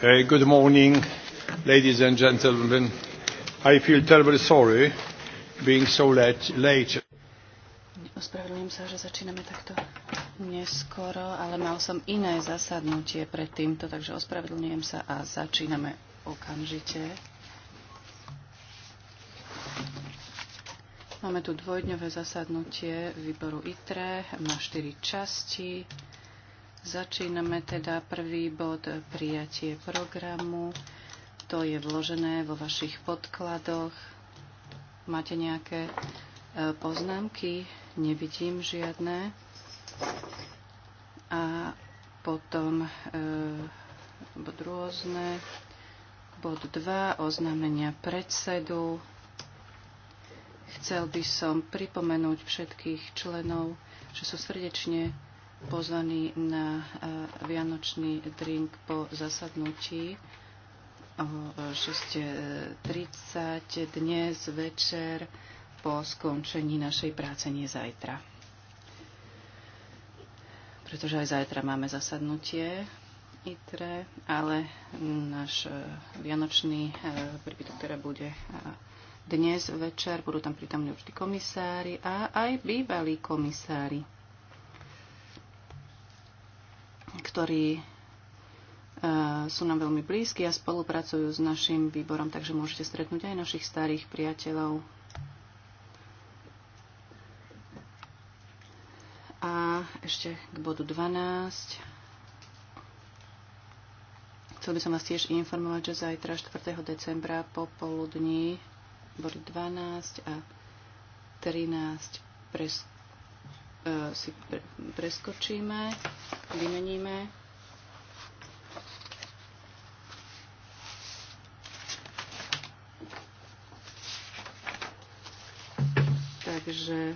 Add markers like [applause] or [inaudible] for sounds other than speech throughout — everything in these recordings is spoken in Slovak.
good morning, ladies and gentlemen. I feel terribly sorry being so late. Ospravedlňujem sa, že začíname takto neskoro, ale mal som iné zasadnutie pred týmto, takže ospravedlňujem sa a začíname okamžite. Máme tu dvojdňové zasadnutie výboru ITRE, má štyri časti. Začíname teda prvý bod prijatie programu. To je vložené vo vašich podkladoch. Máte nejaké e, poznámky? Nevidím žiadne. A potom e, bod rôzne. Bod 2. Oznámenia predsedu. Chcel by som pripomenúť všetkých členov, že sú srdečne pozvaní na e, vianočný drink po zasadnutí o 6.30 e, dnes večer po skončení našej práce, nie zajtra. Pretože aj zajtra máme zasadnutie ITRE, ale náš e, vianočný príbytok teda bude dnes večer. Budú tam prítomní určití komisári a aj bývalí komisári. ktorí e, sú nám veľmi blízki a spolupracujú s našim výborom, takže môžete stretnúť aj našich starých priateľov. A ešte k bodu 12. Chcel by som vás tiež informovať, že zajtra 4. decembra po poludní body 12 a 13 preskúšania E, si preskočíme, vymeníme. Takže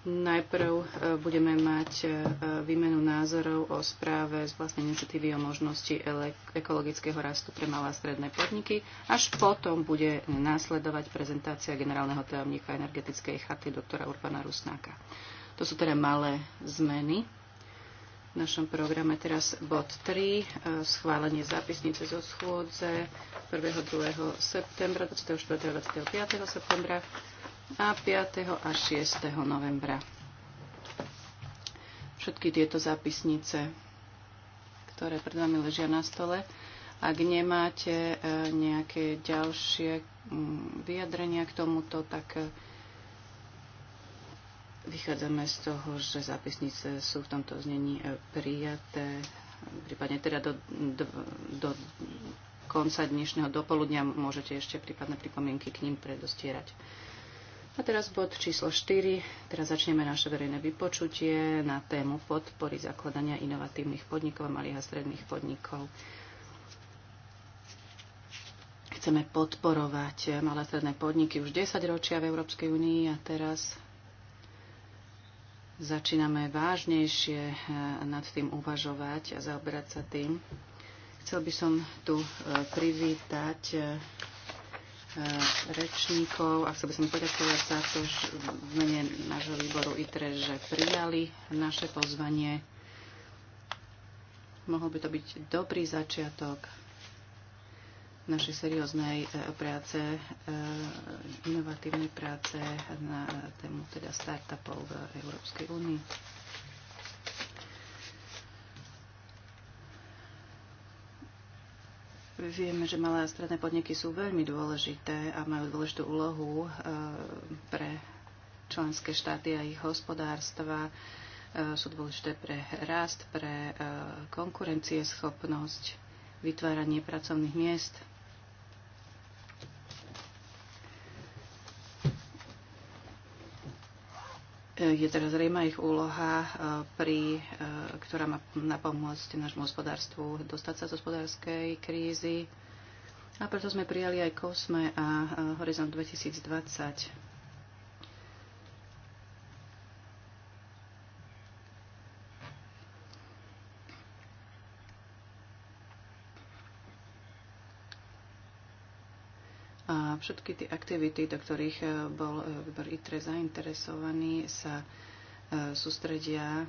Najprv e, budeme mať e, výmenu názorov o správe z vlastnej iniciatívy o možnosti ekologického rastu pre malé a stredné podniky. Až potom bude následovať prezentácia generálneho tajomníka energetickej chaty doktora Urbana Rusnáka. To sú teda malé zmeny v našom programe teraz bod 3, e, schválenie zápisnice zo schôdze 1. 2. septembra, 24. 25. septembra a 5. a 6. novembra. Všetky tieto zápisnice, ktoré pred vami ležia na stole, ak nemáte e, nejaké ďalšie mm, vyjadrenia k tomuto, tak e, vychádzame z toho, že zápisnice sú v tomto znení e, prijaté, prípadne teda do, do, do konca dnešného dopoludnia môžete ešte prípadne pripomienky k ním predostierať. A teraz bod číslo 4. Teraz začneme naše verejné vypočutie na tému podpory zakladania inovatívnych podnikov a malých a stredných podnikov. Chceme podporovať malé a stredné podniky už 10 ročia v Európskej únii a teraz začíname vážnejšie eh, nad tým uvažovať a zaoberať sa tým. Chcel by som tu eh, privítať eh, Eh, rečníkov a chcel by som poďakovať za to, že v mene nášho výboru ITRE, že prijali naše pozvanie. Mohol by to byť dobrý začiatok našej serióznej eh, práce, eh, inovatívnej práce na tému teda startupov v Európskej únii. Vieme, že malé a stredné podniky sú veľmi dôležité a majú dôležitú úlohu e, pre členské štáty a ich hospodárstva. E, sú dôležité pre rast, pre e, konkurencieschopnosť, vytváranie pracovných miest. je teraz zrejma ich úloha, e, pri, e, ktorá má napomôcť nášmu hospodárstvu dostať sa z hospodárskej krízy. A preto sme prijali aj COSME a e, Horizont 2020. všetky tie aktivity, do ktorých e, bol e, výbor ITRE zainteresovaný, sa e, sústredia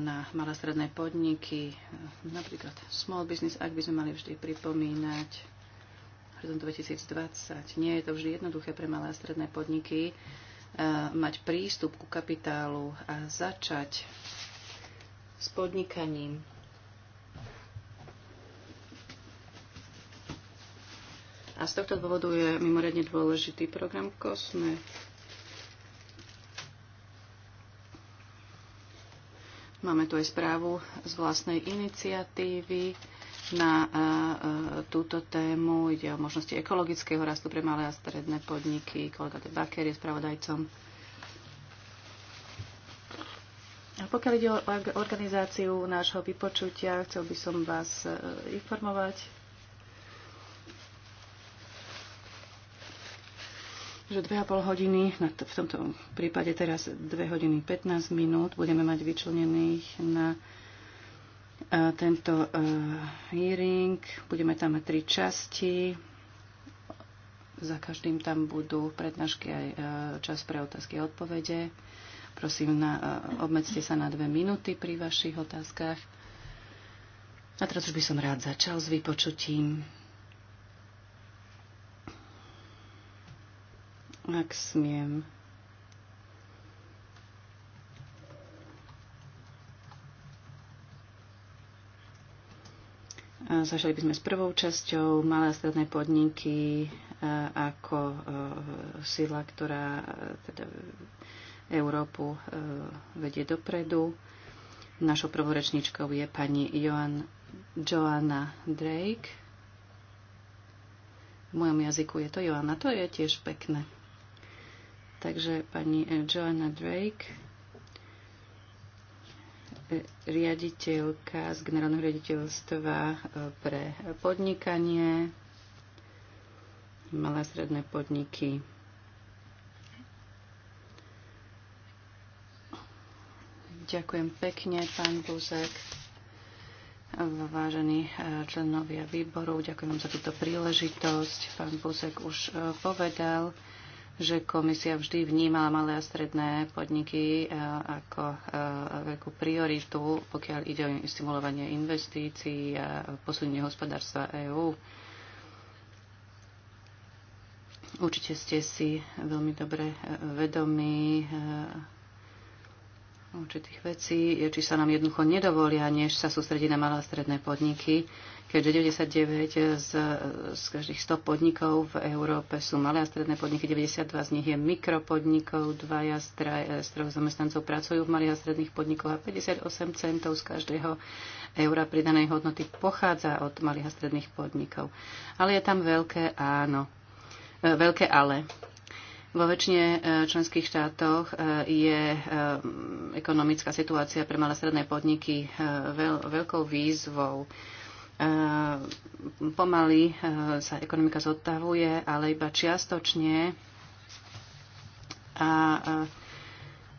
na malé stredné podniky, napríklad small business, ak by sme mali vždy pripomínať horizont 2020. Nie je to vždy jednoduché pre malé a stredné podniky mať prístup ku kapitálu a začať s podnikaním. A z tohto dôvodu je mimoriadne dôležitý program COSME. Máme tu aj správu z vlastnej iniciatívy na e, e, túto tému. Ide o možnosti ekologického rastu pre malé a stredné podniky. Kolega de Baker je spravodajcom. A pokiaľ ide o organizáciu nášho vypočutia, chcel by som vás e, informovať, že 2,5 hodiny, v tomto prípade teraz 2 hodiny 15 minút, budeme mať vyčlenených na e, tento e, hearing. Budeme tam mať tri časti. Za každým tam budú prednášky aj e, čas pre otázky a odpovede. Prosím, na, obmedzte sa na dve minúty pri vašich otázkach. A teraz už by som rád začal s vypočutím. Ak smiem. Začali by sme s prvou časťou malé a stredné podniky ako e, sila, ktorá e, teda Európu e, vedie dopredu. Našou prvorečničkou je pani Joan, Joanna Drake. V mojom jazyku je to Joanna, to je tiež pekné. Takže pani Joanna Drake, e, riaditeľka z generálneho riaditeľstva e, pre podnikanie, malé a stredné podniky. Ďakujem pekne, pán Buzek, vážení e, členovia výboru. Ďakujem vám za túto príležitosť. Pán Buzek už povedal, že komisia vždy vnímala malé a stredné podniky eh, ako eh, veľkú prioritu, pokiaľ ide o stimulovanie investícií a posunie hospodárstva EÚ. Určite ste si veľmi dobre eh, vedomí určitých vecí je, či sa nám jednoducho nedovolia, než sa sústredí na malé a stredné podniky, keďže 99 z, z každých 100 podnikov v Európe sú malé a stredné podniky, 92 z nich je mikropodnikov, dvaja z, e, z troch zamestnancov pracujú v malých a stredných podnikoch a 58 centov z každého eura pridanej hodnoty pochádza od malých a stredných podnikov. Ale je tam veľké áno, e, veľké ale. Vo väčšine e, členských štátoch e, je e, ekonomická situácia pre malé stredné podniky veľkou výzvou. Pomaly sa ekonomika zotavuje, ale iba čiastočne. A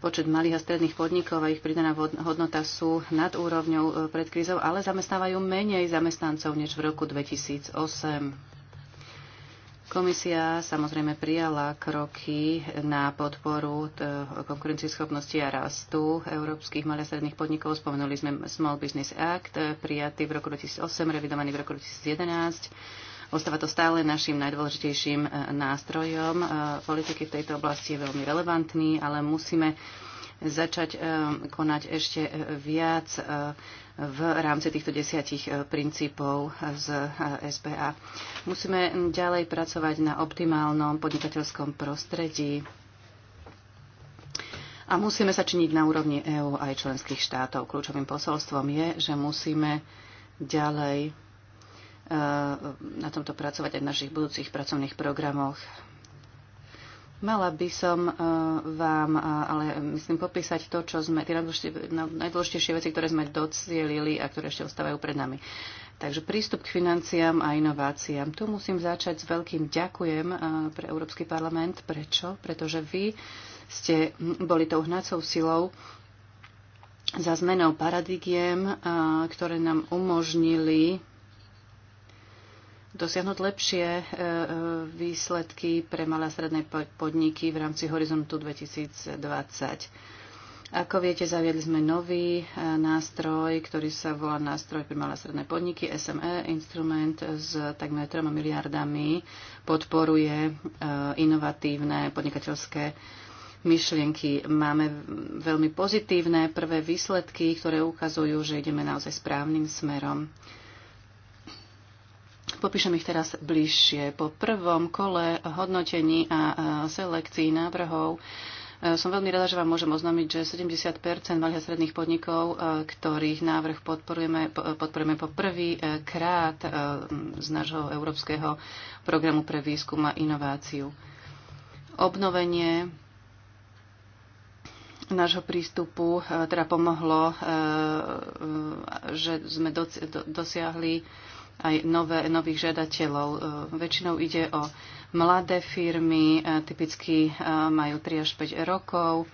Počet malých a stredných podnikov a ich pridaná hodnota sú nad úrovňou pred krízou, ale zamestnávajú menej zamestnancov než v roku 2008. Komisia samozrejme prijala kroky na podporu konkurencieschopnosti a rastu európskych malých a stredných podnikov. Spomenuli sme Small Business Act, prijatý v roku 2008, revidovaný v roku 2011. Ostáva to stále našim najdôležitejším e, nástrojom. E, politiky v tejto oblasti je veľmi relevantný, ale musíme začať e, konať ešte viac v rámci týchto desiatich e, princípov z e, SPA. Musíme ďalej pracovať na optimálnom podnikateľskom prostredí a musíme sa činiť na úrovni EÚ aj členských štátov. Kľúčovým posolstvom je, že musíme ďalej e, na tomto pracovať aj v našich budúcich pracovných programoch Mala by som eh, vám, eh, ale myslím, popísať to, čo sme, tie no, najdôležitejšie veci, ktoré sme docielili a ktoré ešte ostávajú pred nami. Takže prístup k financiám a inováciám. Tu musím začať s veľkým ďakujem eh, pre Európsky parlament. Prečo? Pretože vy ste hm, boli tou hnacou silou za zmenou paradigiem, ktoré nám umožnili dosiahnuť lepšie e, e, výsledky pre malé a stredné podniky v rámci Horizontu 2020. Ako viete, zaviedli sme nový e, nástroj, ktorý sa volá nástroj pre malé a stredné podniky, SME, instrument s takmer 3 miliardami, podporuje inovatívne podnikateľské myšlienky. Máme veľmi pozitívne prvé výsledky, ktoré ukazujú, že ideme naozaj správnym smerom. Popíšem ich teraz bližšie. Po prvom kole hodnotení a selekcii návrhov e, som veľmi rada, že vám môžem oznámiť, že 70 malých a stredných podnikov, e, ktorých návrh podporujeme, e, podporujeme po prvý krát z nášho Európskeho programu pre výskum a inováciu. Obnovenie nášho prístupu teda pomohlo, že sme dosiahli aj nové, nových žiadateľov. E, väčšinou ide o mladé firmy, e, typicky e, majú 3 až 5 rokov,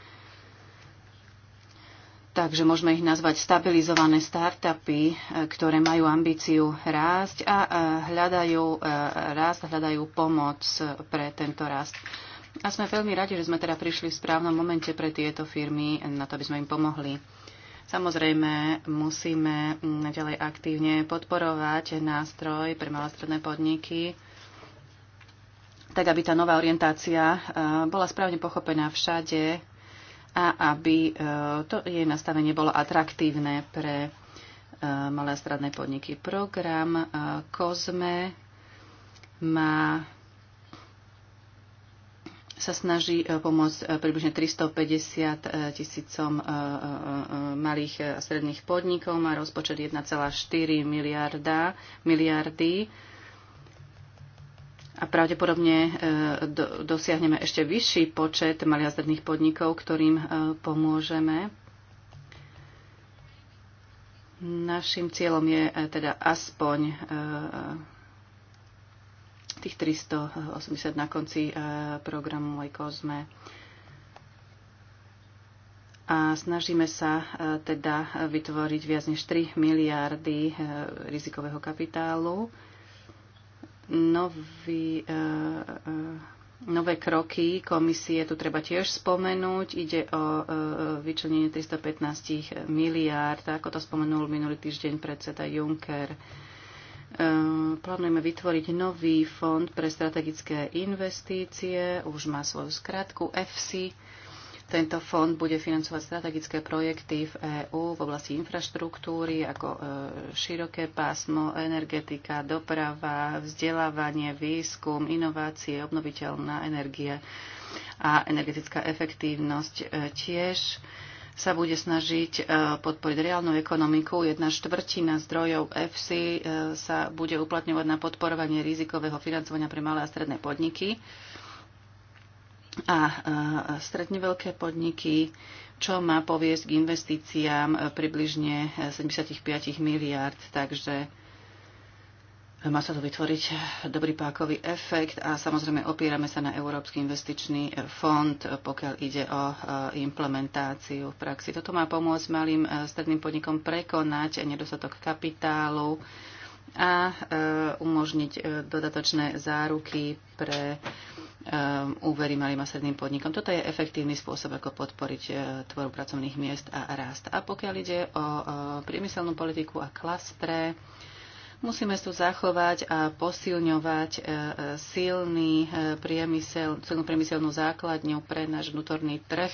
takže môžeme ich nazvať stabilizované startupy, ktoré majú ambíciu rásť a hľadajú rast, hľadajú pomoc pre tento rast. A sme veľmi radi, že sme teda prišli v správnom momente pre tieto firmy, na to, aby sme im pomohli. Samozrejme, musíme ďalej aktívne podporovať nástroj pre malé stredné podniky, tak aby tá nová orientácia e, bola správne pochopená všade a aby e, to jej nastavenie bolo atraktívne pre e, malé a stradné podniky. Program COSME má sa snaží e, pomôcť e, približne 350 e, tisícom malých a stredných podnikov. Má rozpočet 1,4 miliarda, miliardy a pravdepodobne dosiahneme ešte vyšší počet malých a stredných podnikov, ktorým pomôžeme. Našim cieľom je teda aspoň tých 380 na konci eh, programu Kozme. A snažíme sa eh, teda vytvoriť viac než 3 miliardy eh, rizikového kapitálu. Nový, nové kroky komisie tu treba tiež spomenúť. Ide o vyčlenenie 315 miliárd, ako to spomenul minulý týždeň predseda Juncker E, plánujeme vytvoriť nový fond pre strategické investície, už má svoju skratku EFSI. Tento fond bude financovať strategické projekty v EÚ v oblasti infraštruktúry, ako e, široké pásmo, energetika, doprava, vzdelávanie, výskum, inovácie, obnoviteľná energia a energetická efektívnosť e, tiež sa bude snažiť e, podporiť reálnu ekonomiku. Jedna štvrtina zdrojov EFSI sa bude uplatňovať na podporovanie rizikového financovania pre malé a stredné podniky a e, stredne veľké podniky, čo má poviesť k investíciám e, približne 75 miliard. Takže má sa tu vytvoriť dobrý pákový efekt a samozrejme opierame sa na Európsky investičný fond, pokiaľ ide o e, implementáciu v praxi. Toto má pomôcť malým e, stredným podnikom prekonať nedostatok kapitálu a e, umožniť dodatočné záruky pre úvery malým a stredným podnikom. Toto je efektívny spôsob, ako podporiť tvorbu pracovných miest a rast. A pokiaľ ide o priemyselnú politiku a klastre, Musíme tu zachovať a posilňovať e, e, silný e, priemysel, silnú priemyselnú základňu pre náš vnútorný trh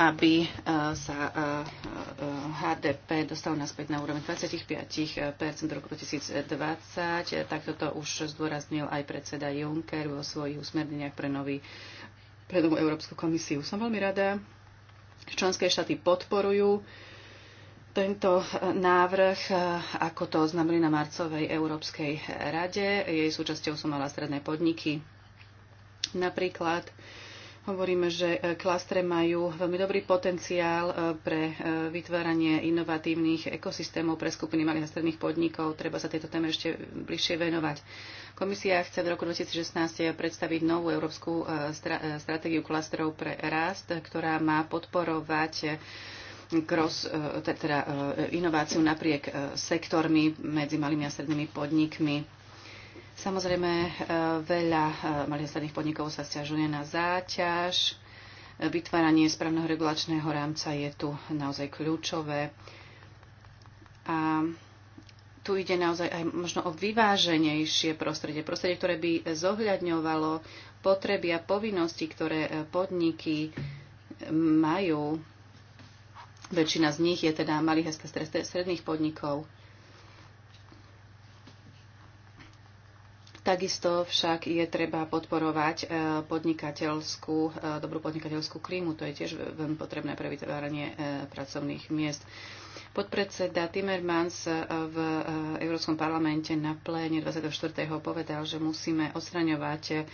aby sa HDP dostal naspäť na úroveň 25 roku 2020. Takto to už zdôraznil aj predseda Juncker vo svojich usmerneniach pre, nový, pre novú Európsku komisiu. Som veľmi rada, členské štáty podporujú tento e, návrh, e, ako to oznámili na marcovej Európskej rade, jej súčasťou sú malé stredné podniky. Napríklad hovoríme, že e, klastre majú veľmi dobrý potenciál pre vytváranie inovatívnych ekosystémov pre skupiny malých a stredných podnikov. Treba sa tejto téme ešte bližšie venovať. Komisia chce v roku 2016 predstaviť novú európsku stratégiu klastrov pre rast, ktorá má podporovať cross, e, teda e, inováciu napriek e, sektormi medzi malými a strednými podnikmi. Samozrejme, veľa malých a stredných podnikov sa stiažuje na záťaž. Vytváranie správneho regulačného rámca je tu naozaj kľúčové. A tu ide naozaj aj možno o vyváženejšie prostredie. Prostredie, ktoré by zohľadňovalo potreby a povinnosti, ktoré podniky majú Väčšina z nich je teda malých a stredných podnikov. Takisto však je treba podporovať e, podnikateľskú, e, dobrú podnikateľskú klímu. To je tiež veľmi potrebné pre vytváranie e, pracovných miest. Podpredseda Timmermans v Európskom parlamente na pléne 24. povedal, že musíme odstraňovať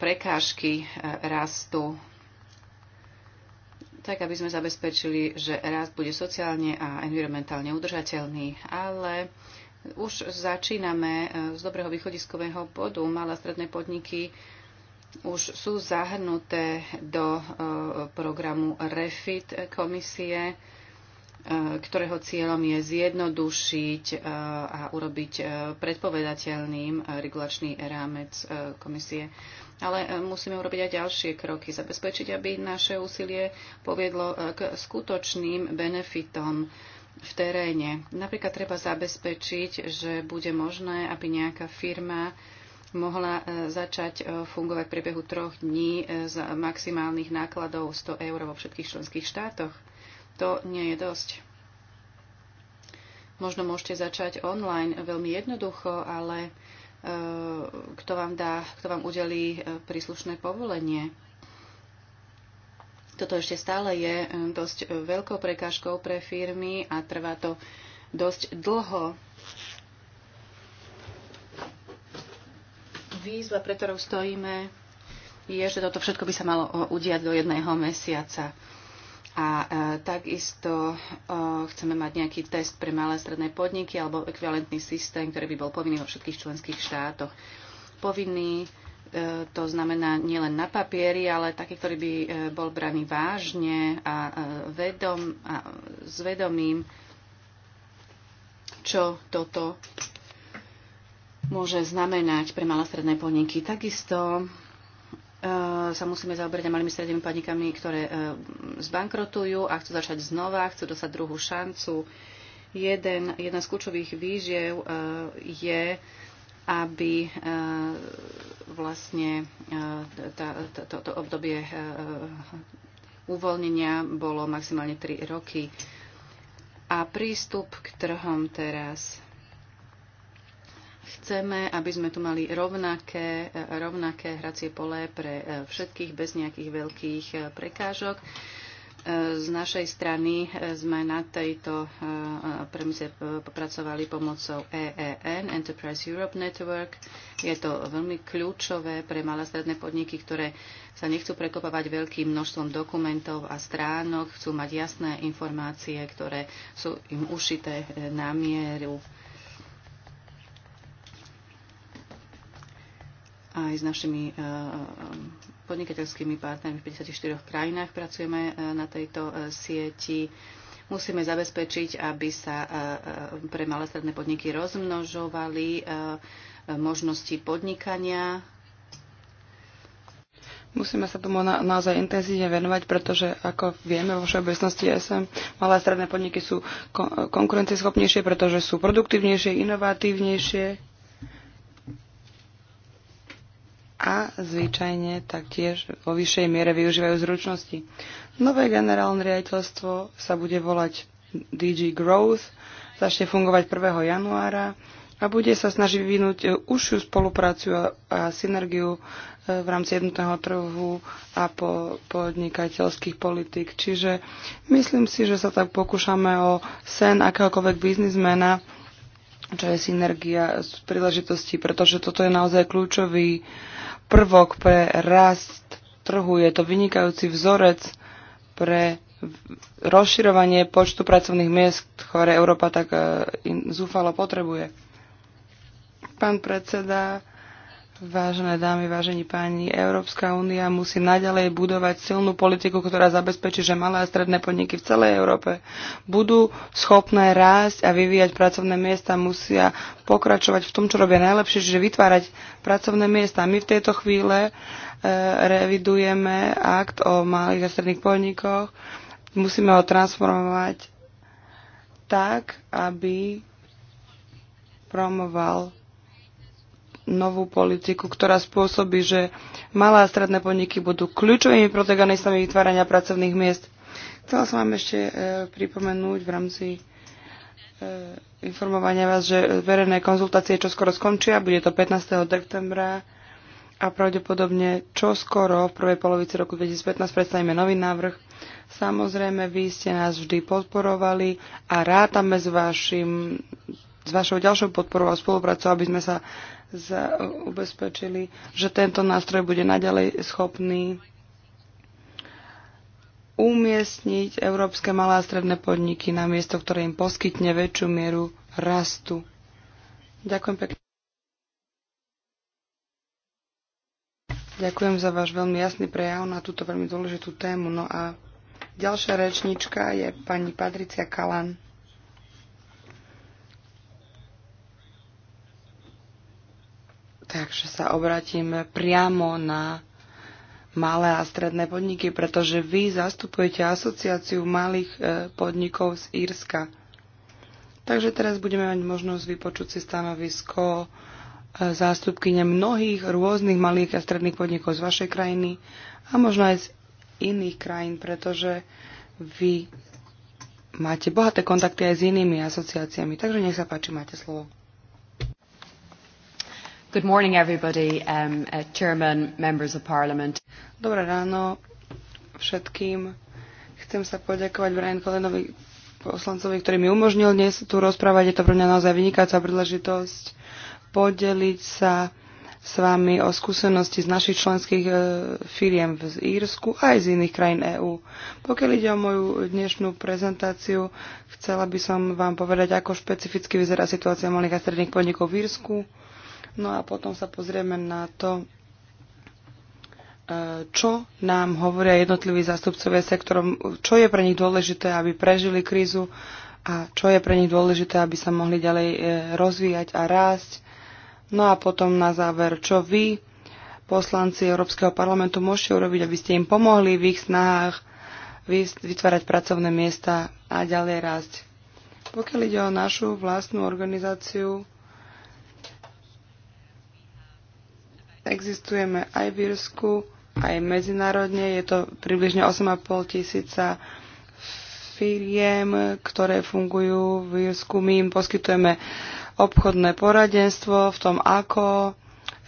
prekážky rastu tak aby sme zabezpečili, že rast bude sociálne a environmentálne udržateľný, ale už začíname e, z dobrého východiskového bodu. Malé stredné podniky už sú zahrnuté do e, programu REFIT komisie Eh, ktorého cieľom je zjednodušiť eh, a urobiť eh, predpovedateľným regulačný rámec komisie. Ale musíme urobiť aj ďalšie kroky, zabezpečiť, aby naše úsilie poviedlo k skutočným benefitom v teréne. Napríklad treba zabezpečiť, že bude možné, aby nejaká firma mohla začať fungovať v priebehu troch dní z maximálnych nákladov 100 eur vo všetkých členských štátoch to nie je dosť. Možno môžete začať online veľmi jednoducho, ale e, kto vám dá, kto vám udelí e, príslušné povolenie. Toto ešte stále je e, dosť veľkou prekážkou pre firmy a trvá to dosť dlho. Výzva, pre ktorou stojíme, je, že toto všetko by sa malo udiať do jedného mesiaca. A e, takisto e, chceme mať nejaký test pre malé stredné podniky alebo ekvivalentný systém, ktorý by bol povinný vo všetkých členských štátoch. Povinný e, to znamená nielen na papieri, ale taký, ktorý by e, bol braný vážne a, e, vedom, a s vedomím, čo toto môže znamenať pre malé stredné podniky. Takisto E, sa musíme zaoberať malými strednými podnikami, ktoré e, zbankrotujú a chcú začať znova, chcú dostať druhú šancu. Jeden, jedna z kľúčových výžiev e, je, aby vlastne toto obdobie uvoľnenia bolo maximálne 3 roky. A prístup k trhom teraz Chceme, aby sme tu mali rovnaké, rovnaké hracie pole pre e, všetkých bez nejakých veľkých e, prekážok. E, z našej strany sme na tejto premise popracovali pomocou EEN, Enterprise Europe Network. Je to veľmi kľúčové pre malé stredné podniky, ktoré sa nechcú prekopávať veľkým množstvom dokumentov a stránok, chcú mať jasné informácie, ktoré sú im ušité na mieru aj s našimi eh, eh, podnikateľskými partnermi v 54 krajinách pracujeme eh, na tejto sieti. Musíme zabezpečiť, aby sa pre malé stredné podniky rozmnožovali možnosti podnikania. Musíme sa tomu na, naozaj intenzívne venovať, pretože ako vieme vo všeobecnosti SM, malé stredné podniky sú kon- konkurencieschopnejšie, pretože sú produktívnejšie, inovatívnejšie a zvyčajne taktiež vo vyššej miere využívajú zručnosti. Nové generálne riaditeľstvo sa bude volať DG Growth, začne fungovať 1. januára a bude sa snažiť vyvinúť e, užšiu spoluprácu a synergiu e, v rámci jednotného trhu a po, podnikateľských politik. Čiže myslím si, že sa tak pokúšame o sen akéhokoľvek biznismena, čo je synergia z príležitosti, pretože toto je naozaj kľúčový prvok pre rast trhu. Je to vynikajúci vzorec pre rozširovanie počtu pracovných miest, ktoré Európa tak eh, zúfalo potrebuje. Pán predseda, Vážené dámy, vážení páni, Európska únia musí naďalej budovať silnú politiku, ktorá zabezpečí, že malé a stredné podniky v celej Európe budú schopné rásť a vyvíjať pracovné miesta, musia pokračovať v tom, čo robia najlepšie, čiže vytvárať pracovné miesta. My v tejto chvíle e, revidujeme akt o malých a stredných podnikoch, musíme ho transformovať tak, aby promoval novú politiku, ktorá spôsobí, že malé a stredné podniky budú kľúčovými protagonistami vytvárania pracovných miest. Chcela som vám ešte e, pripomenúť v rámci e, informovania vás, že verejné konzultácie čo skoro skončia, bude to 15. septembra a pravdepodobne čo skoro v prvej polovici roku 2015 predstavíme nový návrh. Samozrejme, vy ste nás vždy podporovali a rátame s, vašim, s vašou ďalšou podporou a spoluprácou, aby sme sa za, ubezpečili, že tento nástroj bude naďalej schopný umiestniť európske malé a stredné podniky na miesto, ktoré im poskytne väčšiu mieru rastu. Ďakujem pekne. Ďakujem za váš veľmi jasný prejav na túto veľmi dôležitú tému. No a ďalšia rečnička je pani Patricia Kalan. Takže sa obratíme priamo na malé a stredné podniky, pretože vy zastupujete asociáciu malých e, podnikov z Írska. Takže teraz budeme mať možnosť vypočuť si stanovisko e, zástupkyne mnohých rôznych malých a stredných podnikov z vašej krajiny a možno aj z iných krajín, pretože vy máte bohaté kontakty aj s inými asociáciami. Takže nech sa páči, máte slovo. Good morning everybody, um, uh, chairman, members of parliament. Dobré ráno všetkým. Chcem sa poďakovať Brian Kolenovi, poslancovi, ktorý mi umožnil dnes tu rozprávať. Je to pre mňa naozaj vynikajúca príležitosť podeliť sa s vami o skúsenosti z našich členských e, firiem v Írsku a aj z iných krajín EÚ. Pokiaľ ide o moju dnešnú prezentáciu, chcela by som vám povedať, ako špecificky vyzerá situácia malých a stredných podnikov v Írsku, No a potom sa pozrieme na to, e, čo nám hovoria jednotliví zástupcovia sektorom, čo je pre nich dôležité, aby prežili krízu a čo je pre nich dôležité, aby sa mohli ďalej e, rozvíjať a rásť. No a potom na záver, čo vy, poslanci Európskeho parlamentu, môžete urobiť, aby ste im pomohli v ich snahách vytvárať pracovné miesta a ďalej rásť. Pokiaľ ide o našu vlastnú organizáciu, Existujeme aj v Írsku, aj medzinárodne. Je to približne 8,5 tisíca firiem, ktoré fungujú v Írsku. My im poskytujeme obchodné poradenstvo v tom, ako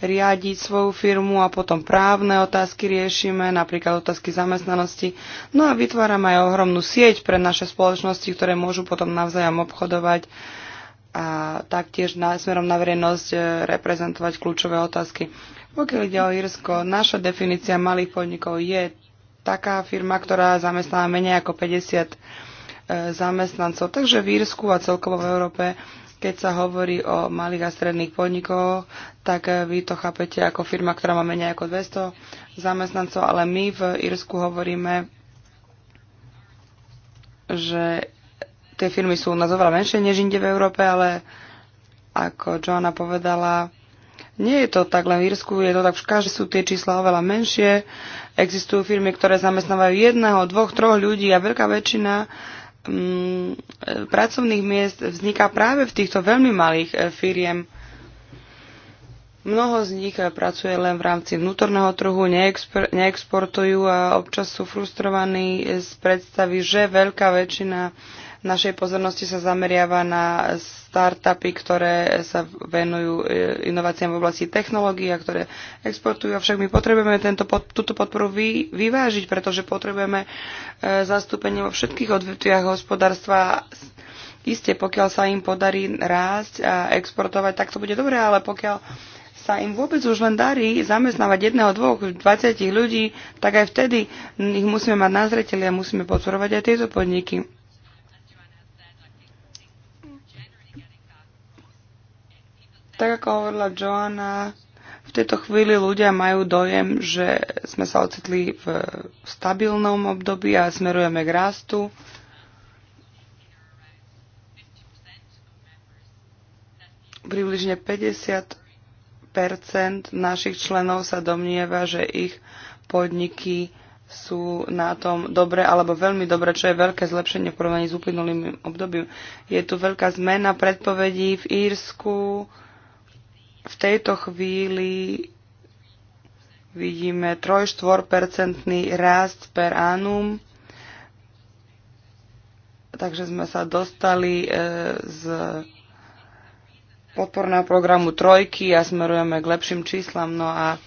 riadiť svoju firmu a potom právne otázky riešime, napríklad otázky zamestnanosti. No a vytvárame aj ohromnú sieť pre naše spoločnosti, ktoré môžu potom navzájom obchodovať a taktiež na, smerom na verejnosť eh, reprezentovať kľúčové otázky. Pokiaľ ide o Irsko, naša definícia malých podnikov je taká firma, ktorá zamestná menej ako 50 e, zamestnancov. Takže v Írsku a celkovo v Európe, keď sa hovorí o malých a stredných podnikoch, tak e, vy to chápete ako firma, ktorá má menej ako 200 zamestnancov, ale my v Írsku hovoríme, že tie firmy sú na oveľa menšie než inde v Európe, ale ako Joana povedala, nie je to tak len v Írsku, je to tak v každej sú tie čísla oveľa menšie. Existujú firmy, ktoré zamestnávajú jedného, dvoch, troch ľudí a veľká väčšina mm, e, pracovných miest vzniká práve v týchto veľmi malých e, firiem. Mnoho z nich e, pracuje len v rámci vnútorného trhu, neexpor, neexportujú a občas sú frustrovaní z predstavy, že veľká väčšina našej pozornosti sa zameriava na startupy, ktoré sa venujú e, inováciám v oblasti technológií a ktoré exportujú. Avšak my potrebujeme tento, túto podporu vy, vyvážiť, pretože potrebujeme e, zastúpenie vo všetkých odvetviach hospodárstva. Isté, pokiaľ sa im podarí rásť a exportovať, tak to bude dobré, ale pokiaľ sa im vôbec už len darí zamestnávať jedného, dvoch, 20 ľudí, tak aj vtedy ich musíme mať na zreteli a musíme podporovať aj tieto podniky. Tak ako hovorila Joana, v tejto chvíli ľudia majú dojem, že sme sa ocitli v stabilnom období a smerujeme k rastu. Približne 50 našich členov sa domnieva, že ich podniky sú na tom dobre alebo veľmi dobre, čo je veľké zlepšenie v porovnaní s uplynulým obdobím. Je tu veľká zmena predpovedí v Írsku, v tejto chvíli vidíme 3 4 rast per annum, takže sme sa dostali e, z podporného programu trojky a smerujeme k lepším číslam. No a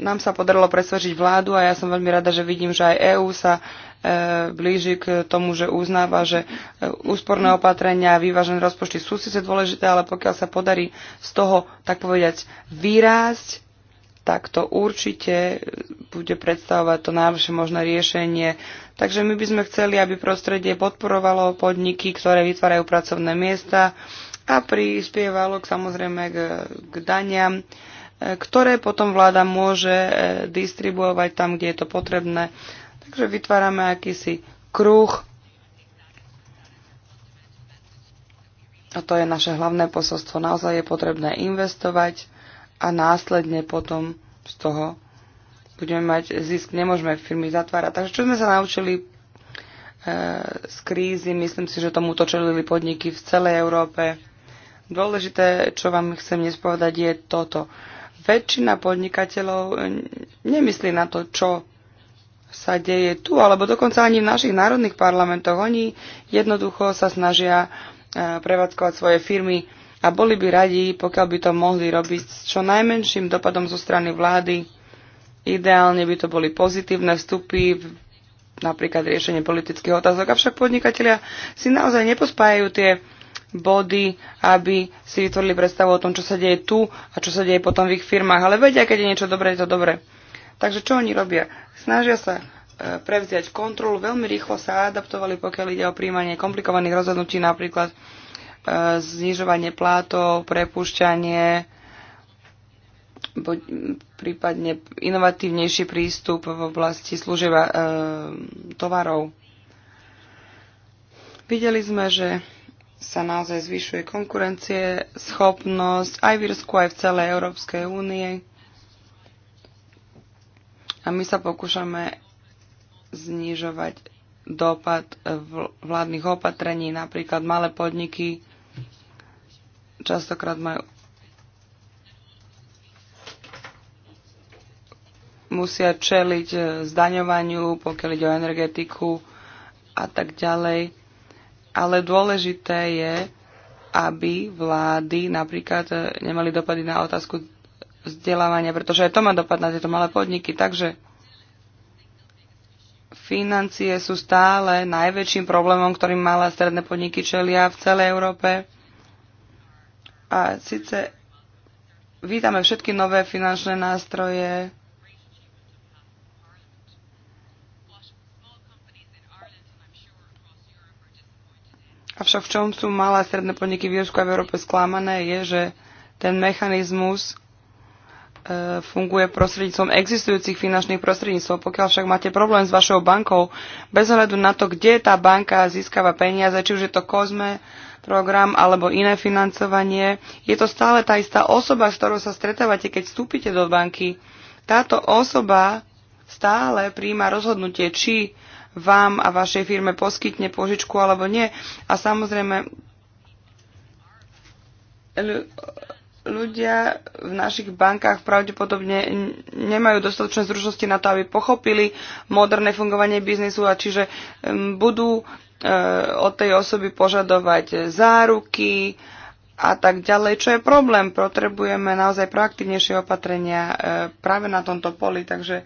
nám sa podarilo presvedčiť vládu a ja som veľmi rada, že vidím, že aj EÚ sa E, blíži k tomu, že uznáva, že e, úsporné opatrenia a vyvážené rozpočty sú síce dôležité, ale pokiaľ sa podarí z toho, tak povediať, vyrásť, tak to určite bude predstavovať to najlepšie možné riešenie. Takže my by sme chceli, aby prostredie podporovalo podniky, ktoré vytvárajú pracovné miesta a prispievalo k, samozrejme k, k daniam, e, ktoré potom vláda môže distribuovať tam, kde je to potrebné Takže vytvárame akýsi kruh. A to je naše hlavné posolstvo. Naozaj je potrebné investovať a následne potom z toho budeme mať zisk. Nemôžeme firmy zatvárať. Takže čo sme sa naučili e, z krízy. Myslím si, že tomu čelili podniky v celej Európe. Dôležité, čo vám chcem dnes povedať, je toto. Väčšina podnikateľov nemyslí na to, čo sa deje tu, alebo dokonca ani v našich národných parlamentoch. Oni jednoducho sa snažia e, prevádzkovať svoje firmy a boli by radi, pokiaľ by to mohli robiť s čo najmenším dopadom zo strany vlády. Ideálne by to boli pozitívne vstupy, napríklad riešenie politických otázok, avšak podnikatelia si naozaj nepospájajú tie body, aby si vytvorili predstavu o tom, čo sa deje tu a čo sa deje potom v ich firmách. Ale vedia, keď je niečo dobré, je to dobré. Takže čo oni robia? snažia sa e, prevziať kontrolu, veľmi rýchlo sa adaptovali, pokiaľ ide o príjmanie komplikovaných rozhodnutí, napríklad e, znižovanie plátov, prepušťanie, prípadne inovatívnejší prístup v oblasti služieb e, tovarov. Videli sme, že sa naozaj zvyšuje konkurencie, schopnosť aj v Irsku, aj v celej Európskej únie. A my sa pokúšame znižovať dopad vládnych opatrení. Napríklad malé podniky častokrát majú musia čeliť e, zdaňovaniu, pokiaľ ide o energetiku a tak ďalej. Ale dôležité je, aby vlády napríklad e, nemali dopady na otázku vzdelávania, pretože aj to má dopad na tieto malé podniky. Takže financie sú stále najväčším problémom, ktorým malé a stredné podniky čelia v celej Európe. A síce vítame všetky nové finančné nástroje, Avšak v čom sú malé a stredné podniky v Jursku a v Európe sklamané, je, že ten mechanizmus E, funguje prostredníctvom existujúcich finančných prostredníctv. Pokiaľ však máte problém s vašou bankou, bez ohľadu na to, kde tá banka získava peniaze, či už je to kozme, program alebo iné financovanie, je to stále tá istá osoba, s ktorou sa stretávate, keď vstúpite do banky. Táto osoba stále príjma rozhodnutie, či vám a vašej firme poskytne požičku alebo nie. A samozrejme, ľudia v našich bankách pravdepodobne nemajú dostatočné zručnosti na to, aby pochopili moderné fungovanie biznisu a čiže budú e, od tej osoby požadovať záruky a tak ďalej, čo je problém. Potrebujeme naozaj proaktívnejšie opatrenia e, práve na tomto poli, takže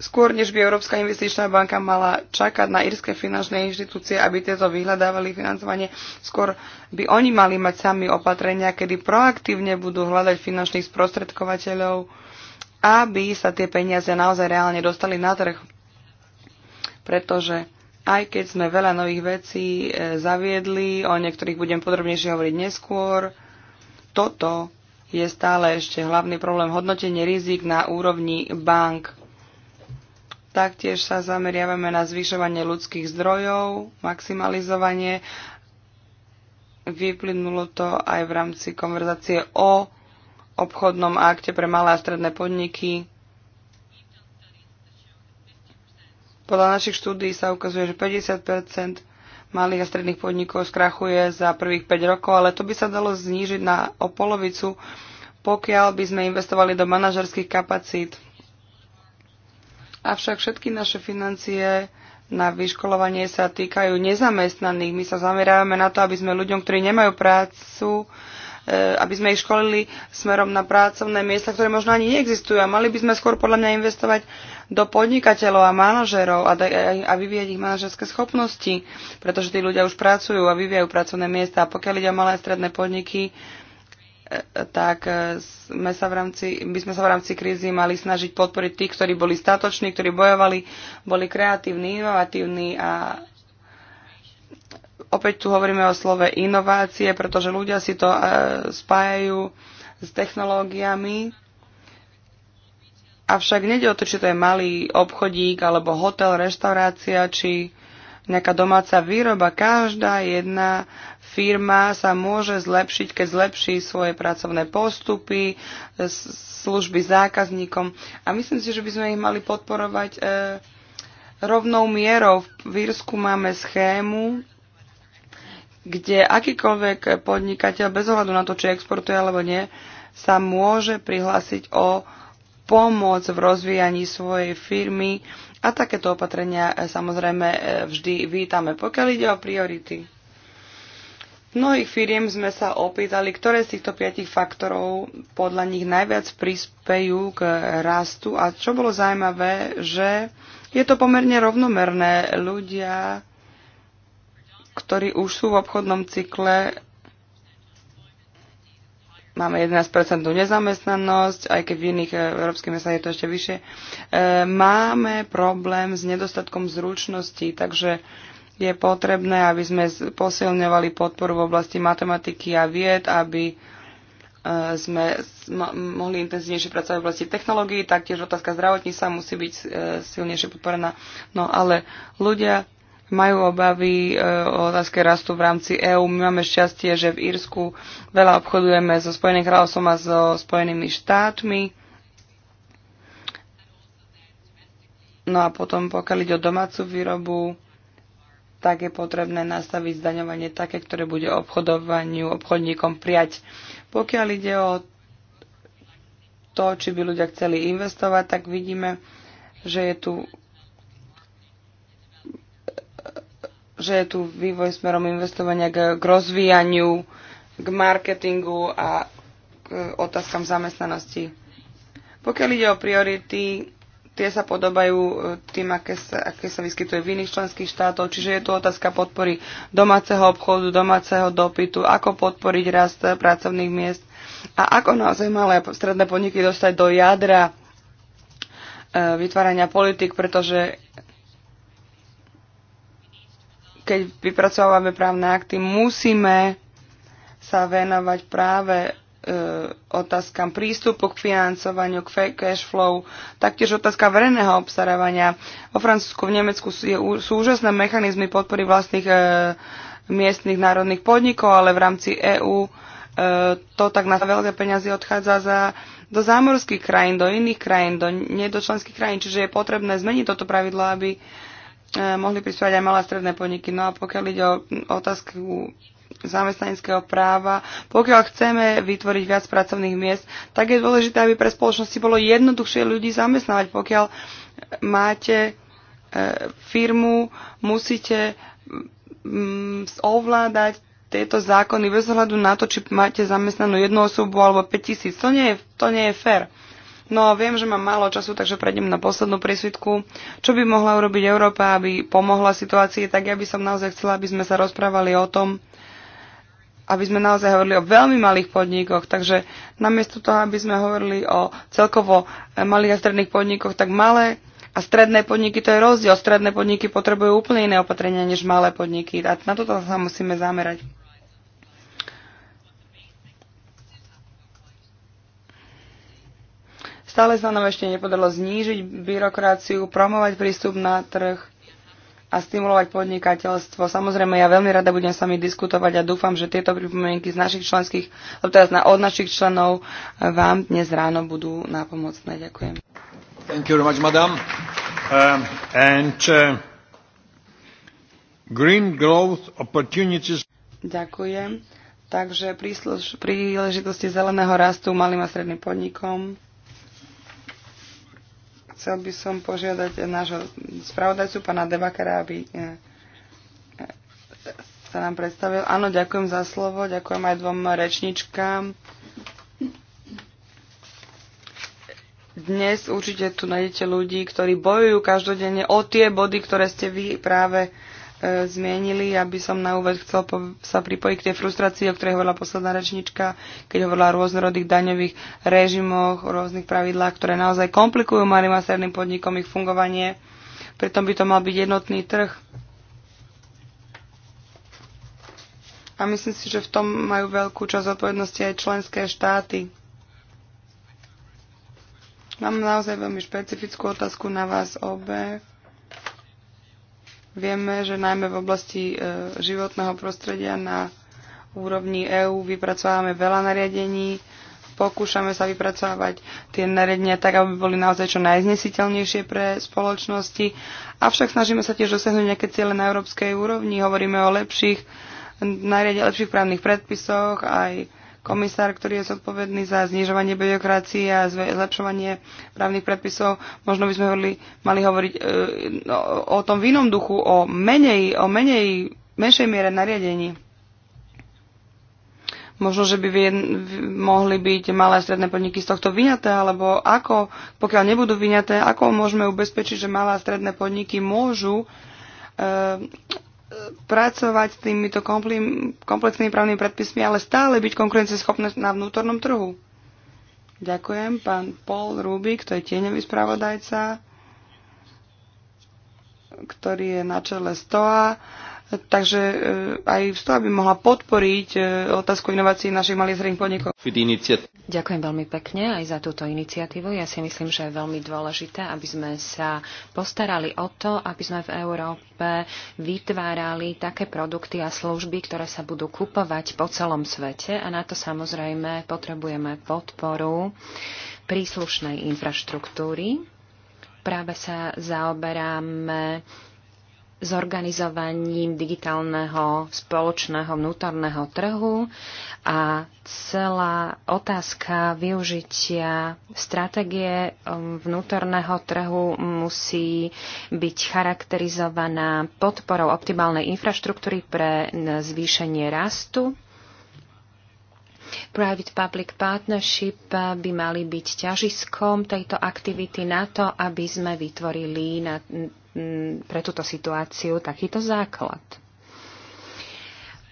skôr než by Európska investičná banka mala čakať na írske finančné inštitúcie, aby tieto vyhľadávali financovanie, skôr by oni mali mať sami opatrenia, kedy proaktívne budú hľadať finančných sprostredkovateľov, aby sa tie peniaze naozaj reálne dostali na trh. Pretože aj keď sme veľa nových vecí e, zaviedli, o niektorých budem podrobnejšie hovoriť neskôr, toto je stále ešte hlavný problém hodnotenie rizik na úrovni bank Taktiež sa zameriavame na zvyšovanie ľudských zdrojov, maximalizovanie. Vyplynulo to aj v rámci konverzácie o obchodnom akte pre malé a stredné podniky. Podľa našich štúdií sa ukazuje, že 50 malých a stredných podnikov skrachuje za prvých 5 rokov, ale to by sa dalo znížiť na o polovicu, pokiaľ by sme investovali do manažerských kapacít. Avšak všetky naše financie na vyškolovanie sa týkajú nezamestnaných. My sa zamerávame na to, aby sme ľuďom, ktorí nemajú prácu, eh, aby sme ich školili smerom na pracovné miesta, ktoré možno ani neexistujú. A mali by sme skôr podľa mňa investovať do podnikateľov a manažerov a, a vyvíjať ich manažerské schopnosti, pretože tí ľudia už pracujú a vyvíjajú pracovné miesta. A pokiaľ ide o malé a stredné podniky, tak e, sme sa v rámci, by sme sa v rámci krízy mali snažiť podporiť tých, ktorí boli statoční, ktorí bojovali, boli kreatívni, inovatívni a opäť tu hovoríme o slove inovácie, pretože ľudia si to e, spájajú s technológiami. Avšak nede o to, či to je malý obchodík, alebo hotel, reštaurácia, či nejaká domáca výroba. Každá jedna firma sa môže zlepšiť, keď zlepší svoje pracovné postupy, služby zákazníkom. A myslím si, že by sme ich mali podporovať e, rovnou mierou. V Írsku máme schému, kde akýkoľvek podnikateľ, bez ohľadu na to, či exportuje alebo nie, sa môže prihlásiť o pomoc v rozvíjaní svojej firmy a takéto opatrenia e, samozrejme e, vždy vítame, pokiaľ ide o priority. Mnohých firiem sme sa opýtali, ktoré z týchto piatich faktorov podľa nich najviac prispejú k rastu a čo bolo zaujímavé, že je to pomerne rovnomerné. Ľudia, ktorí už sú v obchodnom cykle, máme 11% nezamestnanosť, aj keď v iných eh, európskych mestách je to ešte vyššie. Eh, máme problém s nedostatkom zručností, takže je potrebné, aby sme posilňovali podporu v oblasti matematiky a vied, aby e, sme mohli intenzívnejšie pracovať v oblasti technológií, taktiež otázka zdravotníctva musí byť e, silnejšie podporená. No ale ľudia majú obavy e, o otázke rastu v rámci EÚ. My máme šťastie, že v Írsku veľa obchodujeme so Spojeným kráľovstvom a so Spojenými štátmi. No a potom pokiaľ ide o domácu výrobu, tak je potrebné nastaviť zdaňovanie také, ktoré bude obchodovaniu obchodníkom prijať. Pokiaľ ide o to, či by ľudia chceli investovať, tak vidíme, že je tu že je tu vývoj smerom investovania k, k rozvíjaniu, k marketingu a k otázkam zamestnanosti. Pokiaľ ide o priority, tie sa podobajú e, tým, aké sa, aké sa vyskytuje v iných členských štátoch. Čiže je tu otázka podpory domáceho obchodu, domáceho dopytu, ako podporiť rast pracovných miest a ako naozaj malé stredné podniky dostať do jadra e, vytvárania politik, pretože keď vypracovávame právne akty, musíme sa venovať práve Eh, otázkam prístupu k financovaniu, k cash flow, taktiež otázka verejného obstarávania. O Francúzsku, v Nemecku sú, sú úžasné mechanizmy podpory vlastných e, miestnych národných podnikov, ale v rámci EÚ e, eh, to tak na veľké peniazy odchádza za, do zámorských krajín, do iných krajín, do nedočlenských krajín, čiže je potrebné zmeniť toto pravidlo, aby mohli prispievať aj malé stredné podniky. No a pokiaľ ide o otázku zamestnaneckého práva. Pokiaľ chceme vytvoriť viac pracovných miest, tak je dôležité, aby pre spoločnosti bolo jednoduchšie ľudí zamestnávať. Pokiaľ máte e, firmu, musíte mm, ovládať tieto zákony bez ohľadu na to, či máte zamestnanú jednu osobu alebo 5000. To nie je, to nie je fér. No viem, že mám málo času, takže prejdem na poslednú prísvitku. Čo by mohla urobiť Európa, aby pomohla situácii, tak ja by som naozaj chcela, aby sme sa rozprávali o tom, aby sme naozaj hovorili o veľmi malých podnikoch. Takže namiesto toho, aby sme hovorili o celkovo eh, malých a stredných podnikoch, tak malé a stredné podniky to je rozdiel. Stredné podniky potrebujú úplne iné opatrenia než malé podniky a na toto sa musíme zamerať. Stále sa nám ešte nepodarilo znížiť byrokraciu, promovať prístup na trh a stimulovať podnikateľstvo. Samozrejme, ja veľmi rada budem s vami diskutovať a dúfam, že tieto pripomienky z našich členských, teraz na, od našich členov e, vám dnes ráno budú nápomocné. Ďakujem. Thank you very much, madam. Uh, and, uh, green growth opportunities. Ďakujem. Takže príležitosti zeleného rastu malým a stredným podnikom Chcel by som požiadať nášho spravodajcu, pána Debakera, aby e, e, sa nám predstavil. Áno, ďakujem za slovo, ďakujem aj dvom rečničkám. Dnes určite tu nájdete ľudí, ktorí bojujú každodenne o tie body, ktoré ste vy práve E, zmienili. Ja by som na úvod chcel sa pripojiť k tej frustrácii, o ktorej hovorila posledná rečnička, keď hovorila o rôznorodých daňových režimoch, o rôznych pravidlách, ktoré naozaj komplikujú malým a stredným podnikom ich fungovanie. Pritom by to mal byť jednotný trh. A myslím si, že v tom majú veľkú časť odpovednosti aj členské štáty. Mám naozaj veľmi špecifickú otázku na vás obe. Vieme, že najmä v oblasti e, životného prostredia na úrovni EÚ vypracovávame veľa nariadení, pokúšame sa vypracovať tie nariadenia tak, aby boli naozaj čo najznesiteľnejšie pre spoločnosti. Avšak snažíme sa tiež dosiahnuť nejaké ciele na európskej úrovni. Hovoríme o lepších nariadeniach, lepších právnych predpisoch, aj komisár, ktorý je zodpovedný za znižovanie byrokracie a zlepšovanie právnych predpisov. Možno by sme hovorili, mali hovoriť e, o, no, o tom v inom duchu, o menej, o menej, menšej miere nariadení. Možno, že by mohli byť malé a stredné podniky z tohto vyňaté, alebo ako, pokiaľ nebudú vyňaté, ako môžeme ubezpečiť, že malé a stredné podniky môžu e, pracovať s týmito komplexnými právnymi predpismi, ale stále byť konkurencieschopné na vnútornom trhu. Ďakujem. Pán Paul Rubik, to je tieňový spravodajca, ktorý je na čele STOA takže e, aj z toho by mohla podporiť e, otázku inovácií našich malých zrejných podnikov. Ďakujem veľmi pekne aj za túto iniciatívu. Ja si myslím, že je veľmi dôležité, aby sme sa postarali o to, aby sme v Európe vytvárali také produkty a služby, ktoré sa budú kupovať po celom svete a na to samozrejme potrebujeme podporu príslušnej infraštruktúry. Práve sa zaoberáme zorganizovaním digitálneho spoločného vnútorného trhu a celá otázka využitia stratégie um, vnútorného trhu musí byť charakterizovaná podporou optimálnej infraštruktúry pre zvýšenie rastu Private-public partnership by mali byť ťažiskom tejto aktivity na to, aby sme vytvorili na pre túto situáciu takýto základ.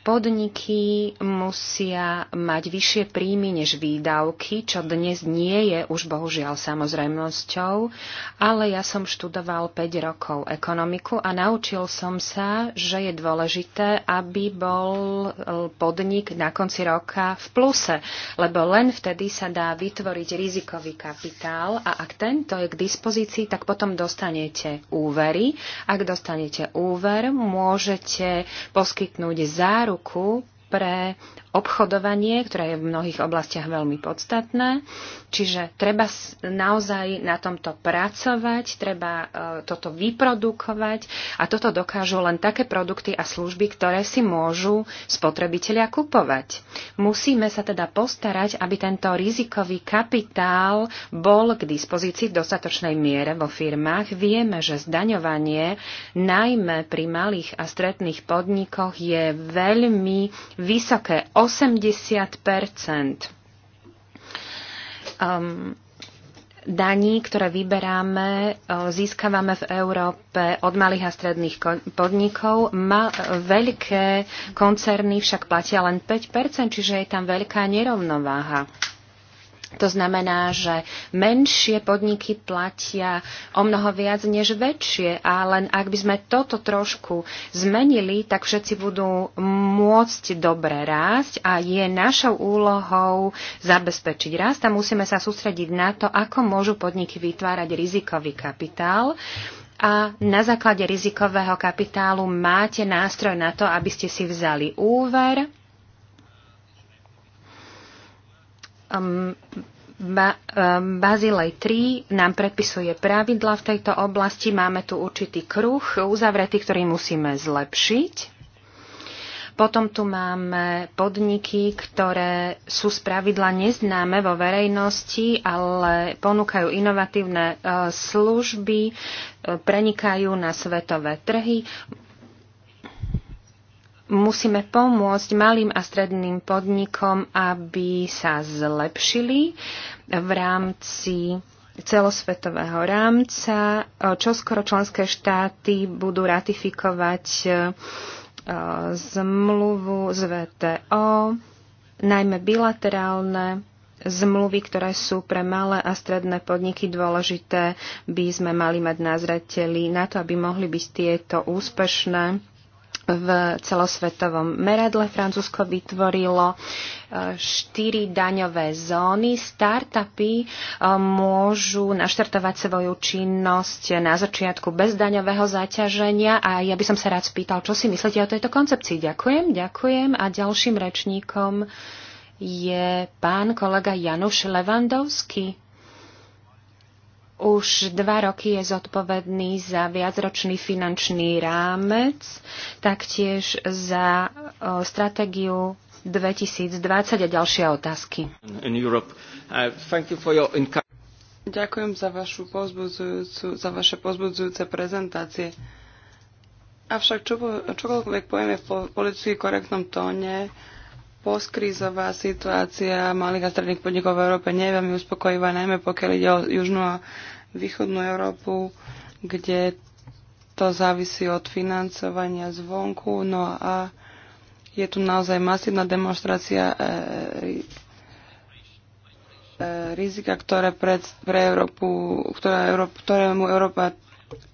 Podniky musia mať vyššie príjmy než výdavky, čo dnes nie je už bohužiaľ samozrejmosťou, ale ja som študoval 5 rokov ekonomiku a naučil som sa, že je dôležité, aby bol e, podnik na konci roka v pluse, lebo len vtedy sa dá vytvoriť rizikový kapitál a ak tento je k dispozícii, tak potom dostanete úvery. Ak dostanete úver, môžete poskytnúť záruku roku pre obchodovanie, ktoré je v mnohých oblastiach veľmi podstatné. Čiže treba naozaj na tomto pracovať, treba e, toto vyprodukovať a toto dokážu len také produkty a služby, ktoré si môžu spotrebitelia kupovať. Musíme sa teda postarať, aby tento rizikový kapitál bol k dispozícii v dostatočnej miere vo firmách. Vieme, že zdaňovanie najmä pri malých a stredných podnikoch je veľmi vysoké 80 um, ehm, daní, ktoré vyberáme, e, získavame v Európe od malých a stredných podnikov. Ma, veľké koncerny však platia len 5%, čiže je tam veľká nerovnováha. To znamená, že menšie podniky platia o mnoho viac než väčšie a len ak by sme toto trošku zmenili, tak všetci budú môcť dobre rásť a je našou úlohou zabezpečiť rast a musíme sa sústrediť na to, ako môžu podniky vytvárať rizikový kapitál a na základe rizikového kapitálu máte nástroj na to, aby ste si vzali úver um, ba, um, Bazilej 3 nám predpisuje pravidla v tejto oblasti. Máme tu určitý kruh uzavretý, ktorý musíme zlepšiť. Potom tu máme podniky, ktoré sú spravidla neznáme vo verejnosti, ale ponúkajú inovatívne e, služby, e, prenikajú na svetové trhy musíme pomôcť malým a stredným podnikom, aby sa zlepšili v rámci celosvetového rámca. Čoskoro členské štáty budú ratifikovať e, zmluvu z VTO, najmä bilaterálne zmluvy, ktoré sú pre malé a stredné podniky dôležité, by sme mali mať na zreteli na to, aby mohli byť tieto úspešné v celosvetovom meradle. Francúzsko vytvorilo e, štyri daňové zóny. Startupy e, môžu naštartovať svoju činnosť na začiatku bez daňového zaťaženia a ja by som sa rád spýtal, čo si myslíte o tejto koncepcii. Ďakujem, ďakujem a ďalším rečníkom je pán kolega Januš Levandovský už dva roky je zodpovedný za viacročný finančný rámec, taktiež za stratégiu 2020 a ďalšie otázky. Uh, Ďakujem za, vašu za vaše pozbudzujúce prezentácie. Avšak čo, čokoľvek povieme v politicky korektnom tóne, postkrízová situácia malých a stredných podnikov v Európe nie je veľmi uspokojivá, najmä pokiaľ ide o južnú a východnú Európu, kde to závisí od financovania zvonku. No a je tu naozaj masívna demonstrácia e, e, e rizika, ktoré pre, pre Európu, ktorá Európa, ktorému Európa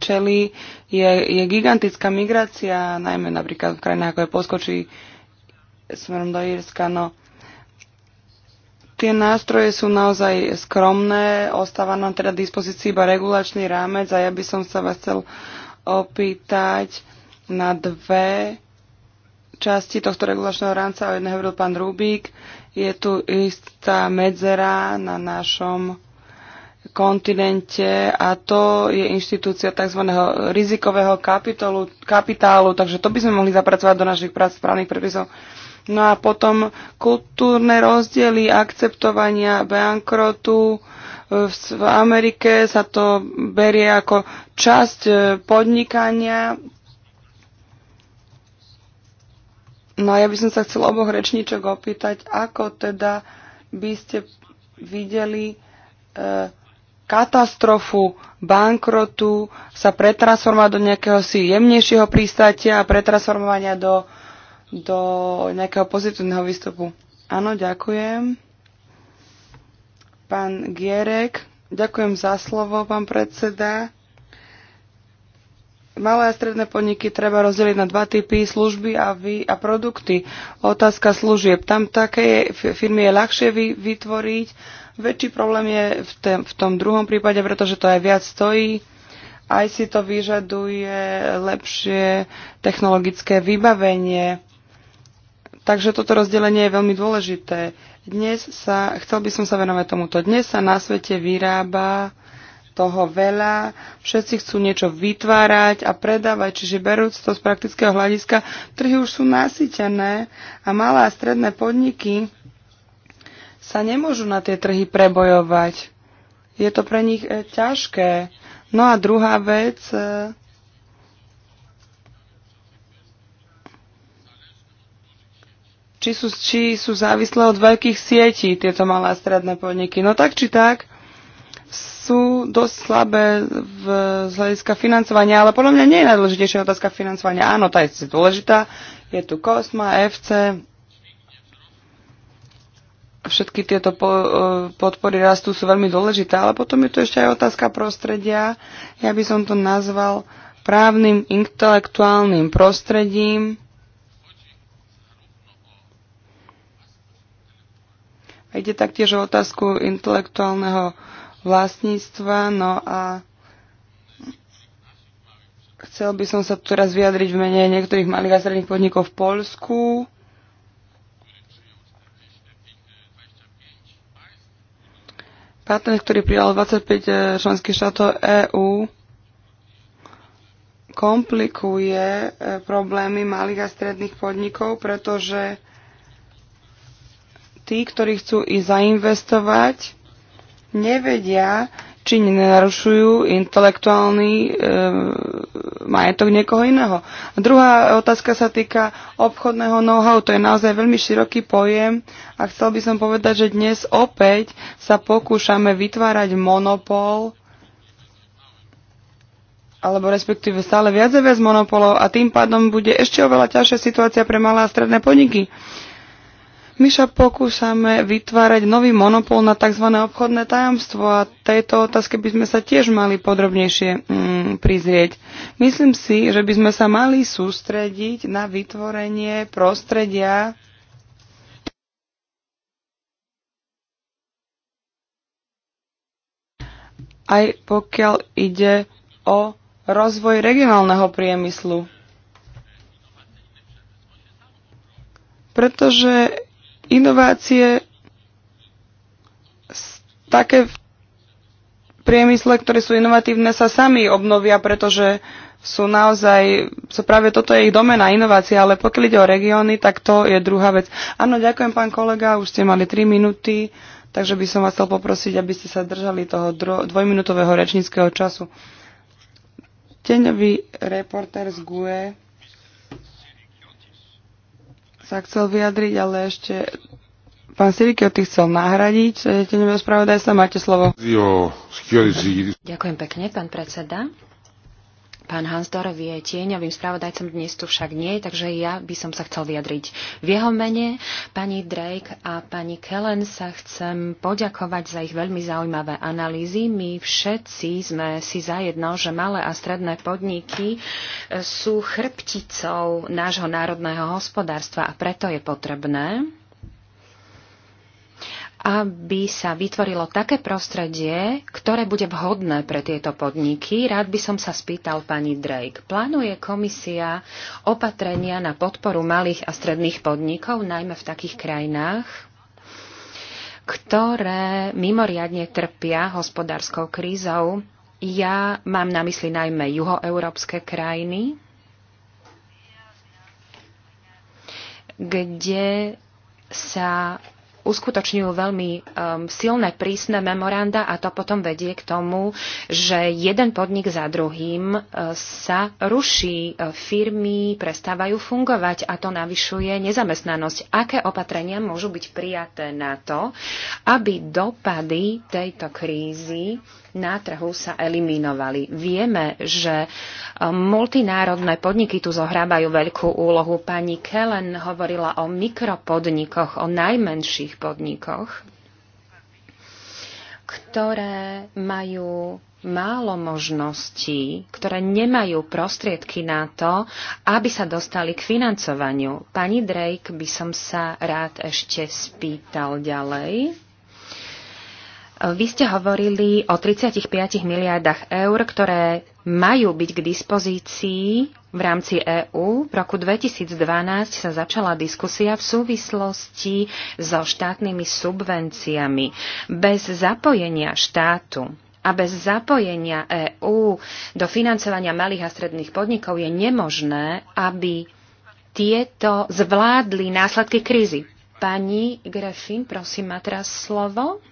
čelí, je, je gigantická migrácia, najmä napríklad v krajinách ako je Polsko či smerom do Írska, no tie nástroje sú naozaj skromné, ostáva nám teda dispozícii iba regulačný rámec a ja by som sa vás chcel opýtať na dve časti tohto regulačného rámca, o jednej hovoril pán Rubík, je tu istá medzera na našom kontinente a to je inštitúcia tzv. rizikového kapitolu, kapitálu, takže to by sme mohli zapracovať do našich prác správnych predpisov. No a potom kultúrne rozdiely akceptovania bankrotu. Eh, v Amerike sa to berie ako časť eh, podnikania. No a ja by som sa chcel oboch rečníčok opýtať, ako teda by ste videli e, katastrofu bankrotu sa pretransformovať do nejakého si jemnejšieho pristátia a pretransformovania do e, do nejakého pozitívneho výstupu. Áno, ďakujem. Pán Gierek, ďakujem za slovo, pán predseda. Malé a stredné podniky treba rozdeliť na dva typy služby a, vy, a produkty. Otázka služieb. Tam také firmy je ľahšie vy, vytvoriť. Väčší problém je v, te, v tom druhom prípade, pretože to aj viac stojí. Aj si to vyžaduje lepšie technologické vybavenie Takže toto rozdelenie je veľmi dôležité. Dnes sa, chcel by som sa venovať tomuto, dnes sa na svete vyrába toho veľa, všetci chcú niečo vytvárať a predávať, čiže berúc to z praktického hľadiska, trhy už sú nasýtené a malé a stredné podniky sa nemôžu na tie trhy prebojovať. Je to pre nich e, ťažké. No a druhá vec, e, či sú, či sú závislé od veľkých sietí tieto malé a stredné podniky. No tak či tak, sú dosť slabé v, z hľadiska financovania, ale podľa mňa nie je najdôležitejšia otázka financovania. Áno, tá je dôležitá. Je tu Kosma, FC, všetky tieto po, e, podpory rastu sú veľmi dôležité, ale potom je tu ešte aj otázka prostredia. Ja by som to nazval právnym intelektuálnym prostredím, A Ide taktiež o otázku intelektuálneho vlastníctva, no a chcel by som sa tu teraz vyjadriť v mene niektorých malých a stredných podnikov v Polsku. Patent, ktorý prijal 25 eh, členských štátov EÚ, komplikuje eh, problémy malých a stredných podnikov, pretože tí, ktorí chcú i zainvestovať, nevedia, či nenarušujú intelektuálny e, majetok niekoho iného. A druhá otázka sa týka obchodného know-how. To je naozaj veľmi široký pojem a chcel by som povedať, že dnes opäť sa pokúšame vytvárať monopol alebo respektíve stále viac a viac monopolov a tým pádom bude ešte oveľa ťažšia situácia pre malé a stredné podniky. My sa pokúsame vytvárať nový monopol na tzv. obchodné tajomstvo a tejto otázke by sme sa tiež mali podrobnejšie mm, prizrieť. Myslím si, že by sme sa mali sústrediť na vytvorenie prostredia aj pokiaľ ide o rozvoj regionálneho priemyslu. Pretože inovácie také v priemysle, ktoré sú inovatívne, sa sami obnovia, pretože sú naozaj, so práve toto je ich domena inovácia, ale pokiaľ ide o regióny, tak to je druhá vec. Áno, ďakujem pán kolega, už ste mali 3 minúty, takže by som vás chcel poprosiť, aby ste sa držali toho dvojminútového rečníckého času. Teňový reporter z GUE sa chcel vyjadriť, ale ešte pán ty chcel nahradiť. Sedete nebeo sa, máte slovo. Ďakujem pekne, pán predseda. Pán Hansdor je tieňovým spravodajcom, dnes tu však nie, takže ja by som sa chcel vyjadriť v jeho mene. Pani Drake a pani Kellen sa chcem poďakovať za ich veľmi zaujímavé analýzy. My všetci sme si zajedno, že malé a stredné podniky e, sú chrbticou nášho národného hospodárstva a preto je potrebné, aby sa vytvorilo také prostredie, ktoré bude vhodné pre tieto podniky. Rád by som sa spýtal pani Drake. Plánuje komisia opatrenia na podporu malých a stredných podnikov, najmä v takých krajinách, ktoré mimoriadne trpia hospodárskou krízou. Ja mám na mysli najmä juhoeurópske krajiny, kde sa uskutočňujú veľmi um, silné, prísne memoranda a to potom vedie k tomu, že jeden podnik za druhým uh, sa ruší, uh, firmy prestávajú fungovať a to navyšuje nezamestnanosť. Aké opatrenia môžu byť prijaté na to, aby dopady tejto krízy na trhu sa eliminovali. Vieme, že e, multinárodné podniky tu zohrávajú veľkú úlohu. Pani Kellen hovorila o mikropodnikoch, o najmenších podnikoch, ktoré majú málo možností, ktoré nemajú prostriedky na to, aby sa dostali k financovaniu. Pani Drake by som sa rád ešte spýtal ďalej. Vy ste hovorili o 35 miliardách eur, ktoré majú byť k dispozícii v rámci EÚ. V roku 2012 sa začala diskusia v súvislosti so štátnymi subvenciami. Bez zapojenia štátu a bez zapojenia EÚ do financovania malých a stredných podnikov je nemožné, aby tieto zvládli následky krízy. Pani Grefin, prosím, má teraz slovo.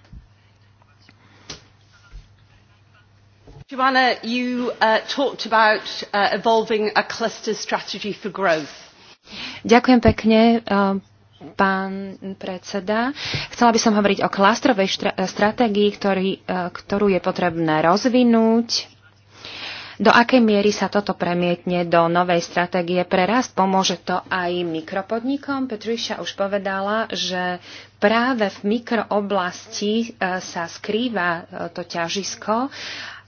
Joanna, you uh, talked about uh, evolving a cluster strategy for growth. Ďakujem pekne, um, pán predseda. Chcela by som hovoriť o klastrovej stratégii, ktorý, uh, ktorú je potrebné rozvinúť. Do akej miery sa toto premietne do novej stratégie pre rast? Pomôže to aj mikropodnikom? Petriša už povedala, že práve v mikrooblasti uh, sa skrýva uh, to ťažisko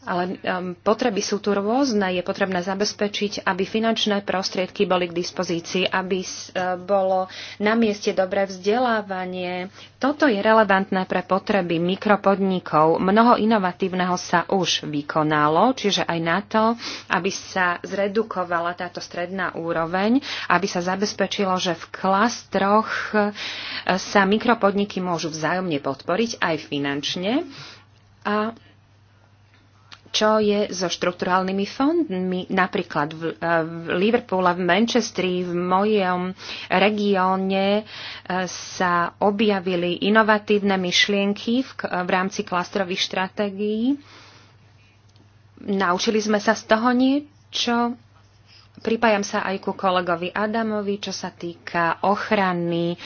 ale um, potreby sú tu rôzne. Je potrebné zabezpečiť, aby finančné prostriedky boli k dispozícii, aby uh, bolo na mieste dobré vzdelávanie. Toto je relevantné pre potreby mikropodnikov. Mnoho inovatívneho sa už vykonalo, čiže aj na to, aby sa zredukovala táto stredná úroveň, aby sa zabezpečilo, že v klastroch e, sa mikropodniky môžu vzájomne podporiť aj finančne. A čo je so štrukturálnymi fondmi. Napríklad v, eh, v Liverpoole, v Manchestri, v mojom regióne eh, sa objavili inovatívne myšlienky v, v rámci klastrových štratégií, Naučili sme sa z toho niečo Pripájam sa aj ku kolegovi Adamovi, čo sa týka ochrany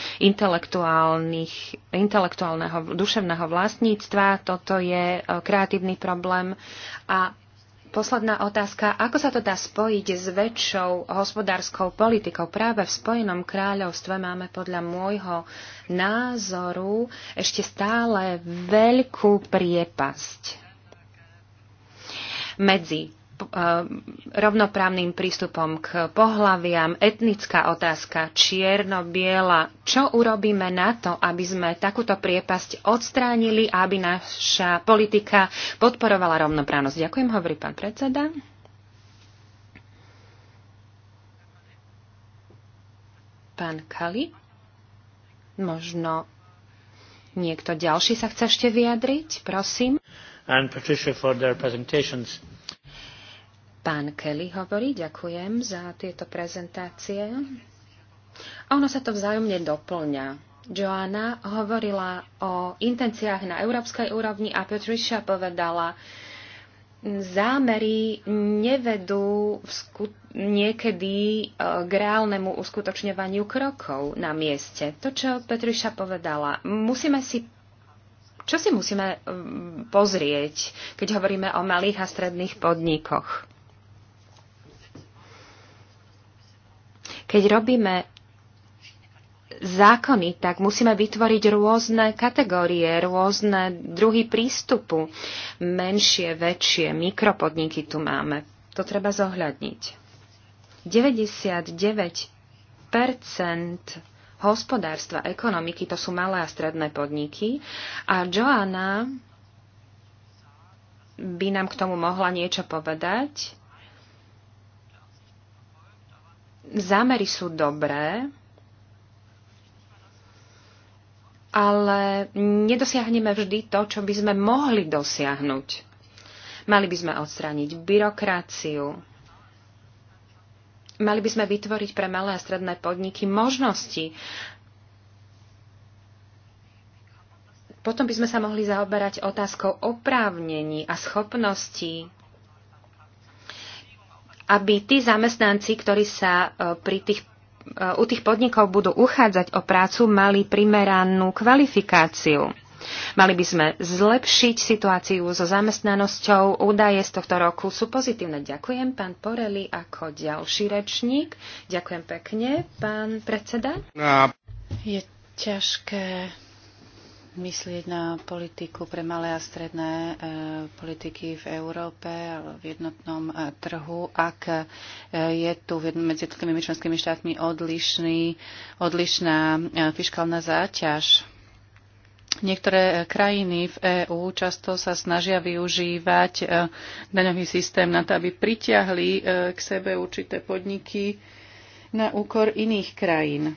intelektuálneho duševného vlastníctva. Toto je e, kreatívny problém. A posledná otázka, ako sa to dá spojiť s väčšou hospodárskou politikou? Práve v Spojenom kráľovstve máme podľa môjho názoru ešte stále veľkú priepasť medzi Eh, rovnoprávnym prístupom k pohlaviam, etnická otázka, čierno-biela. Čo urobíme na to, aby sme takúto priepasť odstránili a aby naša politika podporovala rovnoprávnosť? Ďakujem, hovorí pán predseda. Pán Kali? Možno niekto ďalší sa chce ešte vyjadriť, prosím. And Patricia for their presentations. Pán Kelly hovorí, ďakujem za tieto prezentácie. A ono sa to vzájomne doplňa. Joanna hovorila o intenciách na európskej úrovni a Patricia povedala, zámery nevedú niekedy e, k reálnemu uskutočňovaniu krokov na mieste. To, čo Petriša povedala, musíme si čo si musíme mm, pozrieť, keď hovoríme o malých a stredných podnikoch? Keď robíme zákony, tak musíme vytvoriť rôzne kategórie, rôzne druhy prístupu. Menšie, väčšie, mikropodniky tu máme. To treba zohľadniť. 99 hospodárstva, ekonomiky, to sú malé a stredné podniky. A Joana by nám k tomu mohla niečo povedať. zámery sú dobré, ale nedosiahneme vždy to, čo by sme mohli dosiahnuť. Mali by sme odstrániť byrokraciu, mali by sme vytvoriť pre malé a stredné podniky možnosti. Potom by sme sa mohli zaoberať otázkou oprávnení a schopností aby tí zamestnanci, ktorí sa e, pri tých, e, u tých podnikov budú uchádzať o prácu, mali primeranú kvalifikáciu. Mali by sme zlepšiť situáciu so zamestnanosťou. Údaje z tohto roku sú pozitívne. Ďakujem, pán Poreli, ako ďalší rečník. Ďakujem pekne, pán predseda. Je ťažké myslieť na politiku pre malé a stredné e, politiky v Európe alebo v jednotnom e, trhu, ak e, je tu medzi jednotlivými členskými štátmi odlišný, odlišná fiskálna záťaž. Niektoré krajiny v EÚ často sa snažia využívať daňový systém na to, aby pritiahli k sebe určité podniky na úkor iných krajín.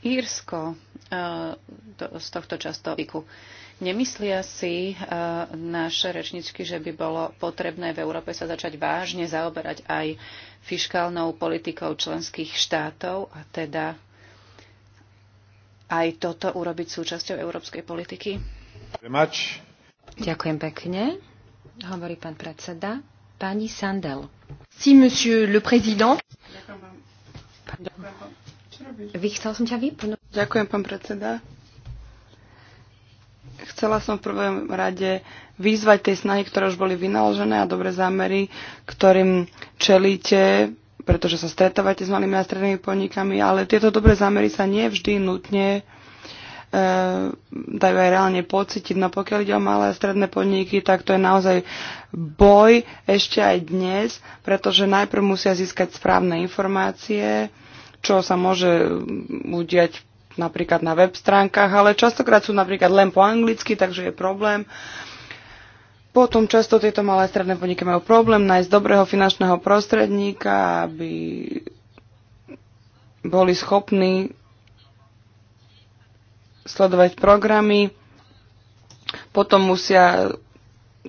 Írsko Eh, z tohto častoviku. Nemyslia si eh, naše rečničky, že by bolo potrebné v Európe sa začať vážne zaoberať aj fiškálnou politikou členských štátov a teda aj toto urobiť súčasťou európskej politiky? Ďakujem pekne, hovorí pán predseda. Pani Sandel. Si, monsieur le président. Vychcel som ťa vypnúť. Ďakujem, pán predseda. Chcela som v prvom rade vyzvať tie snahy, ktoré už boli vynaložené a dobré zámery, ktorým čelíte, pretože sa stretávate s malými a strednými podnikami, ale tieto dobré zámery sa nevždy nutne e, dajú aj reálne pocítiť. No pokiaľ ide o malé a stredné podniky, tak to je naozaj boj ešte aj dnes, pretože najprv musia získať správne informácie, čo sa môže udiať napríklad na web stránkach, ale častokrát sú napríklad len po anglicky, takže je problém. Potom často tieto malé stredné podniky majú problém nájsť dobrého finančného prostredníka, aby boli schopní sledovať programy. Potom musia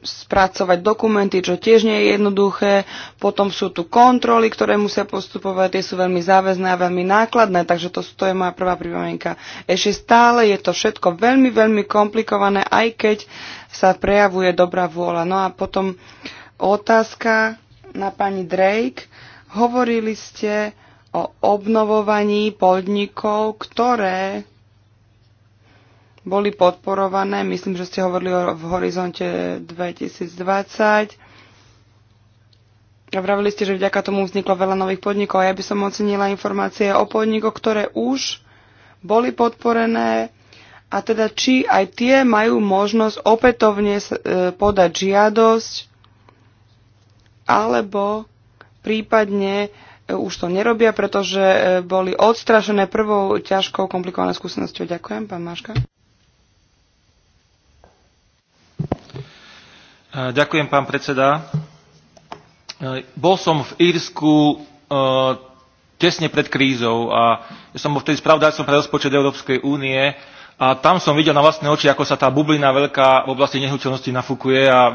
spracovať dokumenty, čo tiež nie je jednoduché. Potom sú tu kontroly, ktoré musia postupovať, tie sú veľmi záväzné a veľmi nákladné, takže to, to je moja prvá pripomienka. Ešte stále je to všetko veľmi, veľmi komplikované, aj keď sa prejavuje dobrá vôľa. No a potom otázka na pani Drake. Hovorili ste o obnovovaní podnikov, ktoré boli podporované. Myslím, že ste hovorili o, v horizonte 2020. A vravili ste, že vďaka tomu vzniklo veľa nových podnikov. A ja by som ocenila informácie o podnikoch, ktoré už boli podporené a teda či aj tie majú možnosť opätovne e, podať žiadosť alebo prípadne e, už to nerobia, pretože e, boli odstrašené prvou ťažkou komplikovanou skúsenosťou. Ďakujem, pán Maška. Eh, ďakujem, pán predseda. Eh, bol som v Írsku eh, tesne pred krízou a ja som bol vtedy spravodajcom pre rozpočet Európskej únie a tam som videl na vlastné oči, ako sa tá bublina veľká v oblasti nehnuteľnosti nafúkuje a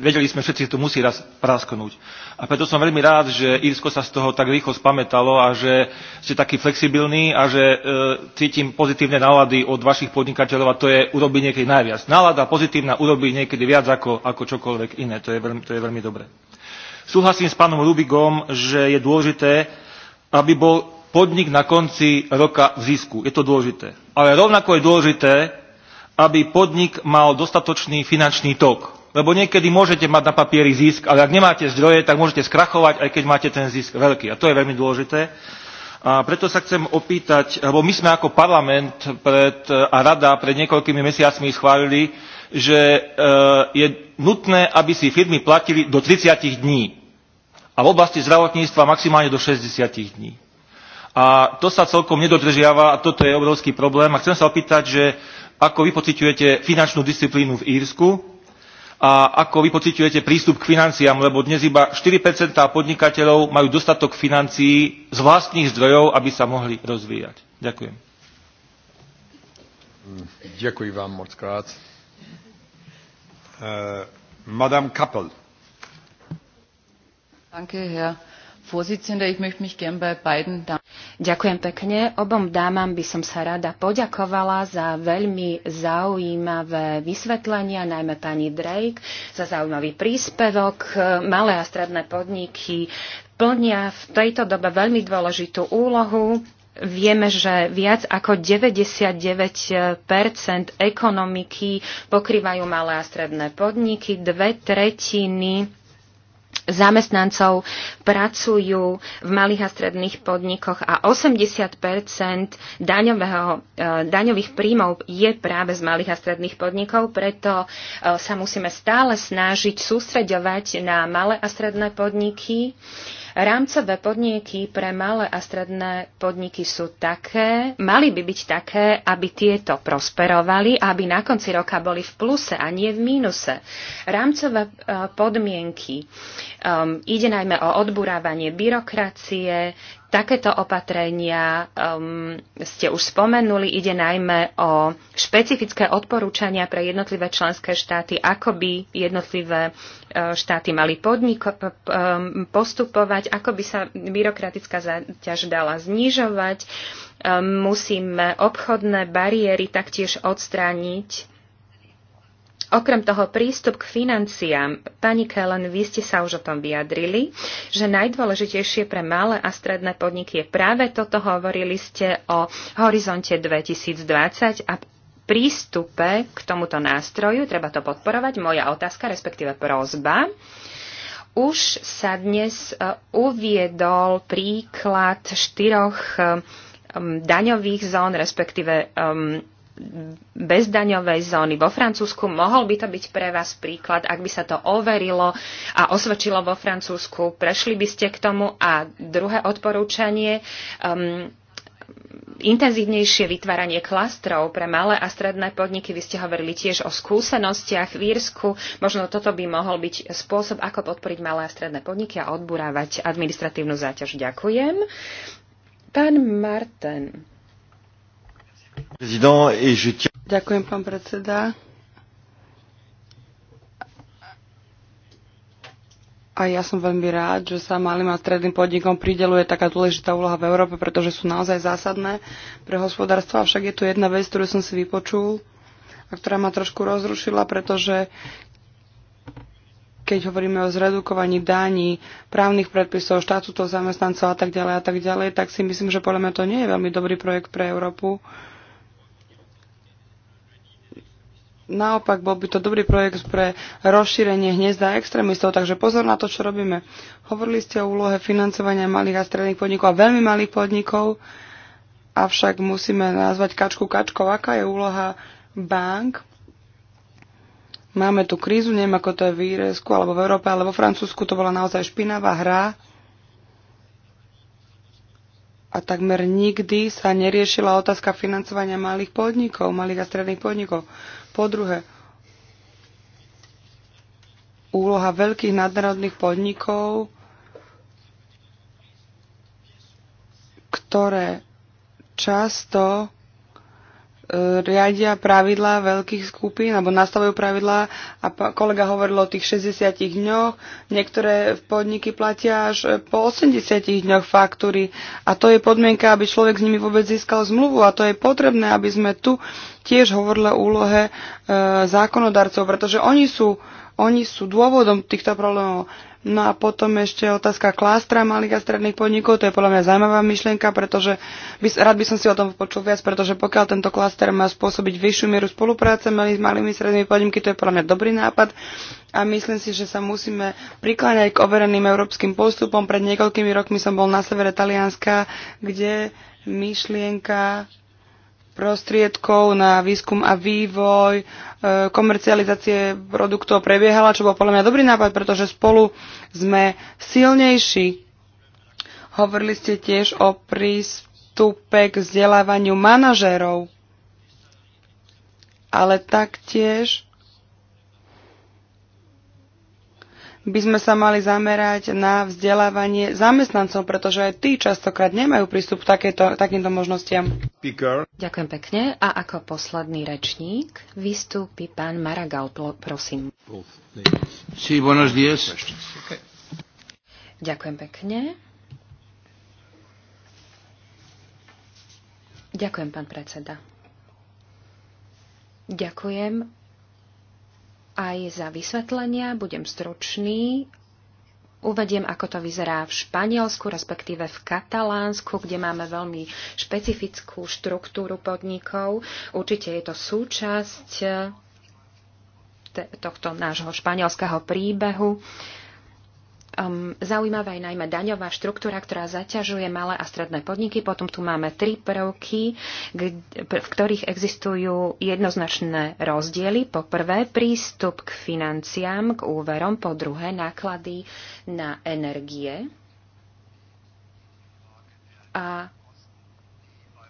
vedeli sme všetci, že to musí raz prasknúť. A preto som veľmi rád, že Írsko sa z toho tak rýchlo spamätalo a že ste takí flexibilní a že e, cítim pozitívne nálady od vašich podnikateľov a to je urobí niekedy najviac. Nálada pozitívna urobí niekedy viac ako, ako čokoľvek iné. To je, veľmi, to je veľmi dobré. Súhlasím s pánom Rubigom, že je dôležité, aby bol podnik na konci roka v zisku. Je to dôležité ale rovnako je dôležité, aby podnik mal dostatočný finančný tok. Lebo niekedy môžete mať na papieri zisk, ale ak nemáte zdroje, tak môžete skrachovať, aj keď máte ten zisk veľký. A to je veľmi dôležité. A preto sa chcem opýtať, lebo my sme ako parlament pred, a rada pred niekoľkými mesiacmi schválili, že e, je nutné, aby si firmy platili do 30 dní a v oblasti zdravotníctva maximálne do 60 dní a to sa celkom nedodržiava a toto je obrovský problém. A chcem sa opýtať, že ako vy pociťujete finančnú disciplínu v Írsku a ako vy pociťujete prístup k financiám, lebo dnes iba 4 podnikateľov majú dostatok financií z vlastných zdrojov, aby sa mohli rozvíjať. Ďakujem. Ďakujem vám moc krát. Uh, Madame Kappel. Danke, Herr Ďakujem pekne. Obom dámam by som sa rada poďakovala za veľmi zaujímavé vysvetlenia, najmä pani Drake, za zaujímavý príspevok. Malé a stredné podniky plnia v tejto dobe veľmi dôležitú úlohu. Vieme, že viac ako 99 ekonomiky pokrývajú malé a stredné podniky, dve tretiny zamestnancov pracujú v malých a stredných podnikoch a 80 daňového, e, daňových príjmov je práve z malých a stredných podnikov, preto e, sa musíme stále snažiť sústreďovať na malé a stredné podniky. Uh, Rámcové podniky pre malé a stredné podniky sú také, mali by byť také, aby tieto prosperovali aby na konci roka boli v pluse a nie v mínuse. Rámcové e, podmienky um, ide najmä o odburávanie byrokracie, Takéto opatrenia um, ste už spomenuli, ide najmä o špecifické odporúčania pre jednotlivé členské štáty, ako by jednotlivé e, štáty mali podniko- um, postupovať, ako by sa byrokratická záťaž dala znižovať. Um, musíme obchodné bariéry taktiež odstrániť Okrem toho prístup k financiám. Pani Kellen, vy ste sa už o tom vyjadrili, že najdôležitejšie pre malé a stredné podniky je práve toto. Hovorili ste o horizonte 2020 a prístupe k tomuto nástroju. Treba to podporovať. Moja otázka, respektíve prozba. Už sa dnes e, uviedol príklad štyroch e, daňových zón, respektíve um, bezdaňovej zóny vo Francúzsku. Mohol by to byť pre vás príklad, ak by sa to overilo a osvedčilo vo Francúzsku. Prešli by ste k tomu. A druhé odporúčanie. Um, intenzívnejšie vytváranie klastrov pre malé a stredné podniky. Vy ste hovorili tiež o skúsenostiach v Írsku. Možno toto by mohol byť spôsob, ako podporiť malé a stredné podniky a odburávať administratívnu záťaž. Ďakujem. Pán Martin. E Ďakujem, pán predseda. A ja som veľmi rád, že sa malým a stredným podnikom prideluje taká dôležitá úloha v Európe, pretože sú naozaj zásadné pre hospodárstvo. Avšak je tu jedna vec, ktorú som si vypočul a ktorá ma trošku rozrušila, pretože keď hovoríme o zredukovaní daní, právnych predpisov, štatútov zamestnancov a tak ďalej a tak ďalej, tak si myslím, že podľa mňa to nie je veľmi dobrý projekt pre Európu. Uh, Naopak, bol by to dobrý projekt pre rozšírenie hniezda extrémistov, takže pozor na to, čo robíme. Hovorili ste o úlohe financovania malých a stredných podnikov a veľmi malých podnikov, avšak musíme nazvať kačku kačkou. Aká je úloha bank? Máme tu krízu, neviem ako to je v Íresku alebo v Európe, ale vo Francúzsku to bola naozaj špinavá hra a takmer nikdy sa neriešila otázka financovania malých podnikov, malých a stredných podnikov. Po druhé, úloha veľkých nadnárodných podnikov, ktoré často E, riadia pravidlá veľkých skupín, alebo nastavujú pravidlá a kolega hovoril o tých 60 dňoch, niektoré podniky platia až e, po 80 dňoch faktúry a to je podmienka, aby človek s nimi vôbec získal zmluvu a to je potrebné, aby sme tu tiež hovorili o úlohe e, zákonodarcov, pretože oni sú oni sú dôvodom týchto problémov. No a potom ešte otázka klástra malých a stredných podnikov. To je podľa mňa zaujímavá myšlienka, pretože by, rád by som si o tom počul viac, pretože pokiaľ tento klaster má spôsobiť vyššiu mieru spolupráce medzi malými a strednými podniky, to je podľa mňa dobrý nápad. A myslím si, že sa musíme prikláňať k overeným európskym postupom. Pred niekoľkými rokmi som bol na severe Talianska, kde myšlienka prostriedkov na výskum a vývoj, e, komercializácie produktov prebiehala, čo bol podľa mňa dobrý nápad, pretože spolu sme silnejší. Hovorili ste tiež o prístupe k vzdelávaniu manažérov, ale taktiež by sme sa mali zamerať na vzdelávanie zamestnancov, pretože aj tí častokrát nemajú prístup k takéto, takýmto možnostiam. Speaker. Ďakujem pekne. A ako posledný rečník vystúpi pán Maragal, prosím. Sí, buenos días. Okay. Ďakujem pekne. Ďakujem, pán predseda. Ďakujem aj za vysvetlenia. Budem stručný. Uvediem, ako to vyzerá v Španielsku, respektíve v Katalánsku, kde máme veľmi špecifickú štruktúru podnikov. Určite je to súčasť tohto nášho španielského príbehu. Uh, Um, zaujímavá je najmä daňová štruktúra, ktorá zaťažuje malé a stredné podniky. Potom tu máme tri prvky, v ktorých existujú jednoznačné rozdiely. Po prvé, prístup k financiám, k úverom. Po druhé, náklady na energie. A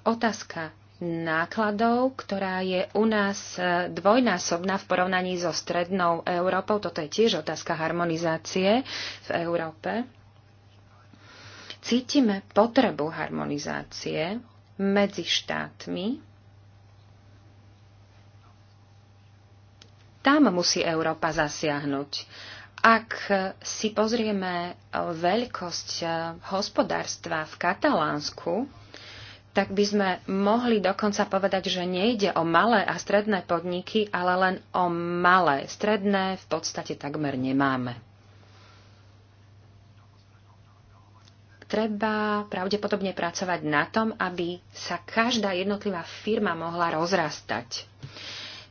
otázka nákladov, ktorá je u nás e, dvojnásobná v porovnaní so strednou Európou. Toto je tiež otázka harmonizácie v Európe. Cítime potrebu harmonizácie medzi štátmi. Tam musí Európa zasiahnuť. Ak si pozrieme veľkosť e, hospodárstva v Katalánsku, tak by sme mohli dokonca povedať, že nejde o malé a stredné podniky, ale len o malé. Stredné v podstate takmer nemáme. Treba pravdepodobne pracovať na tom, aby sa každá jednotlivá firma mohla rozrastať.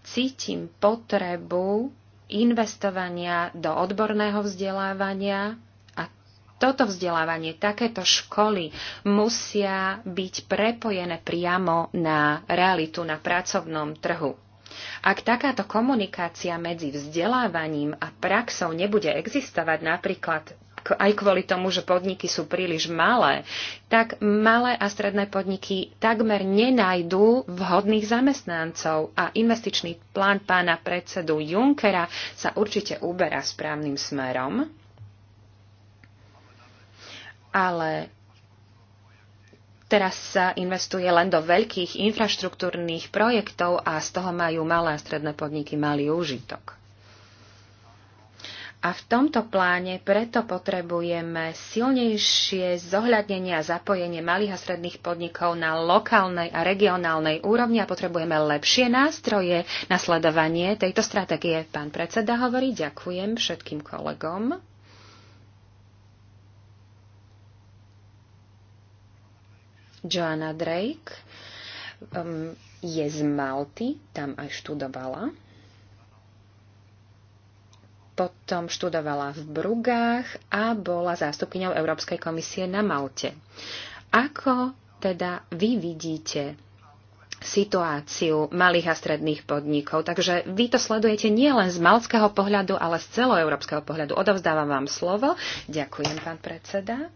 Cítim potrebu investovania do odborného vzdelávania, toto vzdelávanie, takéto školy musia byť prepojené priamo na realitu na pracovnom trhu. Ak takáto komunikácia medzi vzdelávaním a praxou nebude existovať napríklad aj kvôli tomu, že podniky sú príliš malé, tak malé a stredné podniky takmer nenajdú vhodných zamestnancov a investičný plán pána predsedu Junckera sa určite uberá správnym smerom ale teraz sa investuje len do veľkých infraštruktúrnych projektov a z toho majú malé a stredné podniky malý úžitok. A v tomto pláne preto potrebujeme silnejšie zohľadnenie a zapojenie malých a stredných podnikov na lokálnej a regionálnej úrovni a potrebujeme lepšie nástroje na sledovanie tejto stratégie. Pán predseda hovorí, ďakujem všetkým kolegom. Joanna Drake um, je z Malty, tam aj študovala. Potom študovala v Brugách a bola zástupkyňou Európskej komisie na Malte. Ako teda vy vidíte situáciu malých a stredných podnikov. Takže vy to sledujete nielen z malského pohľadu, ale z celoeurópskeho pohľadu. Odovzdávam vám slovo. Ďakujem, pán predseda.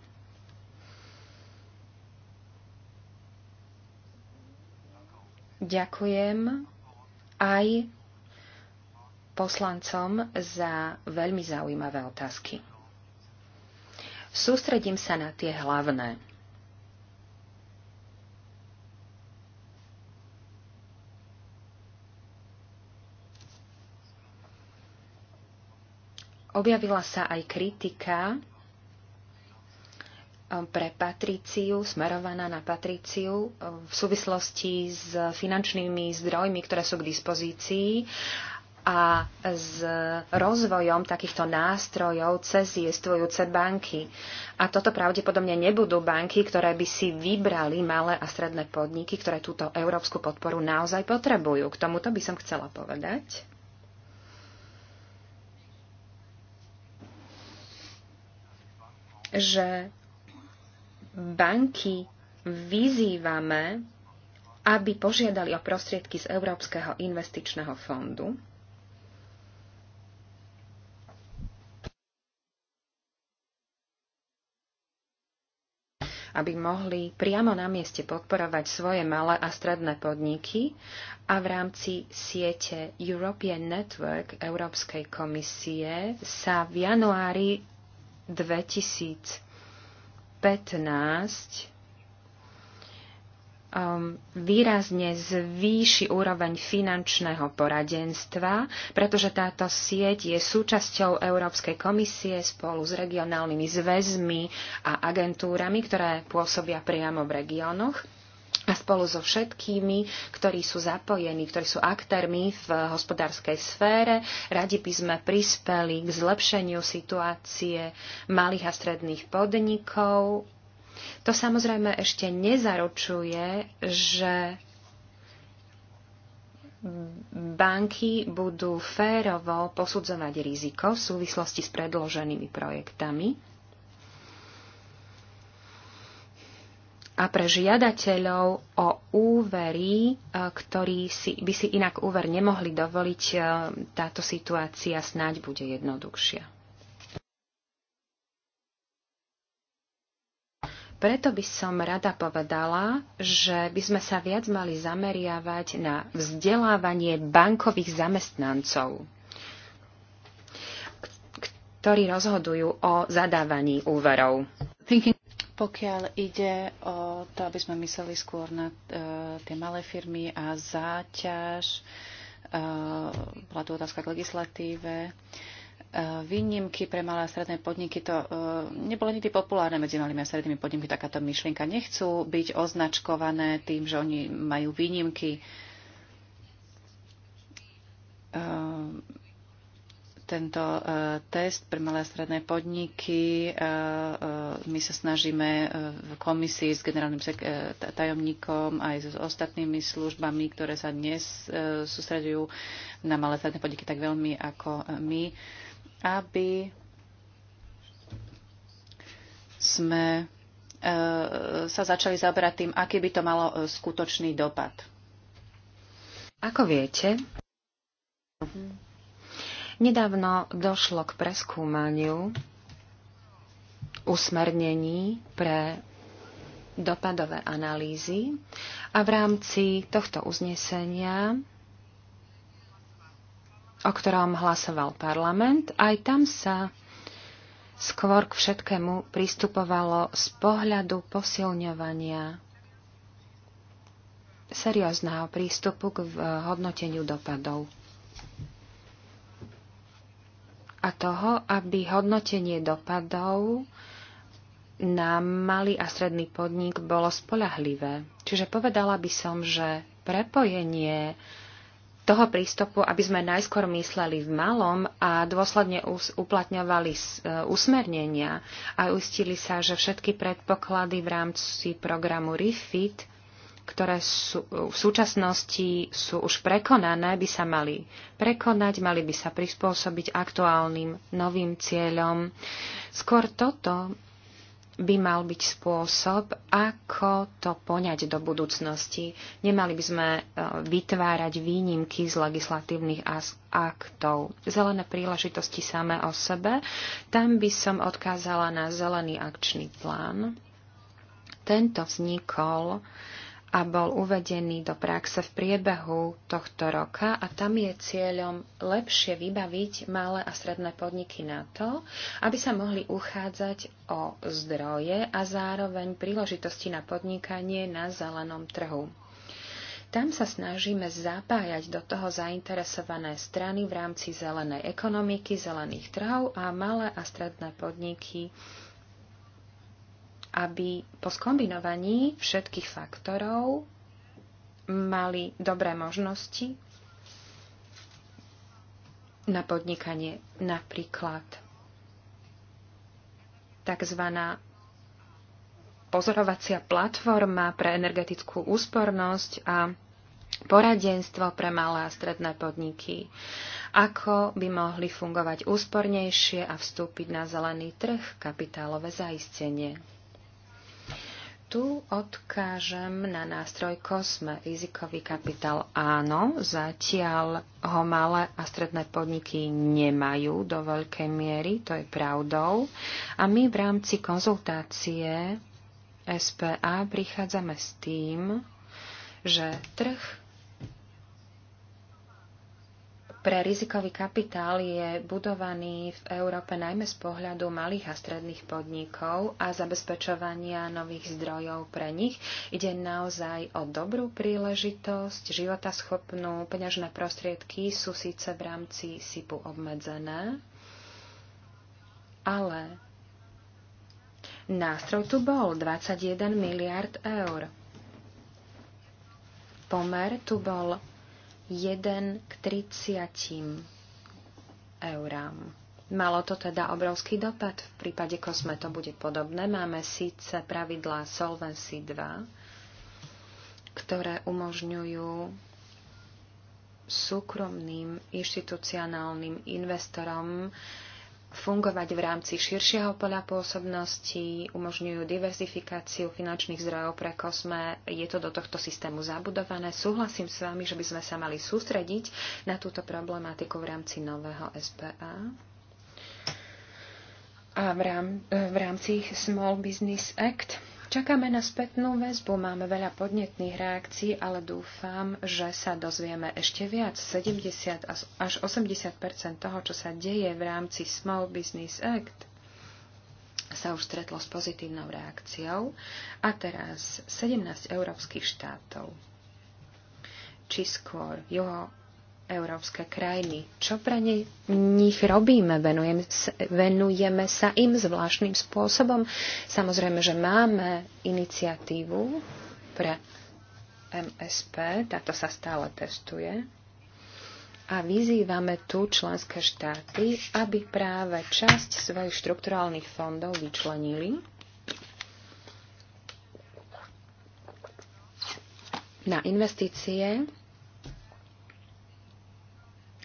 Ďakujem aj poslancom za veľmi zaujímavé otázky. Sústredím sa na tie hlavné. Objavila sa aj kritika pre Patriciu, smerovaná na Patriciu v súvislosti s finančnými zdrojmi, ktoré sú k dispozícii a s rozvojom takýchto nástrojov cez jestvujúce banky. A toto pravdepodobne nebudú banky, ktoré by si vybrali malé a stredné podniky, ktoré túto európsku podporu naozaj potrebujú. K tomuto by som chcela povedať. že banky vyzývame, aby požiadali o prostriedky z Európskeho investičného fondu. aby mohli priamo na mieste podporovať svoje malé a stredné podniky a v rámci siete European Network Európskej komisie sa v januári 2000 15 um, výrazne zvýši úroveň finančného poradenstva, pretože táto sieť je súčasťou Európskej komisie spolu s regionálnymi zväzmi a agentúrami, ktoré pôsobia priamo v regiónoch a spolu so všetkými, ktorí sú zapojení, ktorí sú aktérmi v hospodárskej sfére. Radi by sme prispeli k zlepšeniu situácie malých a stredných podnikov. To samozrejme ešte nezaručuje, že banky budú férovo posudzovať riziko v súvislosti s predloženými projektami a pre žiadateľov o úvery, e, ktorí si, by si inak úver nemohli dovoliť, e, táto situácia snáď bude jednoduchšia. Preto by som rada povedala, že by sme sa viac mali zameriavať na vzdelávanie bankových zamestnancov, ktorí rozhodujú o zadávaní úverov. Pokiaľ ide o to, aby sme mysleli skôr na e, tie malé firmy a záťaž, e, bola tu otázka k legislatíve, e, výnimky pre malé a stredné podniky, to nebolo nikdy populárne medzi malými a strednými podnikmi takáto myšlienka. Nechcú byť označkované tým, že oni majú výnimky tento e, test pre malé a stredné podniky. E, e, my sa snažíme v komisii s generálnym tajomníkom aj s ostatnými službami, ktoré sa dnes sústredujú na malé a stredné podniky tak veľmi ako my, aby sme sa začali zaoberať tým, aký by to malo skutočný dopad. Ako viete, mhm. Nedávno došlo k preskúmaniu usmernení pre dopadové analýzy a v rámci tohto uznesenia, o ktorom hlasoval parlament, aj tam sa skôr k všetkému pristupovalo z pohľadu posilňovania seriózneho prístupu k hodnoteniu dopadov. a toho, aby hodnotenie dopadov na malý a stredný podnik bolo spolahlivé. Čiže povedala by som, že prepojenie toho prístupu, aby sme najskôr mysleli v malom a dôsledne uplatňovali e, usmernenia a uistili sa, že všetky predpoklady v rámci programu REFIT ktoré sú, v súčasnosti sú už prekonané, by sa mali prekonať, mali by sa prispôsobiť aktuálnym novým cieľom. Skôr toto by mal byť spôsob, ako to poňať do budúcnosti. Nemali by sme e, vytvárať výnimky z legislatívnych aktov. Zelené príležitosti samé o sebe, tam by som odkázala na zelený akčný plán. Tento vznikol uh, a bol uvedený do praxe v priebehu tohto roka a tam je cieľom lepšie vybaviť malé a stredné podniky na to, aby sa mohli uchádzať o zdroje a zároveň príležitosti na podnikanie na zelenom trhu. Tam sa snažíme zapájať do toho zainteresované strany v rámci zelenej ekonomiky, zelených trhov a malé a stredné podniky aby po skombinovaní všetkých faktorov mali dobré možnosti na podnikanie. Napríklad tzv. pozorovacia platforma pre energetickú úspornosť a poradenstvo pre malé a stredné podniky, ako by mohli fungovať úspornejšie a vstúpiť na zelený trh, kapitálové zaistenie tu odkážem na nástroj COSME, rizikový kapitál áno, zatiaľ ho malé a stredné podniky nemajú do veľkej miery, to je pravdou. A my v rámci konzultácie SPA prichádzame s tým, že trh pre rizikový kapitál je budovaný v Európe najmä z pohľadu malých a stredných podnikov a zabezpečovania nových zdrojov pre nich. Ide naozaj o dobrú príležitosť, schopnú, peňažné prostriedky sú síce v rámci SIPu obmedzené, ale nástroj tu bol 21 miliard eur. Pomer tu bol 1 k 30 eurám. Malo to teda obrovský dopad. V prípade Kosme to bude podobné. Máme síce pravidlá Solvency 2, ktoré umožňujú súkromným inštitucionálnym investorom fungovať v rámci širšieho poľa pôsobnosti, umožňujú diverzifikáciu finančných zdrojov pre kosme. Je to do tohto systému zabudované. Súhlasím s vami, že by sme sa mali sústrediť na túto problematiku v rámci nového SPA a v, rám, v rámci Small Business Act Čakáme na spätnú väzbu, máme veľa podnetných reakcií, ale dúfam, že sa dozvieme ešte viac. 70 až 80 toho, čo sa deje v rámci Small Business Act, sa už stretlo s pozitívnou reakciou. A teraz 17 európskych štátov, či skôr juho európske krajiny. Čo pre ne, nich robíme? Venujem, venujeme sa im zvláštnym spôsobom. Samozrejme, že máme iniciatívu pre MSP, táto sa stále testuje. A vyzývame tu členské štáty, aby práve časť svojich štrukturálnych fondov vyčlenili na investície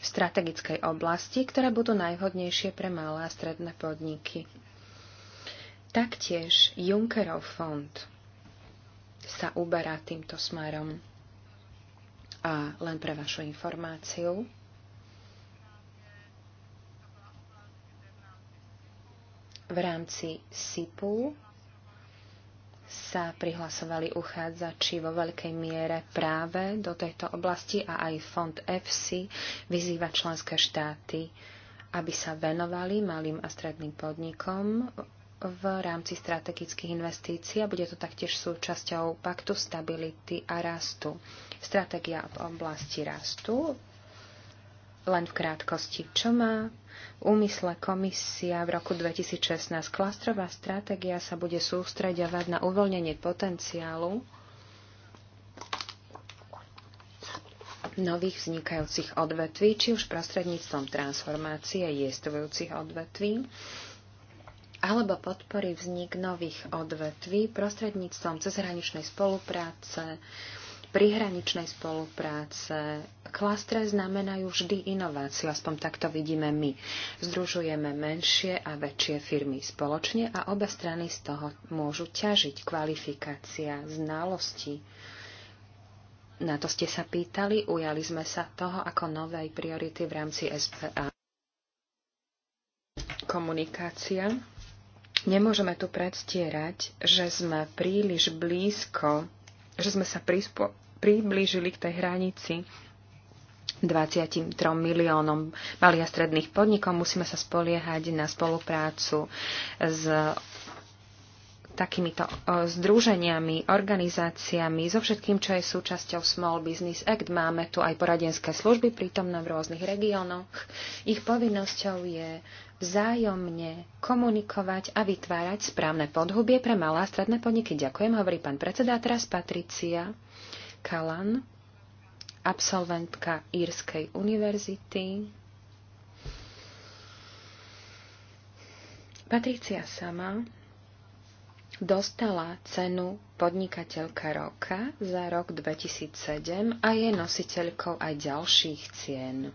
v strategickej oblasti, ktoré budú najvhodnejšie pre malé a stredné podniky. Taktiež Junckerov fond sa uberá týmto smerom. A len pre vašu informáciu, v rámci SIPu sa prihlasovali uchádzači vo veľkej miere práve do tejto oblasti a aj fond EFSI vyzýva členské štáty, aby sa venovali malým a stredným podnikom v rámci strategických investícií a bude to taktiež súčasťou paktu stability a rastu. Stratégia v oblasti rastu len v krátkosti, čo má úmysle komisia v roku 2016. Klastrová stratégia sa bude sústreďovať na uvoľnenie potenciálu nových vznikajúcich odvetví, či už prostredníctvom transformácie jestvujúcich odvetví, alebo podpory vznik nových odvetví prostredníctvom cezhraničnej spolupráce, prihraničnej spolupráce. Klastre znamenajú vždy inováciu, aspoň takto vidíme my. Združujeme menšie a väčšie firmy spoločne a obe strany z toho môžu ťažiť kvalifikácia, znalosti. Na to ste sa pýtali, ujali sme sa toho ako novej priority v rámci SPA. Komunikácia. Nemôžeme tu predstierať, že sme príliš blízko, že sme sa prispôsobili priblížili k tej hranici 23 miliónom malých a stredných podnikov. Musíme sa spoliehať na spoluprácu s takýmito združeniami, organizáciami, so všetkým, čo je súčasťou Small Business Act. Máme tu aj poradenské služby prítomné v rôznych regiónoch. Ich povinnosťou je vzájomne komunikovať a vytvárať správne podhubie pre malé a stredné podniky. Ďakujem, hovorí pán predseda. teraz Patricia. Kalan, absolventka Írskej univerzity. Patricia sama dostala cenu podnikateľka roka za rok 2007 a je nositeľkou aj ďalších cien.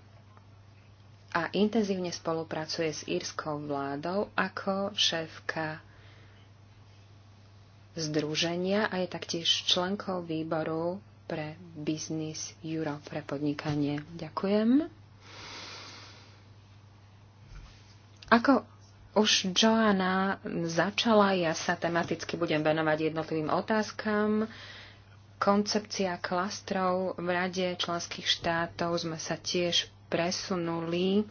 A intenzívne spolupracuje s írskou vládou ako šéfka združenia a je taktiež členkou výboru pre Business Euro, pre podnikanie. Ďakujem. Ako už Joana začala, ja sa tematicky budem venovať jednotlivým otázkam. Koncepcia klastrov v Rade členských štátov sme sa tiež presunuli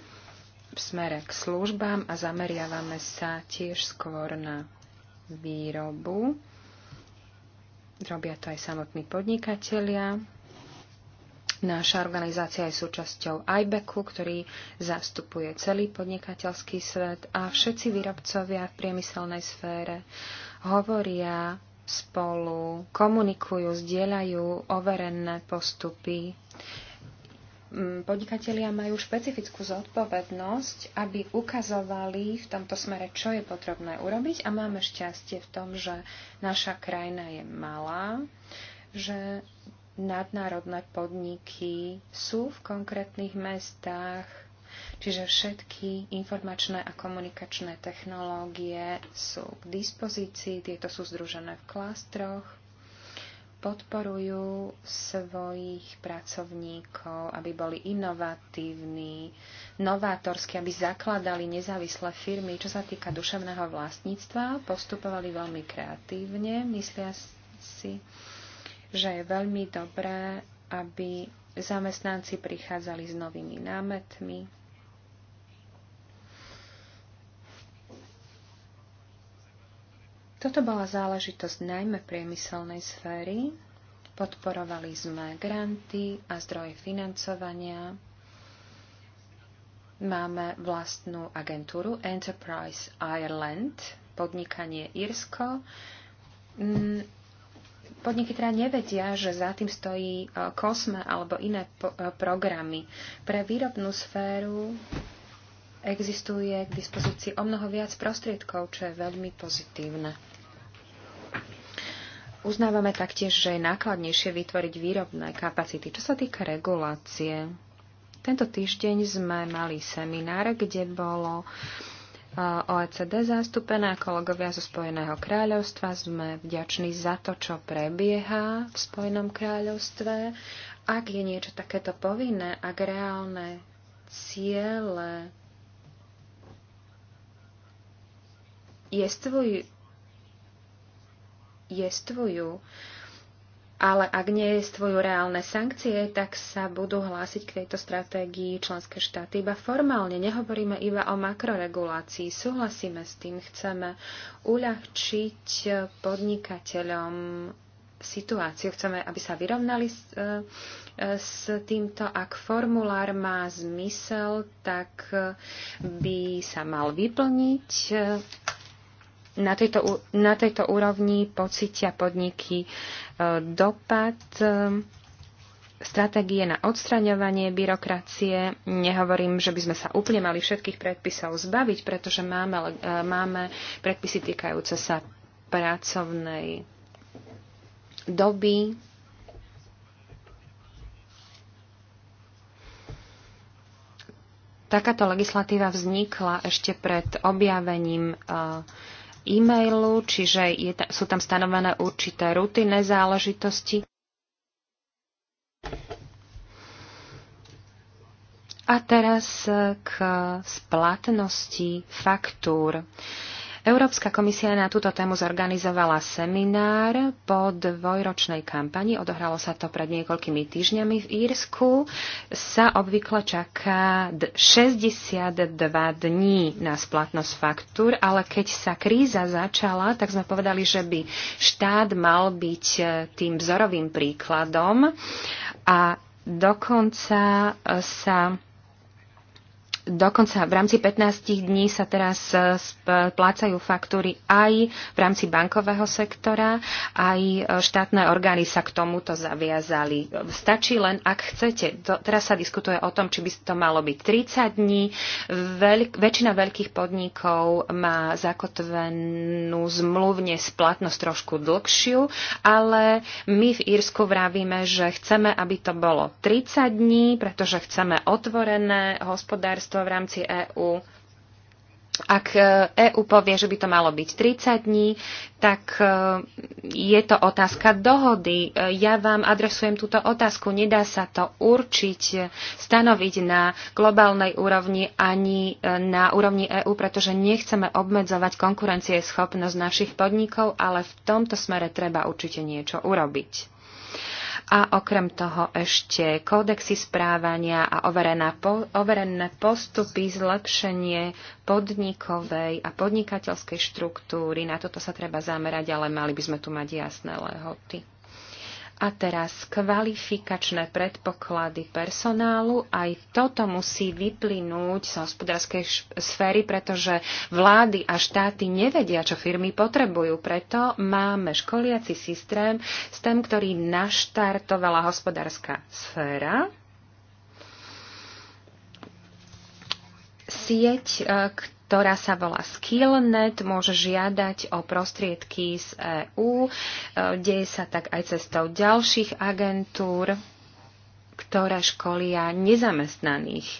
v smere k službám a zameriavame sa tiež skôr na výrobu. Robia to aj samotní podnikatelia. Naša organizácia je súčasťou IBECu, ktorý zastupuje celý podnikateľský svet a všetci výrobcovia v priemyselnej sfére hovoria spolu, komunikujú, zdieľajú overené postupy, podnikatelia majú špecifickú zodpovednosť, aby ukazovali v tomto smere, čo je potrebné urobiť a máme šťastie v tom, že naša krajina je malá, že nadnárodné podniky sú v konkrétnych mestách, čiže všetky informačné a komunikačné technológie sú k dispozícii, tieto sú združené v klastroch podporujú svojich pracovníkov, aby boli inovatívni, novátorskí, aby zakladali nezávislé firmy. Čo sa týka duševného vlastníctva, postupovali veľmi kreatívne. Myslia si, že je veľmi dobré, aby zamestnanci prichádzali s novými námetmi, Toto bola záležitosť najmä priemyselnej sféry. Podporovali sme granty a zdroje financovania. Máme vlastnú agentúru Enterprise Ireland, podnikanie Irsko. Mm, podniky teda nevedia, že za tým stojí Kosme e, alebo iné e, programy. Pre výrobnú sféru existuje k dispozícii o mnoho viac prostriedkov, čo je veľmi pozitívne. Uznávame taktiež, že je nákladnejšie vytvoriť výrobné kapacity. Čo sa týka regulácie, tento týždeň sme mali seminár, kde bolo e, OECD zastúpené a kolegovia zo Spojeného kráľovstva. Sme vďační za to, čo prebieha v Spojenom kráľovstve. Ak je niečo takéto povinné, ak reálne ciele jestvujú jestvujú. Ale ak nie jestvujú reálne sankcie, tak sa budú hlásiť k tejto stratégii členské štáty iba formálne. Nehovoríme iba o makroregulácii. Súhlasíme s tým, chceme uľahčiť podnikateľom situáciu. Chceme, aby sa vyrovnali s, e, e, s týmto. Ak formulár má zmysel, tak by sa mal vyplniť na tejto, na tejto úrovni pocitia podniky e, dopad e, stratégie na odstraňovanie byrokracie. Nehovorím, že by sme sa úplne mali všetkých predpisov zbaviť, pretože máme, e, máme predpisy týkajúce sa pracovnej doby. Takáto legislatíva vznikla ešte pred objavením uh, e-mailu, čiže je ta, sú tam stanovené určité rutinné záležitosti. A teraz eh, k splatnosti faktúr. Uh, Európska komisia na túto tému zorganizovala seminár po dvojročnej kampani. Odohralo sa to pred niekoľkými týždňami v Írsku. Sa obvykle čaká 62 dní na splatnosť faktúr, ale keď sa kríza začala, tak sme povedali, že by štát mal byť e, tým vzorovým príkladom a dokonca e, sa Dokonca v rámci 15 dní sa teraz e, splácajú faktúry aj v rámci bankového sektora, aj e, štátne orgány sa k tomuto zaviazali. Stačí len, ak chcete. Teraz sa diskutuje o tom, či by to malo byť 30 dní. Veľk, väčšina veľkých podnikov má zakotvenú zmluvne splatnosť trošku dlhšiu, ale my v Írsku vravíme, že chceme, aby to bolo 30 dní, pretože chceme otvorené hospodárstvo súdnictvo v rámci EÚ. Ak EÚ e povie, že by to malo byť 30 dní, tak e, je to otázka dohody. E, ja vám adresujem túto otázku. Nedá sa to určiť, stanoviť na globálnej úrovni ani na úrovni EÚ, pretože nechceme obmedzovať konkurencieschopnosť našich podnikov, ale v tomto smere treba určite niečo urobiť a okrem toho ešte kódexy správania a overené postupy, zlepšenie podnikovej a podnikateľskej štruktúry. Na toto sa treba zamerať, ale mali by sme tu mať jasné lehoty. A teraz kvalifikačné predpoklady personálu. Aj toto musí vyplynúť z hospodárskej sféry, pretože vlády a štáty nevedia, čo firmy potrebujú. Preto máme školiaci systém, s tým, ktorý naštartovala hospodárska sféra. Sieť, e, ktorá sa volá Skillnet, môže žiadať o prostriedky z EÚ. E, deje sa tak aj cestou ďalších agentúr, ktoré školia nezamestnaných.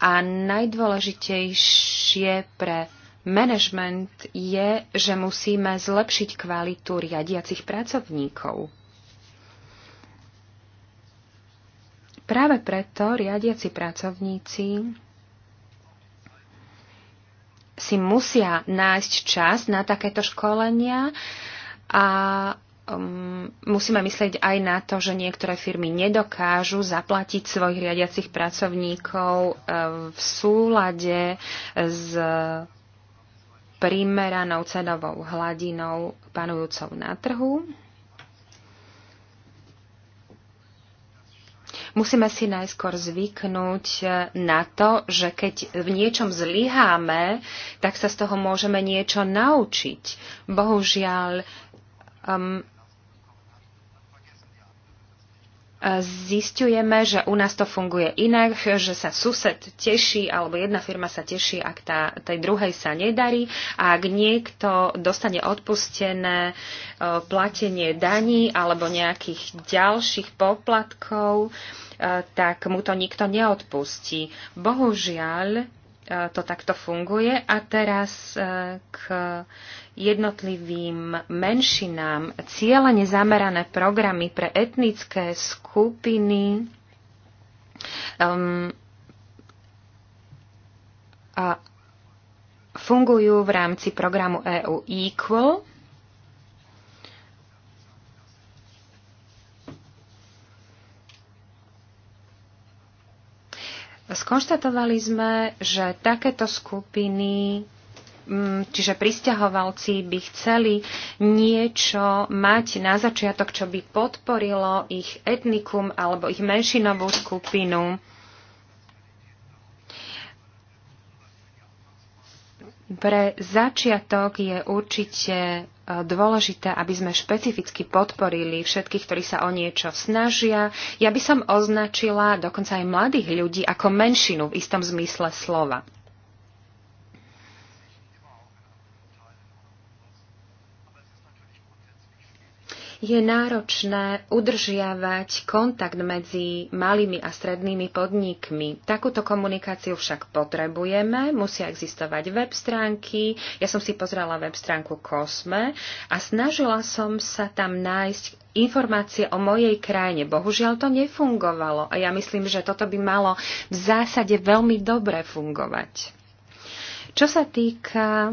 A najdôležitejšie pre management je, že musíme zlepšiť kvalitu riadiacich pracovníkov. Práve preto riadiaci pracovníci si musia nájsť čas na takéto školenia a um, musíme myslieť aj na to, že niektoré firmy nedokážu zaplatiť svojich riadiacich pracovníkov eh, v súlade s primeranou cenovou hladinou panujúcou na trhu. Musíme si najskôr zvyknúť eh, na to, že keď v niečom zlyháme, tak sa z toho môžeme niečo naučiť. Bohužiaľ, um, zistujeme, že u nás to funguje inak, že sa sused teší alebo jedna firma sa teší, ak tá, tej druhej sa nedarí a ak niekto dostane odpustené e, platenie daní alebo nejakých ďalších poplatkov, e, tak mu to nikto neodpustí. Bohužiaľ, E, to takto funguje. A teraz e, k jednotlivým menšinám. Cieľene zamerané programy pre etnické skupiny um, a fungujú v rámci programu EU Equal Skonštatovali sme, že takéto skupiny mm, čiže pristahovalci by chceli niečo mať na začiatok, čo by podporilo ich etnikum alebo ich menšinovú skupinu. Pre začiatok je určite dôležité, aby sme špecificky podporili všetkých, ktorí sa o niečo snažia. Ja by som označila dokonca aj mladých ľudí ako menšinu v istom zmysle slova. je náročné udržiavať kontakt medzi malými a strednými podnikmi. Takúto komunikáciu však potrebujeme, musia existovať web stránky. Ja som si pozrela web stránku Kosme a snažila som sa tam nájsť informácie o mojej krajine. Bohužiaľ to nefungovalo a ja myslím, že toto by malo v zásade veľmi dobre fungovať. Čo sa týka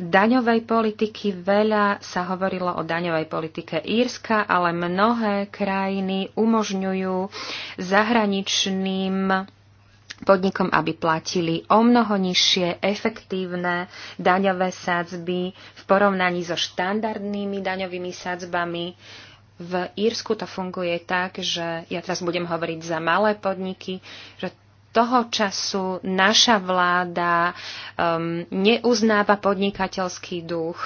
daňovej politiky. Veľa sa hovorilo o daňovej politike Írska, ale mnohé krajiny umožňujú zahraničným podnikom, aby platili o mnoho nižšie efektívne daňové sadzby v porovnaní so štandardnými daňovými sadzbami. V Írsku to funguje tak, že ja teraz budem hovoriť za malé podniky, že toho času naša vláda um, neuznáva podnikateľský duch.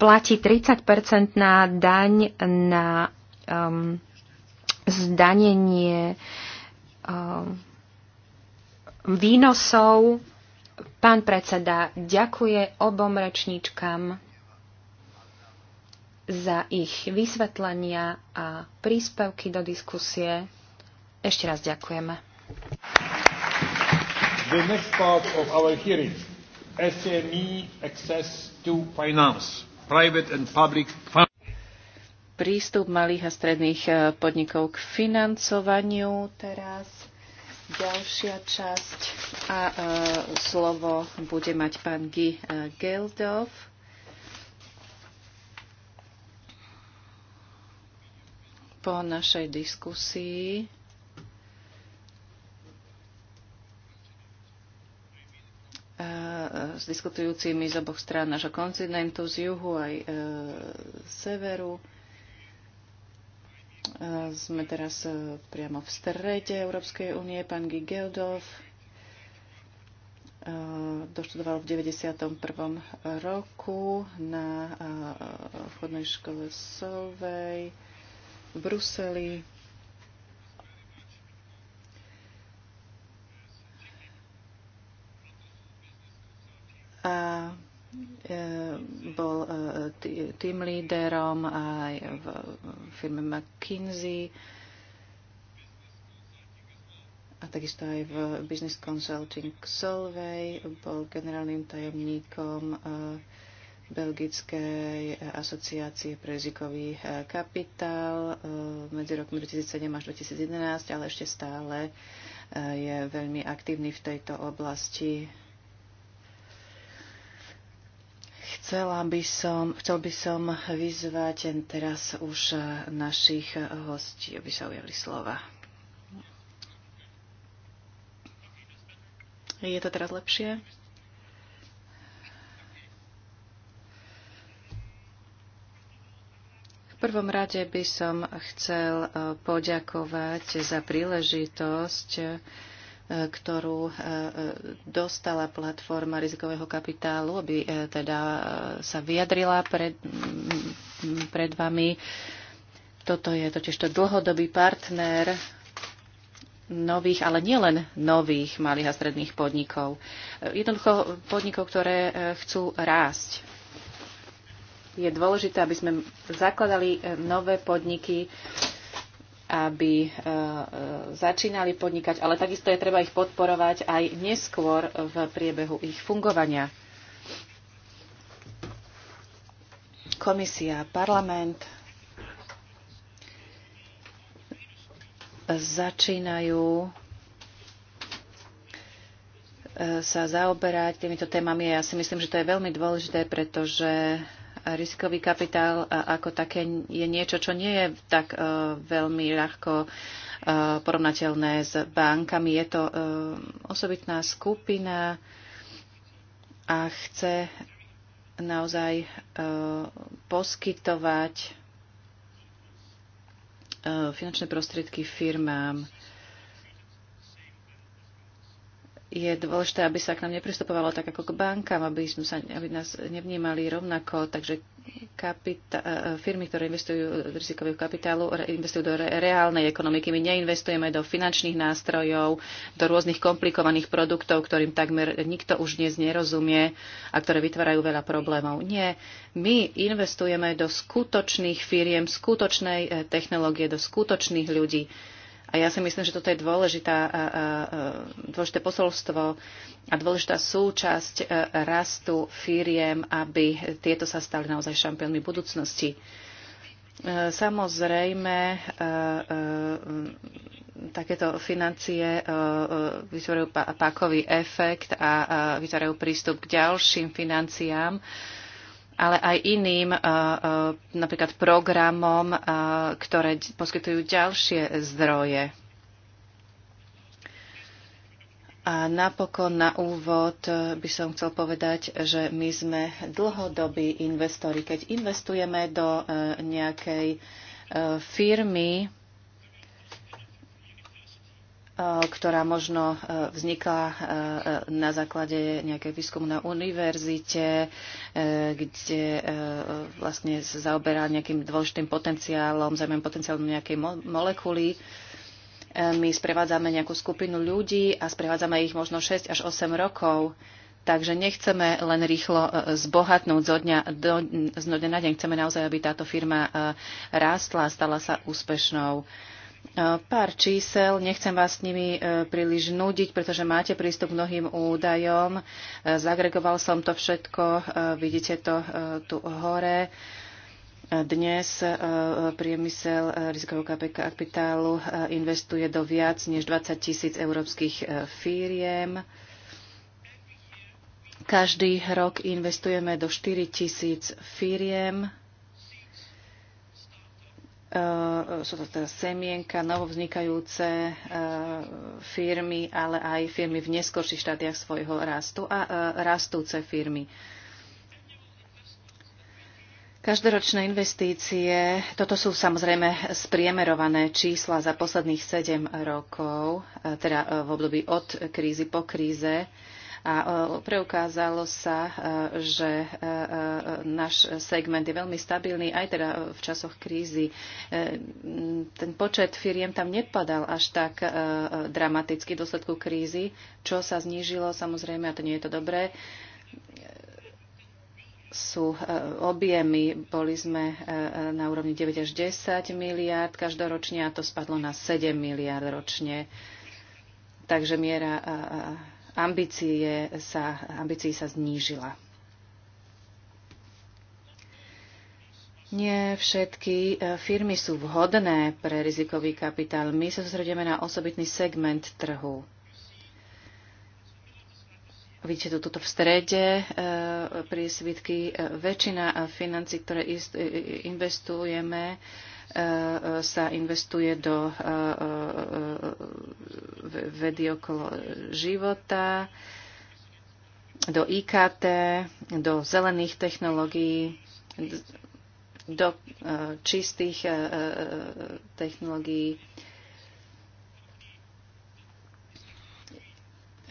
Platí 30-percentná daň na um, zdanenie um, výnosov. Pán predseda, ďakuje obom rečníčkam za ich vysvetlenia a príspevky do diskusie. Ešte raz ďakujeme. The next part of our hearing, SME access to finance, private and public Prístup malých a stredných e, podnikov k financovaniu teraz ďalšia časť a e, slovo bude mať pán Guy e, Geldov po našej diskusii e, e, s diskutujúcimi z oboch strán nášho kontinentu, z juhu aj e, severu. E, sme teraz e, priamo v strede Európskej únie. Pán Gigeldov e, doštudoval v 91. roku na e, vchodnej škole Solvej. E, v Bruseli. A e, bol e, tým líderom aj v firme McKinsey a takisto aj v Business Consulting Solvay, bol generálnym tajomníkom uh, Belgickej asociácie pre rizikový e, kapitál e, medzi rokmi 2007 až 2011, ale ešte stále e, je veľmi aktívny v tejto oblasti. Chcela by som, chcel by som vyzvať teraz už našich hostí, aby sa ujali slova. Je to teraz lepšie? prvom rade by som chcel e, poďakovať za príležitosť, e, ktorú e, dostala platforma rizikového kapitálu, aby teda sa vyjadrila pred, pred vami. Toto je totiž to dlhodobý partner nových, ale nielen nových malých a stredných podnikov. Jednoducho podnikov, ktoré chcú rásť je dôležité, aby sme zakladali e, nové podniky, aby e, e, začínali podnikať, ale takisto je treba ich podporovať aj neskôr v priebehu ich fungovania. Komisia, parlament začínajú sa zaoberať týmito témami. Ja si myslím, že to je veľmi dôležité, pretože riskový kapitál ako také je niečo, čo nie je tak e, veľmi ľahko e, porovnateľné s bankami. Je to e, osobitná skupina a chce naozaj poskytovať finančné prostriedky firmám je dôležité, aby sa k nám nepristupovalo tak ako k bankám, aby, sme sa, aby nás nevnímali rovnako. Takže kapita- e, e, firmy, ktoré investujú do rizikového kapitálu, investujú do re- reálnej ekonomiky. My neinvestujeme do finančných nástrojov, do rôznych komplikovaných produktov, ktorým takmer nikto už dnes nerozumie a ktoré vytvárajú veľa problémov. Nie, my investujeme do skutočných firiem, skutočnej e, technológie, do skutočných ľudí a ja si myslím, že toto je dôležitá, dôležité posolstvo a dôležitá súčasť e, rastu firiem, aby tieto sa stali naozaj šampiónmi budúcnosti. E, samozrejme, e, takéto financie vytvorujú pákový efekt a vytvárajú prístup k ďalším financiám ale aj iným eh, eh, napríklad programom, eh, ktoré poskytujú ďalšie zdroje. A napokon na úvod by som chcel povedať, že my sme dlhodobí investori. Keď investujeme do nejakej firmy, E, ktorá možno e, vznikla e, na základe nejakej výskumu na univerzite, kde vlastne sa zaoberá nejakým dôležitým potenciálom, zaujímavým potenciálom nejakej molekuly. My sprevádzame nejakú skupinu ľudí a sprevádzame ich možno 6 až 8 rokov. Takže nechceme len rýchlo zbohatnúť zo dňa, do, z dňa na deň. Chceme naozaj, aby táto firma rástla, a stala sa úspešnou. E, pár čísel, nechcem vás s nimi e, príliš nudiť, pretože máte prístup k mnohým údajom. E, zagregoval som to všetko, vidíte to tu hore. Dnes priemysel rizikového kapitálu investuje do viac než 20 tisíc európskych firiem. Každý rok investujeme do 4 tisíc firiem Eh, sú to teda semienka, novovznikajúce eh, firmy, ale aj firmy v neskorších štádiách svojho rastu a eh, rastúce firmy. Každoročné investície, toto sú samozrejme spriemerované čísla za posledných 7 rokov, teda v období od krízy po kríze a e, preukázalo sa, e, že e, náš segment je veľmi stabilný aj teda v časoch krízy. Ten počet firiem tam nepadal až tak dramaticky v dôsledku krízy, čo sa znížilo samozrejme, a to nie je to dobré, sú objemy, boli sme na úrovni 9 až 10 miliard každoročne a to spadlo na 7 miliard ročne. Takže miera ambície sa, ambícií sa znížila. Nie všetky e, firmy sú vhodné pre rizikový kapitál. My sa zredieme na osobitný segment trhu. Vidíte to tuto v strede, e, prísvitky. E, väčšina financí, ktoré investujeme, sa investuje do e, e, e, vedy okolo života, do IKT, do zelených technológií, do čistých technológií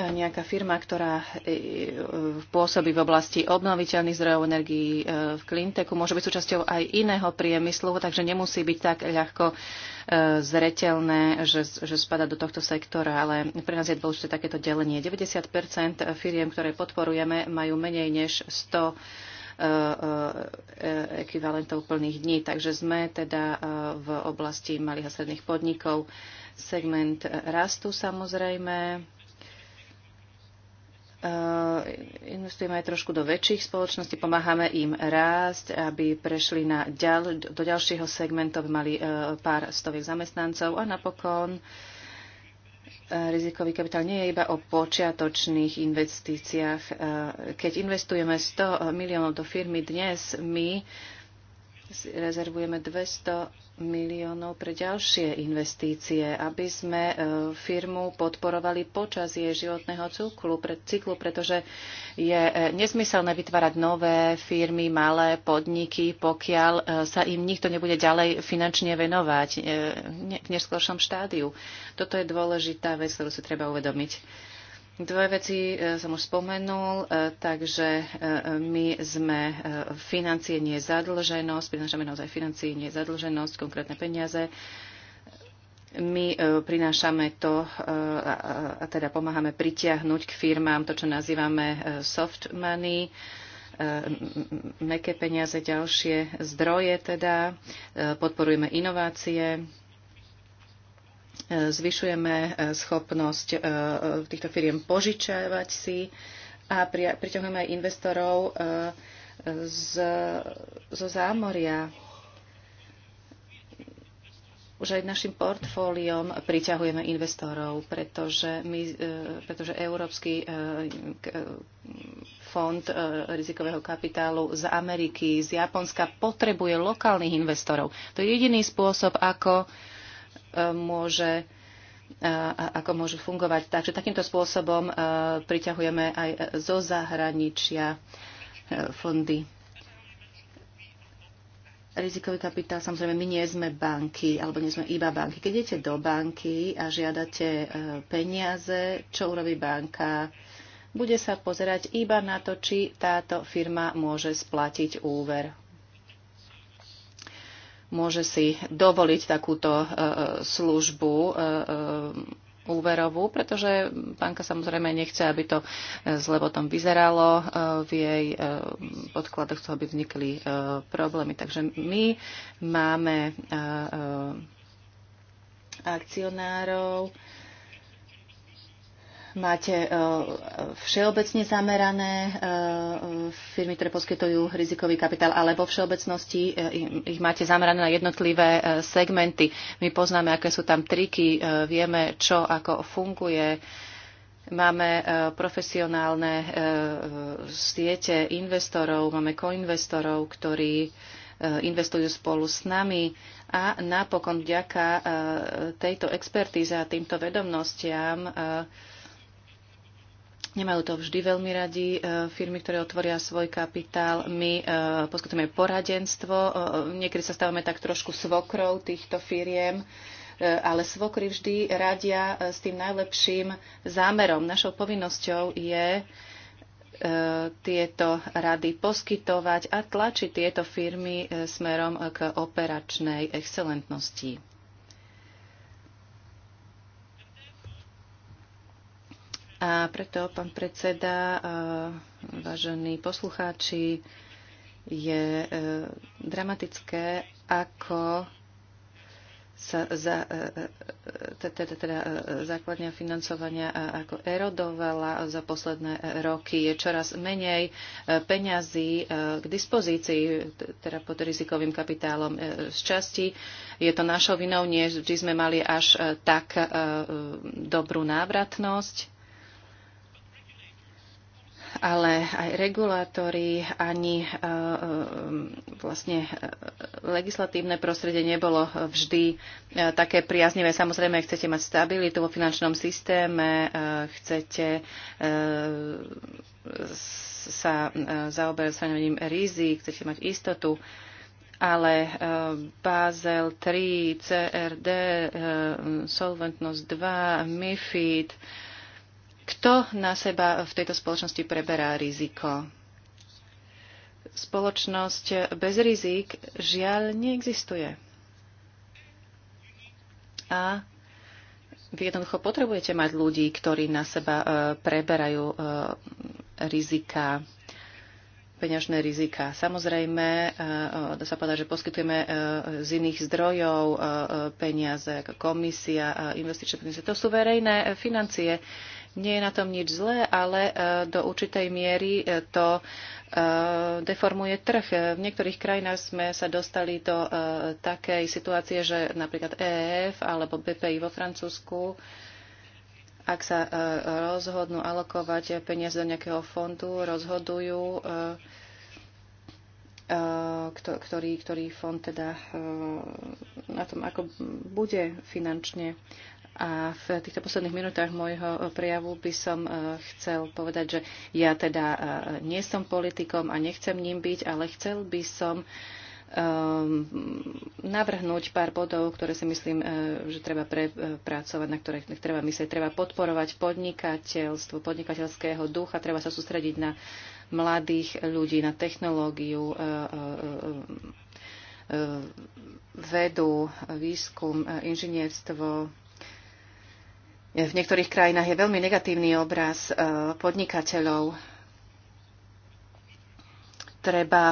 nejaká firma, ktorá e, e, pôsobí v oblasti obnoviteľných zdrojov energií e, v Klinteku, môže byť súčasťou aj iného priemyslu, takže nemusí byť tak ľahko zretelné, že, že spada do tohto sektora, ale pre nás je dôležité takéto delenie. 90 firiem, ktoré podporujeme, majú menej než 100 ekvivalentov plných dní. Takže sme teda v oblasti malých a stredných podnikov. Segment rastu samozrejme, Eh, investujeme aj trošku do väčších spoločností, pomáhame im rásť, aby prešli na ďal, do ďalšieho segmentu, aby mali eh, pár stoviek zamestnancov a napokon eh, rizikový kapitál nie je iba o počiatočných investíciách. Keď investujeme 100 miliónov do firmy dnes, my rezervujeme 200 miliónov pre ďalšie investície, aby sme e, firmu podporovali počas jej životného cyklu, cyklu pretože je e, nesmyselné vytvárať nové firmy, malé podniky, pokiaľ e, sa im nikto nebude ďalej finančne venovať v neskôršom štádiu. Toto je dôležitá vec, ktorú si treba uvedomiť. Dve veci e, som už spomenul, e, takže e, my sme financie, nie zadlženosť, prinášame naozaj financie, nie zadlženosť, konkrétne peniaze. My prinášame to a teda pomáhame pritiahnuť k firmám to, čo nazývame soft money, meké peniaze, ďalšie zdroje teda, podporujeme inovácie, zvyšujeme e, schopnosť e, e, týchto firiem požičávať si a priťahujeme aj investorov z, zo zámoria. Už aj našim portfóliom priťahujeme investorov, pretože, my, pretože Európsky fond rizikového kapitálu z Ameriky, z Japonska potrebuje lokálnych investorov. To je jediný spôsob, ako môže ako môžu fungovať. Takže takýmto spôsobom priťahujeme aj zo zahraničia e, fondy. Rizikový kapitál, samozrejme, my nie sme banky, alebo nie sme iba banky. Keď idete do banky a žiadate e, peniaze, čo urobí banka? Bude sa pozerať iba na to, či táto firma môže splatiť úver môže si dovoliť takúto e, e, službu e, úverovú, pretože banka samozrejme nechce, aby to zle potom vyzeralo. V jej podkladoch toho by vznikli problémy. Takže my máme akcionárov, máte e, všeobecne zamerané e, e, firmy, ktoré poskytujú rizikový kapitál, alebo všeobecnosti ich máte zamerané na jednotlivé segmenty. My poznáme, aké sú tam triky, vieme, čo ako funguje. Máme profesionálne siete investorov, máme koinvestorov, ktorí investujú spolu s nami a napokon vďaka tejto expertíze a týmto vedomnostiam Nemajú to vždy veľmi radi. E, firmy, ktoré otvoria svoj kapitál, my e, poskytujeme poradenstvo. E, niekedy sa stávame tak trošku svokrov týchto firiem, ale svokry vždy radia s tým najlepším zámerom. Našou povinnosťou je tieto rady poskytovať a tlačiť tieto firmy smerom k operačnej excelentnosti. A preto, pán predseda, vážení poslucháči, je e, dramatické, ako sa za, e, e, teda, teda základňa financovania ako erodovala za posledné roky. Je čoraz menej peňazí k dispozícii, teda pod rizikovým kapitálom z časti. Je to našou vinou, nie vždy sme mali až tak dobrú návratnosť ale aj regulátory, ani e, e, vlastne e, legislatívne prostredie nebolo vždy také priaznivé. Samozrejme, chcete mať stabilitu vo finančnom systéme, chcete sa zaoberať stranením rizik, chcete mať istotu ale Basel 3, CRD, Solventnosť 2, MIFID, kto na seba v tejto spoločnosti preberá riziko? Spoločnosť bez rizik žiaľ neexistuje. A vy jednoducho potrebujete mať ľudí, ktorí na seba e, preberajú e, rizika, peňažné rizika. Samozrejme, e, dá sa povedať, že poskytujeme z iných zdrojov peniaze, komisia, investičné peniaze. To sú verejné financie. Nie je na tom nič zlé, ale e, do určitej miery e, to e, deformuje trh. V niektorých krajinách sme sa dostali do takej situácie, že napríklad EF alebo BPI vo Francúzsku, ak sa rozhodnú alokovať peniaze do nejakého fondu, rozhodujú, ktorý, ktorý fond teda na tom, ako bude finančne a v týchto posledných minútach môjho prejavu by som e, chcel povedať, že ja teda e, nie som politikom a nechcem ním byť, ale chcel by som ehm, navrhnúť pár bodov, ktoré si myslím, e, že treba prepracovať, na ktoré treba myslieť. Treba podporovať podnikateľstvo, podnikateľského ducha, treba sa sústrediť na mladých ľudí, na technológiu, vedu, výskum, inžinierstvo, v niektorých krajinách je veľmi negatívny obraz e, podnikateľov. Treba,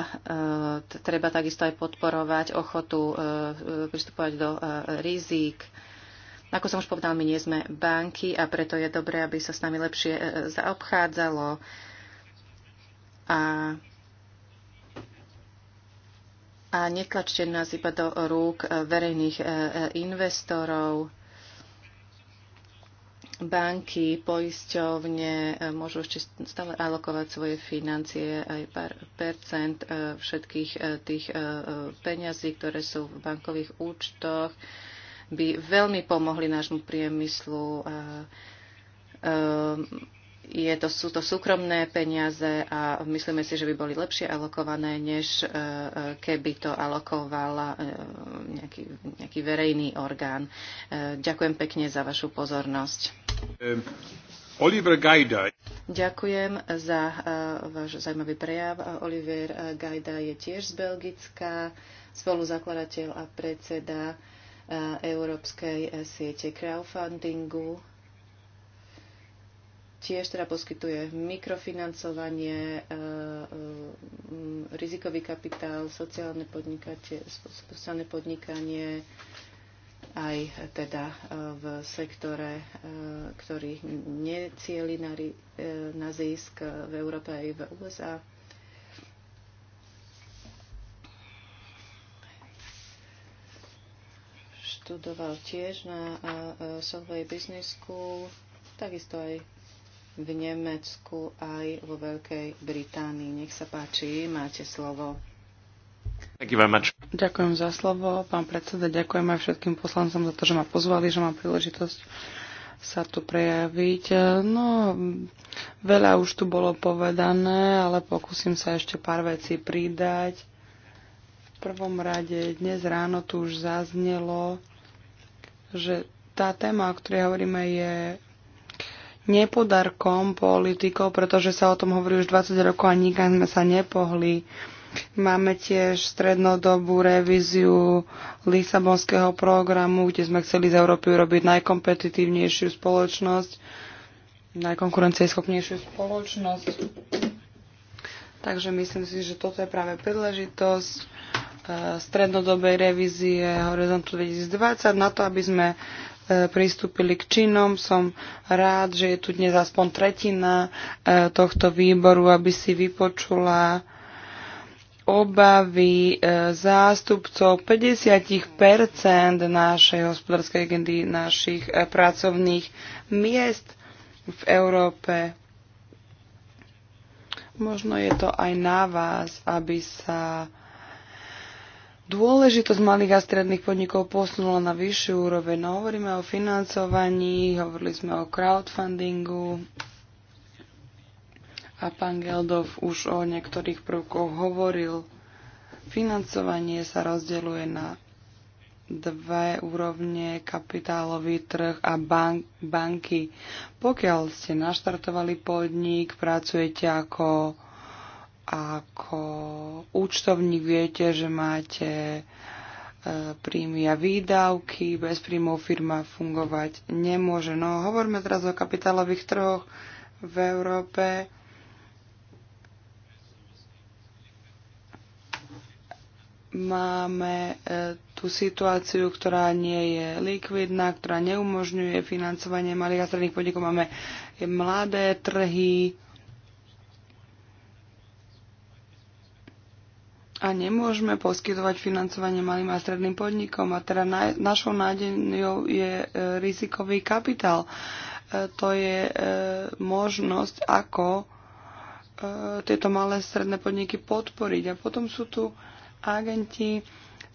e, treba takisto aj podporovať ochotu e, pristupovať do rizík. Ako som už povedal, my nie sme banky a preto je dobré, aby sa s nami lepšie zaobchádzalo. A a netlačte nás iba do rúk verejných investorov banky, poisťovne e, môžu ešte stále alokovať svoje financie aj pár percent e, všetkých e, tých peňazí, ktoré sú v bankových účtoch, by veľmi pomohli nášmu priemyslu. Je to, sú to súkromné peniaze a myslíme si, že by boli lepšie alokované, než keby to alokovala nejaký, nejaký verejný orgán. Ďakujem pekne za vašu pozornosť. Um, Oliver Gajda. Ďakujem za uh, váš zaujímavý prejav. Uh, Oliver uh, Gajda je tiež z Belgická, spoluzakladateľ a predseda Európskej siete crowdfundingu. Tiež teda poskytuje mikrofinancovanie, um, rizikový kapitál, sociálne, sociálne podnikanie aj teda e, v sektore, e, ktorý necieli na, e, na zisk v Európe aj v USA. Študoval tiež na Solvay Business School, takisto aj v Nemecku, aj vo Veľkej Británii. Nech sa páči, máte slovo. Ďakujem za slovo, pán predseda. Ďakujem aj všetkým poslancom za to, že ma pozvali, že mám príležitosť sa tu prejaviť. No, veľa už tu bolo povedané, ale pokúsim sa ešte pár vecí pridať. V prvom rade dnes ráno tu už zaznelo, že tá téma, o ktorej hovoríme, je nepodarkom politikov, pretože sa o tom hovorí už 20 rokov a nikam sme sa nepohli. Uh, Máme tiež strednodobú revíziu Lisabonského programu, kde sme chceli z Európy urobiť najkompetitívnejšiu spoločnosť, najkonkurencieschopnejšiu spoločnosť. Takže myslím si, že toto je práve príležitosť e, strednodobej revízie Horizontu 2020 na to, aby sme e, pristúpili k činom. Som rád, že je tu dnes aspoň tretina e, tohto výboru, aby si vypočula obavy e, zástupcov 50 našej hospodárskej agendy, našich e, pracovných miest v Európe. Možno je to aj na vás, aby sa dôležitosť malých a stredných podnikov posunula na vyššiu úroveň. No, hovoríme o financovaní, hovorili sme o crowdfundingu, a pán Geldov už o niektorých prvkoch hovoril. Financovanie sa rozdeľuje na dve úrovne, kapitálový trh a bank, banky. Pokiaľ ste naštartovali podnik, pracujete ako, ako účtovník, viete, že máte e, príjmy a výdavky, bez príjmov firma fungovať nemôže. No hovoríme teraz o kapitálových trhoch v Európe máme e, tú situáciu, ktorá nie je likvidná, ktorá neumožňuje financovanie malých a stredných podnikov. Máme mladé trhy a nemôžeme poskytovať financovanie malým a stredným podnikom. A teda našou nádejou je e, rizikový kapitál. E, to je možnosť, ako tieto malé stredné podniky podporiť. A potom sú tu agenti,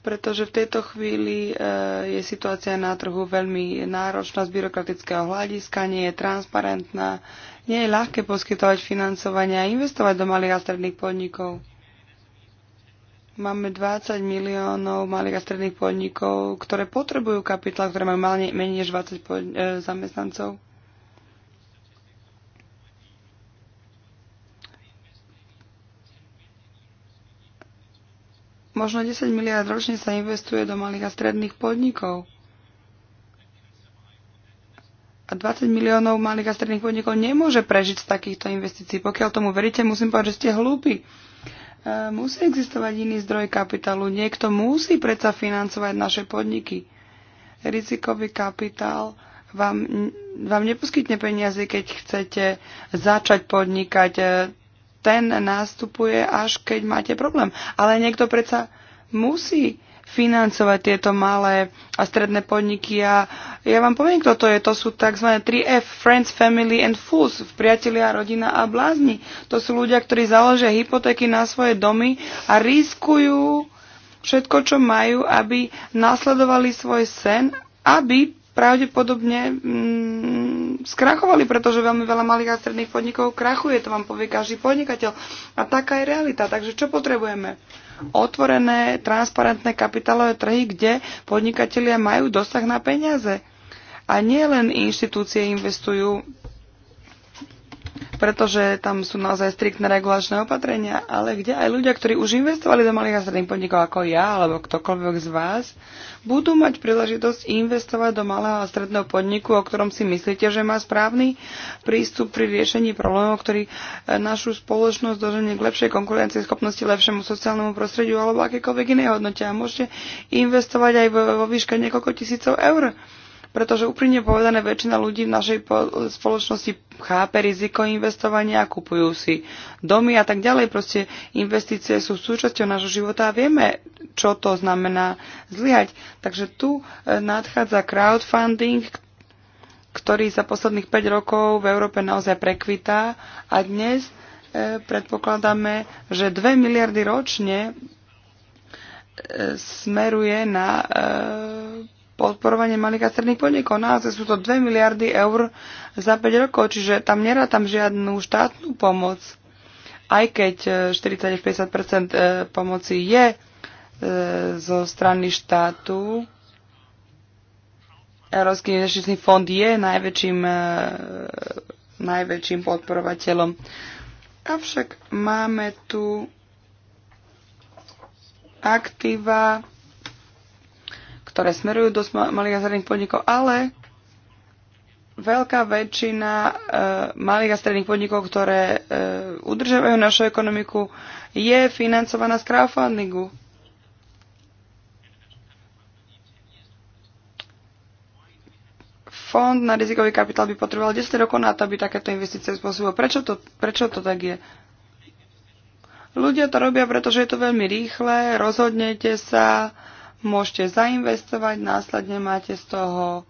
pretože v tejto chvíli e, je situácia na trhu veľmi náročná z byrokratického hľadiska, nie je transparentná, nie je ľahké poskytovať financovanie a investovať do malých a stredných podnikov. Máme 20 miliónov malých a stredných podnikov, ktoré potrebujú kapitál, ktoré majú menej než 20 e, zamestnancov. Možno 10 miliard ročne sa investuje do malých a stredných podnikov. A 20 miliónov malých a stredných podnikov nemôže prežiť z takýchto investícií. Pokiaľ tomu veríte, musím povedať, že ste hlúpi. E, musí existovať iný zdroj kapitálu. Niekto musí predsa financovať naše podniky. Rizikový kapitál vám, vám neposkytne peniaze, keď chcete začať podnikať. E, ten nástupuje až keď máte problém. Ale niekto predsa musí financovať tieto malé a stredné podniky a ja vám poviem, kto to je. To sú tzv. 3F, Friends, Family and Fools, priatelia, rodina a blázni. To sú ľudia, ktorí založia hypotéky na svoje domy a riskujú všetko, čo majú, aby nasledovali svoj sen, aby pravdepodobne mm, skrachovali, pretože veľmi veľa malých a stredných podnikov krachuje, to vám povie každý podnikateľ. A taká je realita. Takže čo potrebujeme? Otvorené, transparentné kapitálové trhy, kde podnikatelia majú dosah na peniaze. A nie len inštitúcie investujú pretože tam sú naozaj striktné regulačné opatrenia, ale kde aj ľudia, ktorí už investovali do malých a stredných podnikov ako ja alebo ktokoľvek z vás, budú mať príležitosť investovať do malého a stredného podniku, o ktorom si myslíte, že má správny prístup pri riešení problémov, ktorý e, našu spoločnosť doženie k lepšej schopnosti, lepšiemu sociálnemu prostrediu alebo akékoľvek inej hodnote. A môžete investovať aj vo, vo výške niekoľko tisícov eur pretože úprimne povedané väčšina ľudí v našej spoločnosti chápe riziko investovania, kupujú si domy a tak ďalej. Proste investície sú súčasťou nášho života a vieme, čo to znamená zlyhať. Takže tu e, nadchádza crowdfunding, ktorý za posledných 5 rokov v Európe naozaj prekvitá a dnes e, predpokladáme, že 2 miliardy ročne e, smeruje na podporovanie malých a stredných podnikov. Naozaj sú to 2 miliardy eur za 5 rokov, čiže tam nerá tam žiadnu štátnu pomoc. Aj keď 40 e, 50 e, pomoci je e, zo strany štátu, Európsky investičný fond je najväčším, najväčším podporovateľom. Avšak máme tu aktíva ktoré smerujú do malých a stredných podnikov, ale veľká väčšina e, malých a stredných podnikov, ktoré e, eh, udržiavajú našu ekonomiku, je financovaná z crowdfundingu. Fond na rizikový kapitál by potreboval 10 rokov na to, aby takéto investície spôsobil. Prečo to, prečo to tak je? Ľudia to robia, pretože je to veľmi rýchle, rozhodnete sa, môžete zainvestovať, následne máte z toho, e,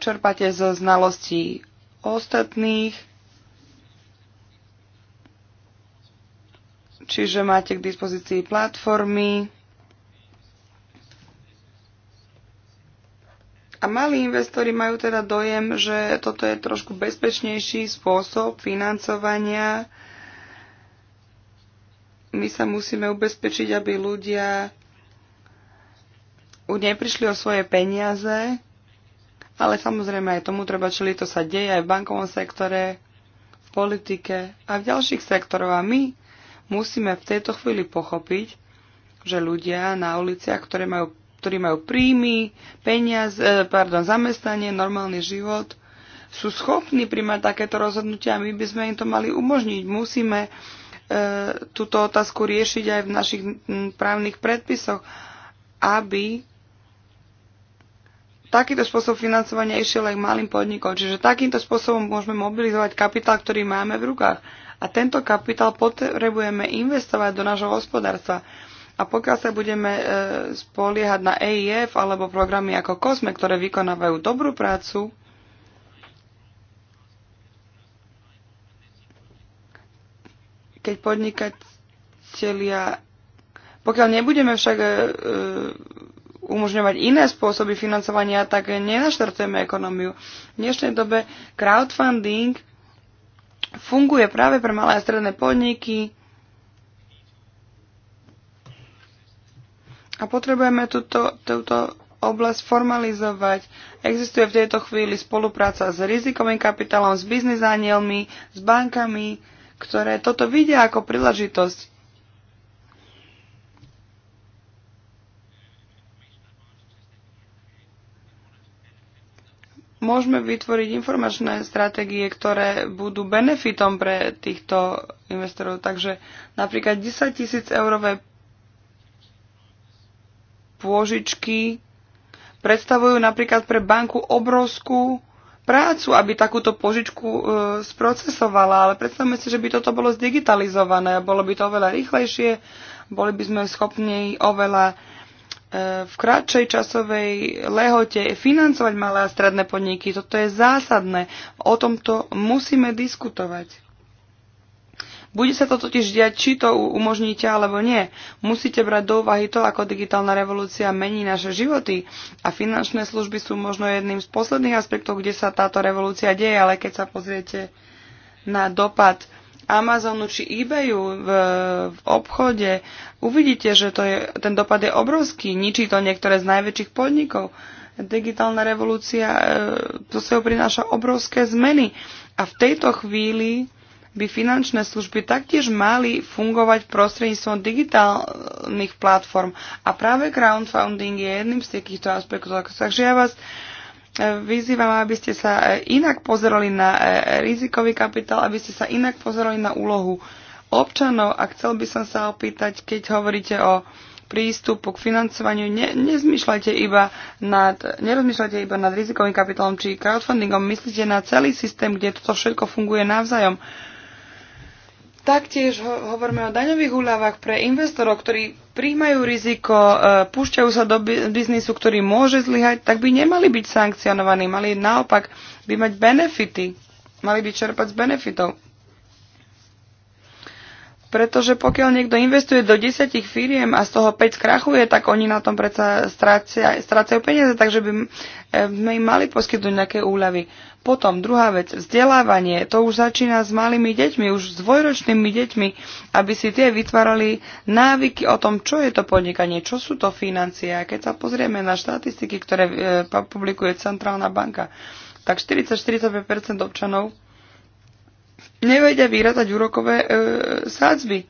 čerpate zo znalostí ostatných, čiže máte k dispozícii platformy a malí investori majú teda dojem, že toto je trošku bezpečnejší spôsob financovania. My sa musíme ubezpečiť, aby ľudia už neprišli o svoje peniaze, ale samozrejme aj tomu treba čili, to sa deje aj v bankovom sektore, v politike a v ďalších sektoroch. A my musíme v tejto chvíli pochopiť, že ľudia na uliciach, ktoré majú, ktorí majú príjmy, peniaz, e, pardon, zamestnanie, normálny život, sú schopní príjmať takéto rozhodnutia a my by sme im to mali umožniť. Musíme e, túto otázku riešiť aj v našich právnych predpisoch, aby takýto spôsob financovania išiel aj malým podnikom. Čiže takýmto spôsobom môžeme mobilizovať kapitál, ktorý máme v rukách. A tento kapitál potrebujeme investovať do nášho hospodárstva. A pokiaľ sa budeme e, spoliehať na EIF alebo programy ako COSME, ktoré vykonávajú dobrú prácu, keď podnikatelia... Pokiaľ nebudeme však e, e, umožňovať iné spôsoby financovania, tak nenaštartujeme ekonómiu. V dnešnej dobe crowdfunding funguje práve pre malé a stredné podniky a potrebujeme túto, túto oblasť formalizovať. Existuje v tejto chvíli spolupráca s rizikovým kapitálom, s biznis s bankami, ktoré toto vidia ako príležitosť môžeme vytvoriť informačné stratégie, ktoré budú benefitom pre týchto investorov. Takže napríklad 10 tisíc eurové pôžičky predstavujú napríklad pre banku obrovskú prácu, aby takúto požičku e, sprocesovala, ale predstavme si, že by toto bolo zdigitalizované, bolo by to oveľa rýchlejšie, boli by sme schopní oveľa v kratšej časovej lehote financovať malé a stredné podniky. Toto je zásadné. O tomto musíme diskutovať. Bude sa to totiž diať, či to umožníte alebo nie. Musíte brať do úvahy to, ako digitálna revolúcia mení naše životy a finančné služby sú možno jedným z posledných aspektov, kde sa táto revolúcia deje, ale keď sa pozriete na dopad Amazonu či eBayu v, v obchode, uvidíte, že to je, ten dopad je obrovský. Ničí to niektoré z najväčších podnikov. Digitálna revolúcia e, to sebou prináša obrovské zmeny. A v tejto chvíli by finančné služby taktiež mali fungovať prostredníctvom digitálnych platform. A práve crowdfunding je jedným z takýchto aspektov. Takže ja vás vyzývala, aby ste sa e, inak pozerali na e, rizikový kapitál, aby ste sa inak pozerali na úlohu občanov a chcel by som sa opýtať, keď hovoríte o prístupu k financovaniu, ne, iba nad, nerozmýšľajte iba nad rizikovým kapitálom či crowdfundingom, myslíte na celý systém, kde toto všetko funguje navzájom. Uh, Taktiež ho- hovoríme o daňových úľavách pre investorov, ktorí príjmajú riziko, e, púšťajú sa do biznisu, ktorý môže zlyhať, tak by nemali byť sankcionovaní, mali naopak by mať benefity, mali by čerpať z benefitov. Pretože pokiaľ niekto investuje do 10 firiem a z toho 5 skrachuje, tak oni na tom predsa strácajú peniaze, takže by e, sme im mali poskytnúť nejaké úľavy. Potom druhá vec, vzdelávanie, to už začína s malými deťmi, už s dvojročnými deťmi, aby si tie vytvárali návyky o tom, čo je to podnikanie, čo sú to financie. A keď sa pozrieme na štatistiky, ktoré e, publikuje Centrálna banka, tak 40-45% občanov nevedia vyrátať úrokové e, sádzby.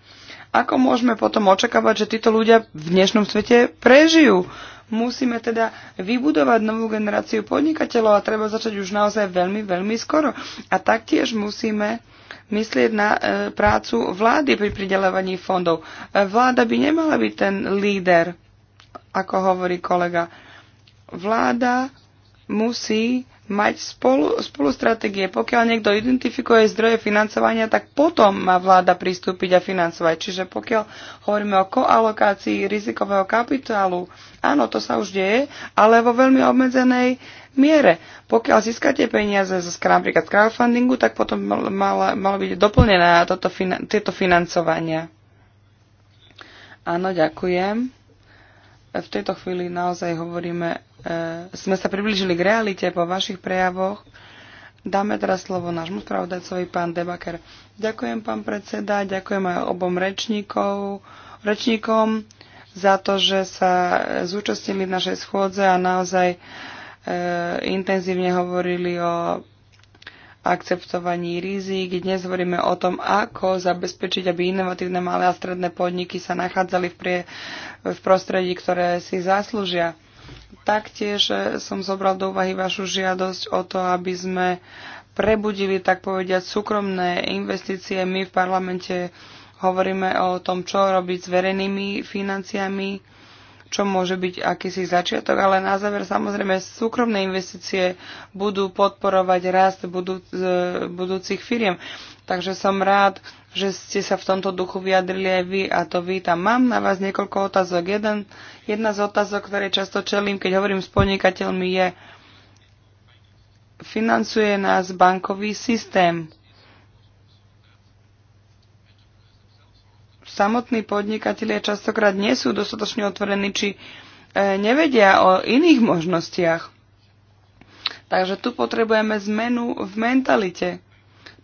Ako môžeme potom očakávať, že títo ľudia v dnešnom svete prežijú? Musíme teda vybudovať novú generáciu podnikateľov a treba začať už naozaj veľmi, veľmi skoro. A taktiež musíme myslieť na e, prácu vlády pri pridelovaní fondov. E, vláda by nemala byť ten líder, ako hovorí kolega. Vláda musí mať spolu, spolu stratégie. Pokiaľ niekto identifikuje zdroje financovania, tak potom má vláda pristúpiť a financovať. Čiže pokiaľ hovoríme o koalokácii rizikového kapitálu, áno, to sa už deje, ale vo veľmi obmedzenej miere. Pokiaľ získate peniaze z napríklad crowdfundingu, tak potom malo, malo byť doplnené toto, tieto financovania. Áno, ďakujem. V tejto chvíli naozaj hovoríme E, sme sa priblížili k realite po vašich prejavoch. Dáme teraz slovo nášmu spravodajcovi, pán Debaker. Ďakujem, pán predseda, ďakujem aj obom rečníkov, rečníkom za to, že sa zúčastnili v našej schôdze a naozaj e, intenzívne hovorili o akceptovaní rizik. Dnes hovoríme o tom, ako zabezpečiť, aby inovatívne malé a stredné podniky sa nachádzali v, prie, v prostredí, ktoré si zaslúžia. Taktiež e, som zobral do úvahy vašu žiadosť o to, aby sme prebudili, tak povediať, súkromné investície. My v parlamente hovoríme o tom, čo robiť s verejnými financiami, čo môže byť akýsi začiatok, ale na záver samozrejme súkromné investície budú podporovať rast e, budúcich firiem. Takže som rád, že ste sa v tomto duchu vyjadrili aj vy a to vítam. Mám na vás niekoľko otázok. Jeden, jedna z otázok, ktoré často čelím, keď hovorím s podnikateľmi, je financuje nás bankový systém. Samotní podnikatelia častokrát nie sú dostatočne otvorení, či e, nevedia o iných možnostiach. Takže tu potrebujeme zmenu v mentalite.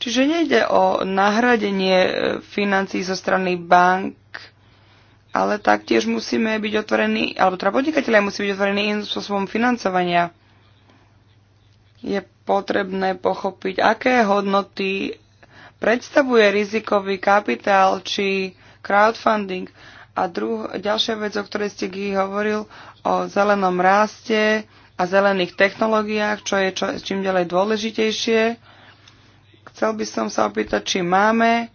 Čiže nejde o nahradenie e, financí zo strany bank, ale taktiež musíme byť otvorení, alebo teda podnikateľe musí byť otvorení iným spôsobom financovania. Je potrebné pochopiť, aké hodnoty predstavuje rizikový kapitál či crowdfunding. A druh- ďalšia vec, o ktorej ste hovoril, o zelenom raste a zelených technológiách, čo je čo, čím ďalej dôležitejšie. Chcel by som sa opýtať, či máme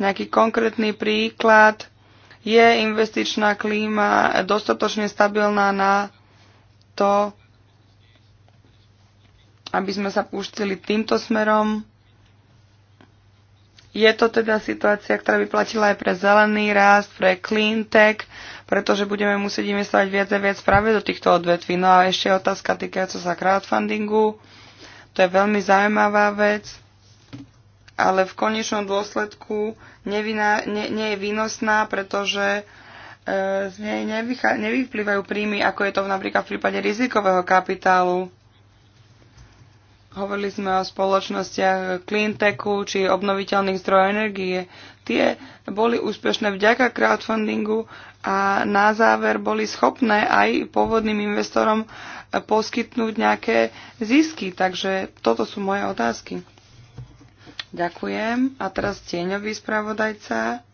nejaký konkrétny príklad. Je investičná klíma dostatočne stabilná na to, aby sme sa púštili týmto smerom. Je to teda situácia, ktorá by platila aj pre zelený rast, pre clean tech, pretože budeme musieť investovať viac a viac práve do týchto odvetví. No a ešte otázka týkajúca sa crowdfundingu. To je veľmi zaujímavá vec ale v konečnom dôsledku nevina, ne, nie je výnosná, pretože e, z nej nevyplývajú príjmy, ako je to napríklad v prípade rizikového kapitálu. Hovorili sme o spoločnostiach cleantechu či obnoviteľných zdrojov energie. Tie boli úspešné vďaka crowdfundingu a na záver boli schopné aj pôvodným investorom poskytnúť nejaké zisky. Takže toto sú moje otázky. Ďakujem. A teraz tieňový spravodajca.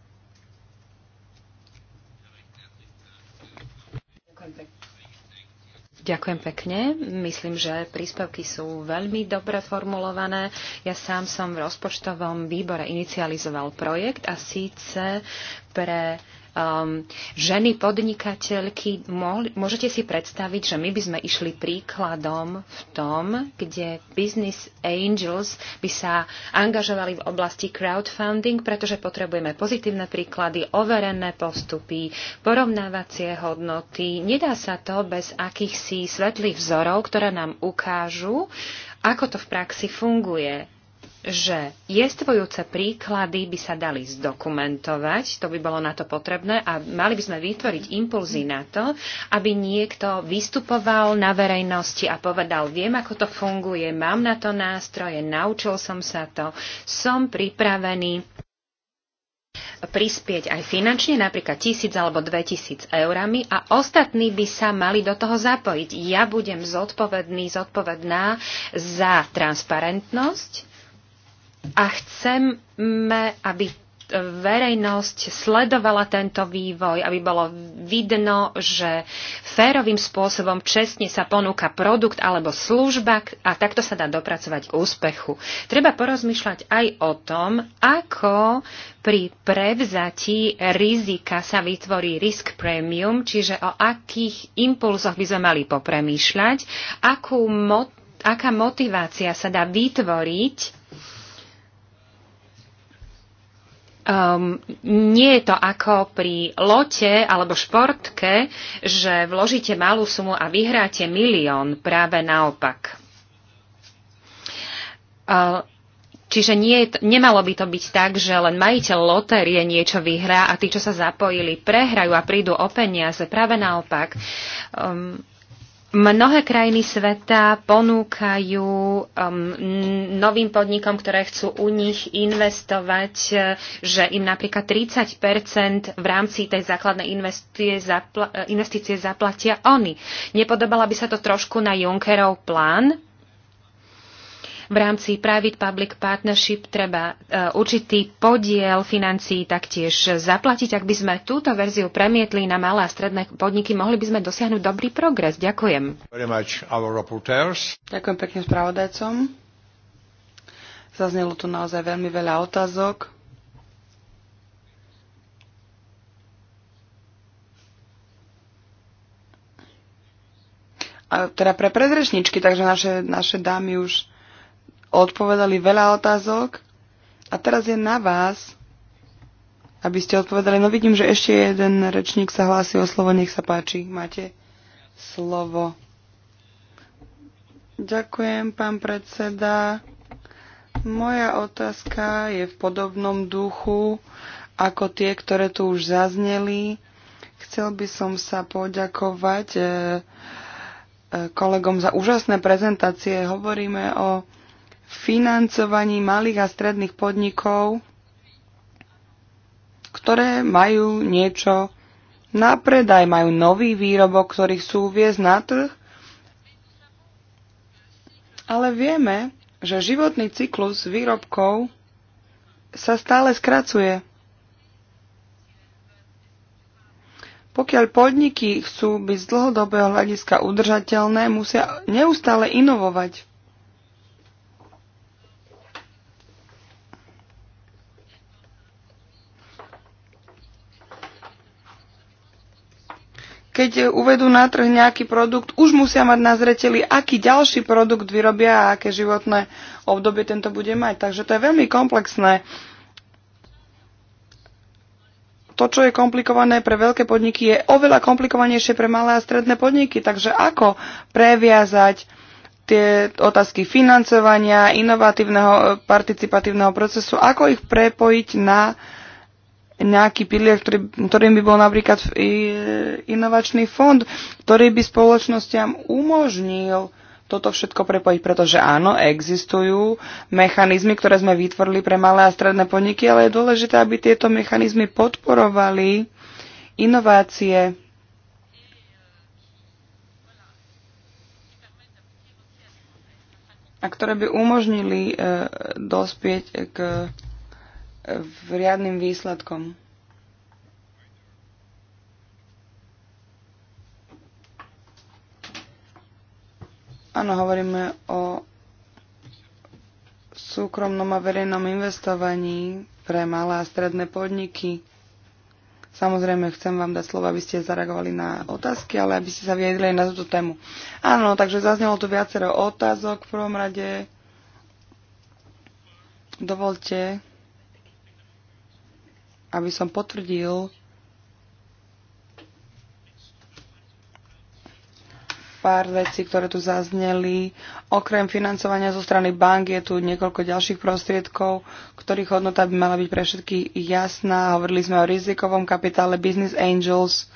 Ďakujem pekne. Myslím, že príspevky sú veľmi dobre formulované. Ja sám som v rozpočtovom výbore inicializoval projekt a síce pre um, ženy podnikateľky, môžete si predstaviť, že my by sme išli príkladom v tom, kde business angels by sa angažovali v oblasti crowdfunding, pretože potrebujeme pozitívne príklady, overené postupy, porovnávacie hodnoty. Nedá sa to bez akýchsi svetlých vzorov, ktoré nám ukážu, ako to v praxi funguje že jestvojúce príklady by sa dali zdokumentovať, to by bolo na to potrebné a mali by sme vytvoriť impulzy na to, aby niekto vystupoval na verejnosti a povedal, viem, ako to funguje, mám na to nástroje, naučil som sa to, som pripravený prispieť aj finančne, napríklad tisíc alebo dve tisíc eurami a ostatní by sa mali do toho zapojiť. Ja budem zodpovedný, zodpovedná za transparentnosť a chceme, aby e, verejnosť sledovala tento vývoj, aby bolo vidno, že férovým spôsobom čestne sa ponúka produkt alebo služba a takto sa dá dopracovať k úspechu. Treba porozmýšľať aj o tom, ako pri prevzatí rizika sa vytvorí risk premium, čiže o akých impulzoch by sme mali popremýšľať, akú mot- aká motivácia sa dá vytvoriť Um, nie je to ako pri lote alebo športke, že vložíte malú sumu a vyhráte milión, práve naopak. Uh, čiže nie, nemalo by to byť tak, že len majiteľ lotérie niečo vyhrá a tí, čo sa zapojili, prehrajú a prídu o peniaze. Práve naopak. Um, Mnohé krajiny sveta ponúkajú um, novým podnikom, ktoré chcú u nich investovať, eh, že im napríklad 30 v rámci tej základnej investície, zapla- eh, investície zaplatia oni. Nepodobala by sa to trošku na Junckerov plán, v rámci Private Public Partnership treba e, určitý podiel financií taktiež zaplatiť. Ak by sme túto verziu premietli na malé a stredné podniky, mohli by sme dosiahnuť dobrý progres. Ďakujem. Ďakujem pekne spravodajcom. Zaznelo tu naozaj veľmi veľa otázok. A teda pre prezrečničky, takže naše, naše dámy už odpovedali veľa otázok a teraz je na vás, aby ste odpovedali. No vidím, že ešte jeden rečník sa hlási o slovo. Nech sa páči, máte slovo. Ďakujem, pán predseda. Moja otázka je v podobnom duchu ako tie, ktoré tu už zazneli. Chcel by som sa poďakovať eh, eh, kolegom za úžasné prezentácie. Hovoríme o financovaní malých a stredných podnikov, ktoré majú niečo na predaj, majú nový výrobok, ktorý chcú uviezť na trh, ale vieme, že životný cyklus výrobkov sa stále skracuje. Pokiaľ podniky chcú byť z dlhodobého hľadiska udržateľné, musia neustále inovovať. keď uvedú na trh nejaký produkt, už musia mať na zreteli, aký ďalší produkt vyrobia a aké životné obdobie tento bude mať. Takže to je veľmi komplexné. To, čo je komplikované pre veľké podniky, je oveľa komplikovanejšie pre malé a stredné podniky. Takže ako previazať tie otázky financovania, inovatívneho participatívneho procesu, ako ich prepojiť na uh, nejaký pilier, ktorý, ktorým by bol napríklad e, inovačný fond, ktorý by spoločnostiam umožnil toto všetko prepojiť, pretože áno, existujú mechanizmy, ktoré sme vytvorili pre malé a stredné podniky, ale je dôležité, aby tieto mechanizmy podporovali inovácie. a ktoré by umožnili e, dospieť k v riadnym výsledkom. Áno, hovoríme o súkromnom a verejnom investovaní pre malé a stredné podniky. Samozrejme, chcem vám dať slovo, aby ste zareagovali na otázky, ale aby ste sa viedli na túto tému. Áno, takže zaznelo tu viacero otázok. V prvom rade dovolte, aby som potvrdil pár vecí, ktoré tu zazneli. Okrem financovania zo strany bank je tu niekoľko ďalších prostriedkov, ktorých hodnota by mala byť pre všetky jasná. Hovorili sme o rizikovom kapitále Business Angels.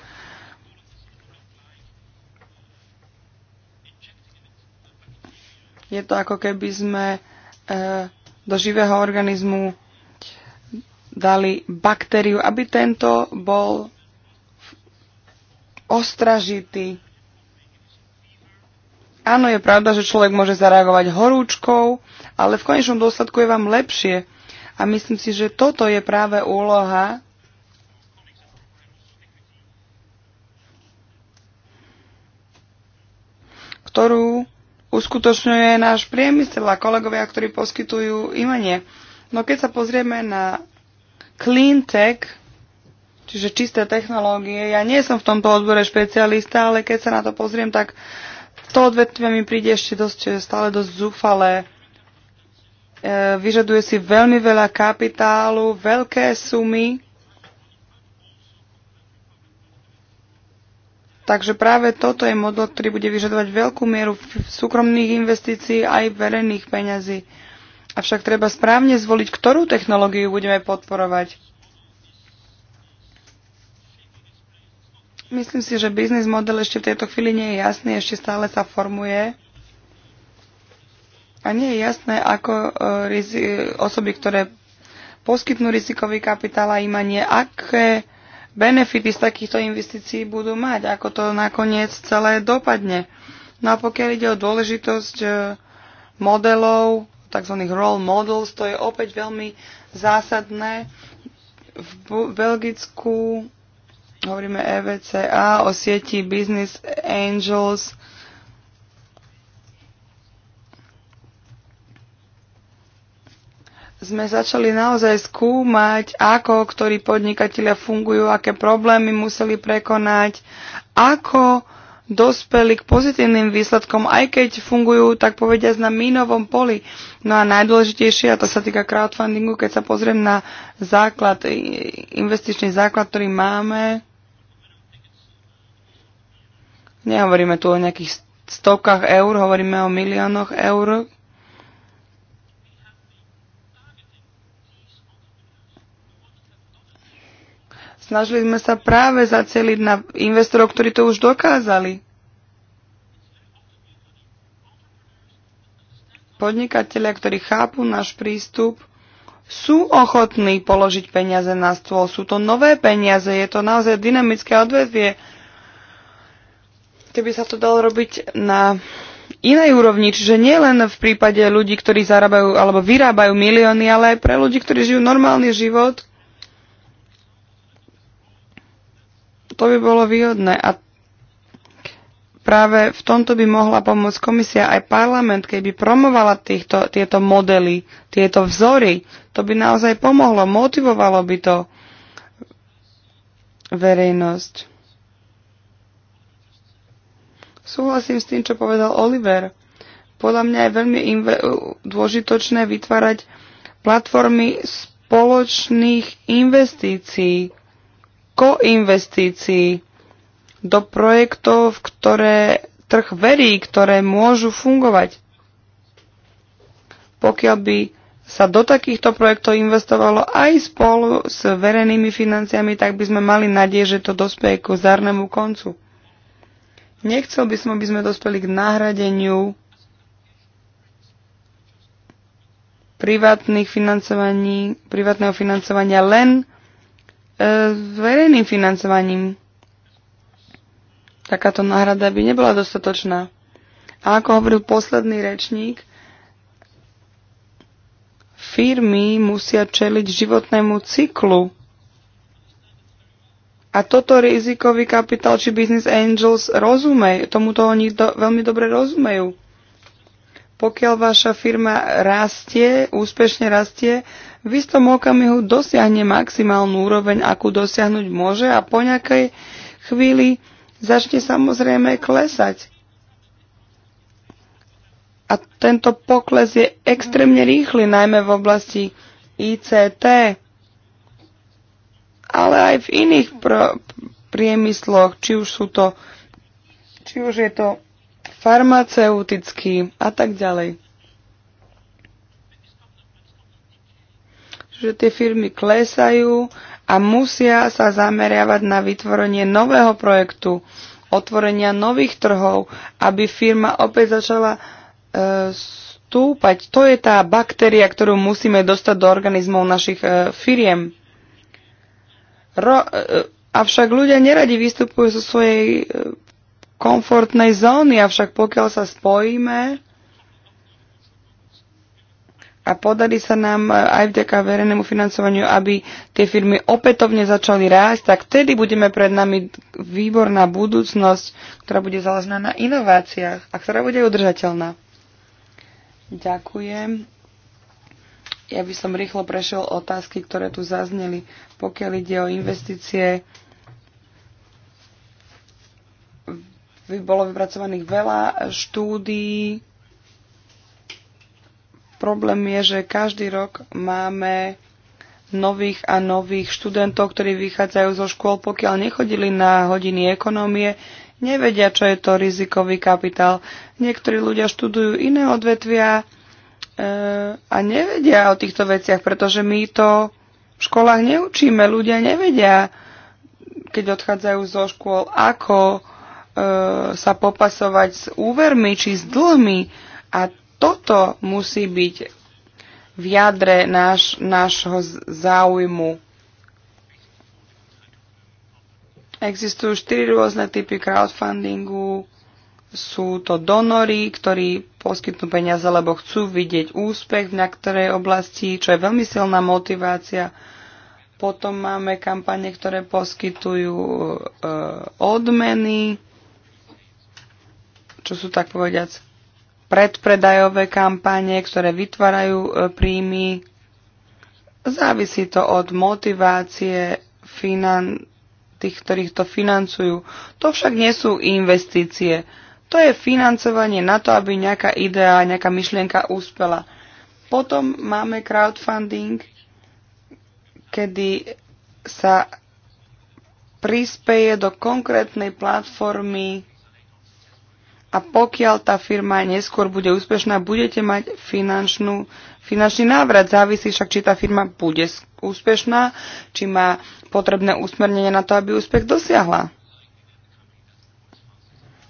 Je to ako keby sme e, do živého organizmu dali baktériu, aby tento bol ostražitý. Áno, je pravda, že človek môže zareagovať horúčkou, ale v konečnom dôsledku je vám lepšie. A myslím si, že toto je práve úloha ktorú uskutočňuje náš priemysel a kolegovia, ktorí poskytujú imanie. No keď sa pozrieme na Clean tech, čiže čisté technológie, ja nie som v tomto odbore špecialista, ale keď sa na to pozriem, tak to odvetvie mi príde ešte dosť, stále dosť zúfalé. E, vyžaduje si veľmi veľa kapitálu, veľké sumy, Takže práve toto je model, ktorý bude vyžadovať veľkú mieru súkromných investícií aj verejných peňazí. Avšak treba správne zvoliť, ktorú technológiu budeme podporovať. Myslím si, že biznis model ešte v tejto chvíli nie je jasný, ešte stále sa formuje. A nie je jasné, ako e, osoby, ktoré poskytnú rizikový kapitál a imanie, aké benefity z takýchto investícií budú mať, ako to nakoniec celé dopadne. No a pokiaľ ide o dôležitosť e, modelov, tzv. role models, to je opäť veľmi zásadné. V Belgicku hovoríme EVCA o sieti Business Angels. Sme začali naozaj skúmať, ako ktorí podnikatelia fungujú, aké problémy museli prekonať, ako uh, dospeli k pozitívnym výsledkom, aj keď fungujú, tak povediať, na mínovom poli. No a najdôležitejšie, a to sa týka crowdfundingu, keď sa pozriem na základ, investičný základ, ktorý máme, nehovoríme tu o nejakých stovkách eur, hovoríme o miliónoch eur, Snažili sme sa práve zaceliť na investorov, ktorí to už dokázali. Podnikatelia, ktorí chápu náš prístup, sú ochotní položiť peniaze na stôl. Sú to nové peniaze, je to naozaj dynamické odvetvie. Keby sa to dalo robiť na inej úrovni, čiže nie len v prípade ľudí, ktorí zarábajú alebo vyrábajú milióny, ale aj pre ľudí, ktorí žijú normálny život, To by bolo výhodné a práve v tomto by mohla pomôcť komisia aj parlament, keby promovala týchto, tieto modely, tieto vzory. To by naozaj pomohlo, motivovalo by to verejnosť. Súhlasím s tým, čo povedal Oliver. Podľa mňa je veľmi dôžitočné vytvárať platformy spoločných investícií koinvestícií do projektov, v ktoré trh verí, ktoré môžu fungovať. Pokiaľ by sa do takýchto projektov investovalo aj spolu s verejnými financiami, tak by sme mali nádej, že to dospeje k zárnemu koncu. Nechcel by som, aby sme dospeli k nahradeniu privátnych financovaní, privátneho financovania len E, verejným financovaním. Takáto náhrada by nebola dostatočná. A ako hovoril posledný rečník, firmy musia čeliť životnému cyklu. A toto rizikový kapitál či business angels rozumej. tomuto oni do, veľmi dobre rozumejú. Pokiaľ vaša firma rastie, úspešne rastie, v istom okamihu dosiahne maximálnu úroveň, akú dosiahnuť môže a po nejakej chvíli začne samozrejme klesať. A tento pokles je extrémne rýchly, najmä v oblasti ICT, ale aj v iných pr- priemysloch, či už sú to, či už je to farmaceutický a tak ďalej. že tie firmy klesajú a musia sa zameriavať na vytvorenie nového projektu, otvorenia nových trhov, aby firma opäť začala e, stúpať. To je tá baktéria, ktorú musíme dostať do organizmov našich e, firiem. Ro, e, avšak ľudia neradi vystupujú zo svojej e, komfortnej zóny, avšak pokiaľ sa spojíme, a podarí sa nám e, aj vďaka verejnému financovaniu, aby tie firmy opätovne začali rásť, tak vtedy budeme pred nami výborná budúcnosť, ktorá bude založená na inováciách a ktorá bude udržateľná. Ďakujem. Ja by som rýchlo prešiel otázky, ktoré tu zazneli, pokiaľ ide o investície. Bolo vypracovaných veľa štúdií, Problém je, že každý rok máme nových a nových študentov, ktorí vychádzajú zo škôl, pokiaľ nechodili na hodiny ekonómie, nevedia, čo je to rizikový kapitál. Niektorí ľudia študujú iné odvetvia e, a nevedia o týchto veciach, pretože my to v školách neučíme. Ľudia nevedia, keď odchádzajú zo škôl, ako e, sa popasovať s úvermi či s dlhmi. A toto musí byť v jadre náš, nášho záujmu. Existujú štyri rôzne typy crowdfundingu. Sú to donory, ktorí poskytnú peniaze, lebo chcú vidieť úspech v niektorej oblasti, čo je veľmi silná motivácia. Potom máme kampane, ktoré poskytujú e, odmeny, čo sú tak povediať predpredajové kampanie, ktoré vytvárajú e, príjmy. Závisí to od motivácie finan- tých, ktorých to financujú. To však nie sú investície. To je financovanie na to, aby nejaká idea, nejaká myšlienka úspela. Potom máme crowdfunding, kedy sa prispieje do konkrétnej platformy a pokiaľ tá firma neskôr bude úspešná, budete mať finančnú, finančný návrat. Závisí však, či tá firma bude úspešná, či má potrebné usmernenie na to, aby úspech dosiahla.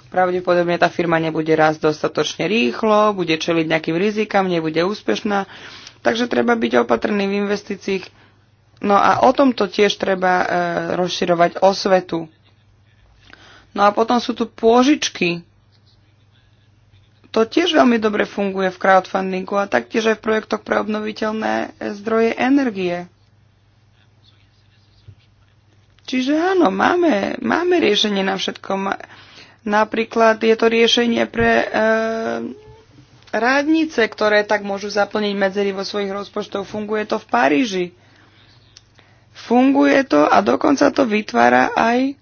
Pravdepodobne tá firma nebude raz dostatočne rýchlo, bude čeliť nejakým rizikám, nebude úspešná. Takže treba byť opatrný v investíciách. No a o tomto tiež treba e, rozširovať osvetu. No a potom sú tu pôžičky, to tiež veľmi dobre funguje v crowdfundingu a taktiež aj v projektoch pre obnoviteľné eh, zdroje energie. Čiže áno, máme, máme riešenie na všetko. Napríklad je to riešenie pre e, eh, rádnice, ktoré tak môžu zaplniť medzery vo svojich rozpočtoch. Funguje to v Paríži. Funguje to a dokonca to vytvára aj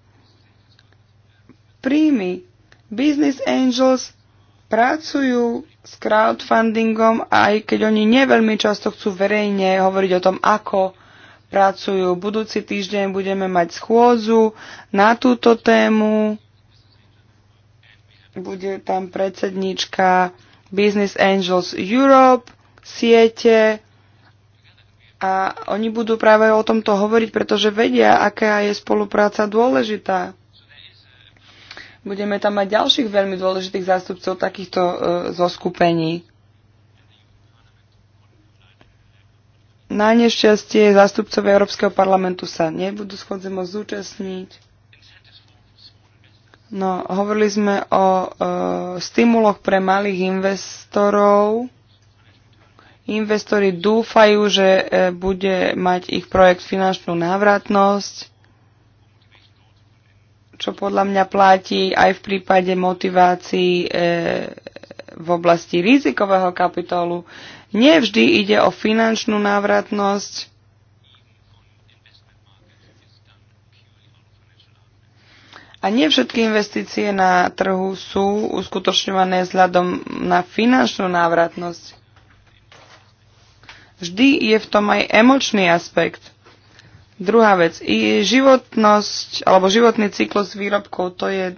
príjmy. Business Angels pracujú s crowdfundingom, aj keď oni neveľmi často chcú verejne hovoriť o tom, ako pracujú. Budúci týždeň budeme mať schôdzu na túto tému. Bude tam predsednička Business Angels Europe, siete a oni budú práve o tomto hovoriť, pretože vedia, aká je spolupráca dôležitá. Budeme tam mať ďalších veľmi dôležitých zástupcov takýchto e, zoskupení. Na nešťastie zástupcov Európskeho parlamentu sa nebudú schodze môcť zúčastniť. No, hovorili sme o e, stimuloch pre malých investorov. Investori dúfajú, že e, bude mať ich projekt finančnú návratnosť čo podľa mňa platí aj v prípade motivácií e, v oblasti rizikového kapitolu. Nevždy ide o finančnú návratnosť. A nie všetky investície na trhu sú uskutočňované vzhľadom na finančnú návratnosť. Vždy je v tom aj emočný aspekt. Druhá vec, i životnosť alebo životný cyklus výrobkov, to je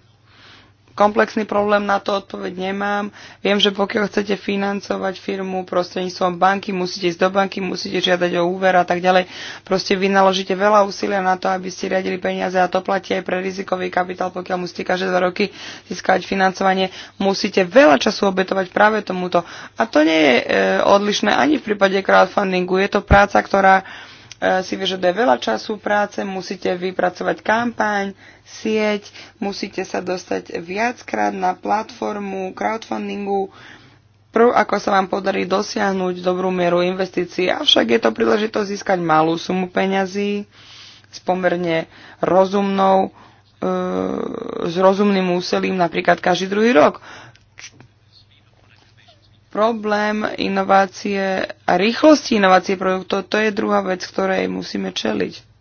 komplexný problém, na to odpoveď nemám. Viem, že pokiaľ chcete financovať firmu prostredníctvom banky, musíte ísť do banky, musíte žiadať o úver a tak ďalej. Proste vynaložíte veľa úsilia na to, aby ste riadili peniaze a to platí aj pre rizikový kapitál, pokiaľ musíte každé dva roky získať financovanie. Musíte veľa času obetovať práve tomuto. A to nie je e, odlišné ani v prípade crowdfundingu. Je to práca, ktorá Eh, si vyžaduje veľa času práce, musíte vypracovať kampaň, sieť, musíte sa dostať viackrát na platformu crowdfundingu, prv ako sa vám podarí dosiahnuť dobrú mieru investícií. Avšak je to príležitosť získať malú sumu peňazí s pomerne rozumnou e, s rozumným úsilím napríklad každý druhý rok. Problém inovácie a rýchlosti inovácie produktov, to je druhá vec, ktorej musíme čeliť.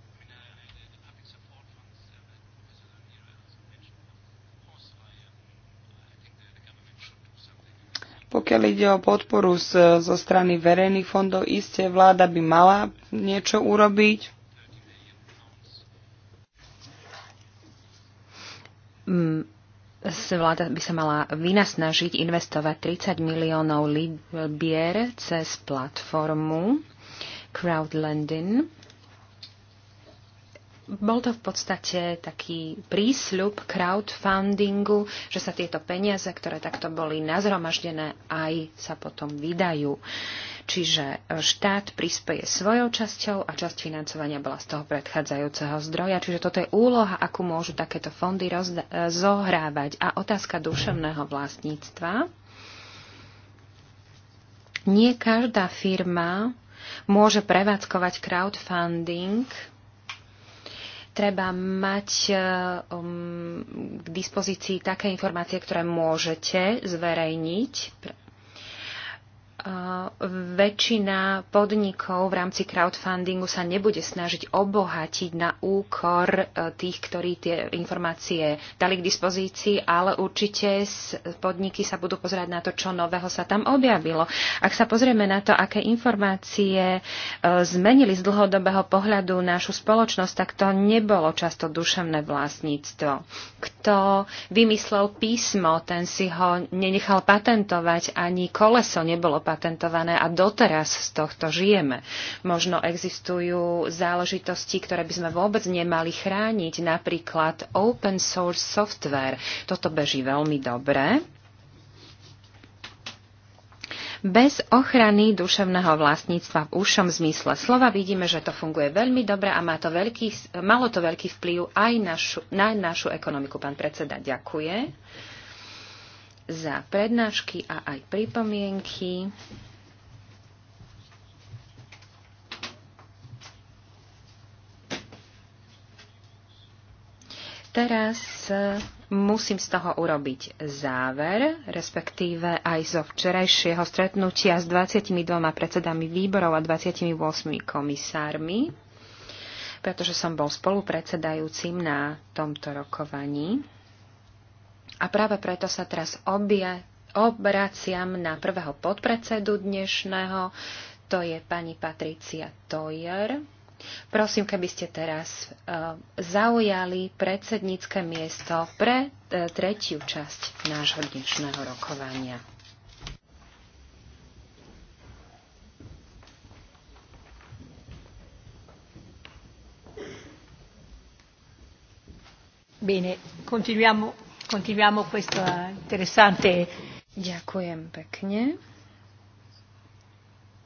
Pokiaľ ide o podporu z, zo strany verejných fondov, iste vláda by mala niečo urobiť. Mm vláda by sa mala vynasnažiť investovať 30 miliónov libier cez platformu crowdlending. Bol to v podstate taký prísľub crowdfundingu, že sa tieto peniaze, ktoré takto boli nazhromaždené, aj sa potom vydajú. Čiže e, štát prispieje svojou časťou a časť financovania bola z toho predchádzajúceho zdroja. Čiže toto je úloha, akú môžu takéto fondy e, zohrávať. A otázka duševného vlastníctva. Nie každá firma môže prevádzkovať crowdfunding treba mať e, um, k dispozícii také informácie, ktoré môžete zverejniť Eh, väčšina podnikov v rámci crowdfundingu sa nebude snažiť obohatiť na úkor eh, tých, ktorí tie informácie dali k dispozícii, ale určite podniky sa budú pozerať na to, čo nového sa tam objavilo. Ak sa pozrieme na to, aké informácie eh, zmenili z dlhodobého pohľadu našu spoločnosť, tak to nebolo často duševné vlastníctvo. Kto vymyslel písmo, ten si ho nenechal patentovať, ani koleso nebolo patentované a doteraz z tohto žijeme. Možno existujú záležitosti, ktoré by sme vôbec nemali chrániť, napríklad open source software. Toto beží veľmi dobre bez ochrany duševného vlastníctva v ušom zmysle slova vidíme, že to funguje veľmi dobre a má to veľký, malo to veľký vplyv aj našu, na našu ekonomiku. Pán predseda, ďakuje za prednášky a aj pripomienky. Teraz e, musím z toho urobiť záver, respektíve aj zo včerajšieho stretnutia s 22 predsedami výborov a 28 komisármi, pretože som bol spolupredsedajúcim na tomto rokovaní. A práve preto sa teraz obie, obraciam na prvého podpredsedu dnešného, to je pani Patricia Toyer. Prosím, keby ste teraz uh, zaujali predsednícke miesto pre uh, tretiu časť nášho dnešného rokovania. Bene, continuiamo Continuiamo interessante. Ďakujem pekne.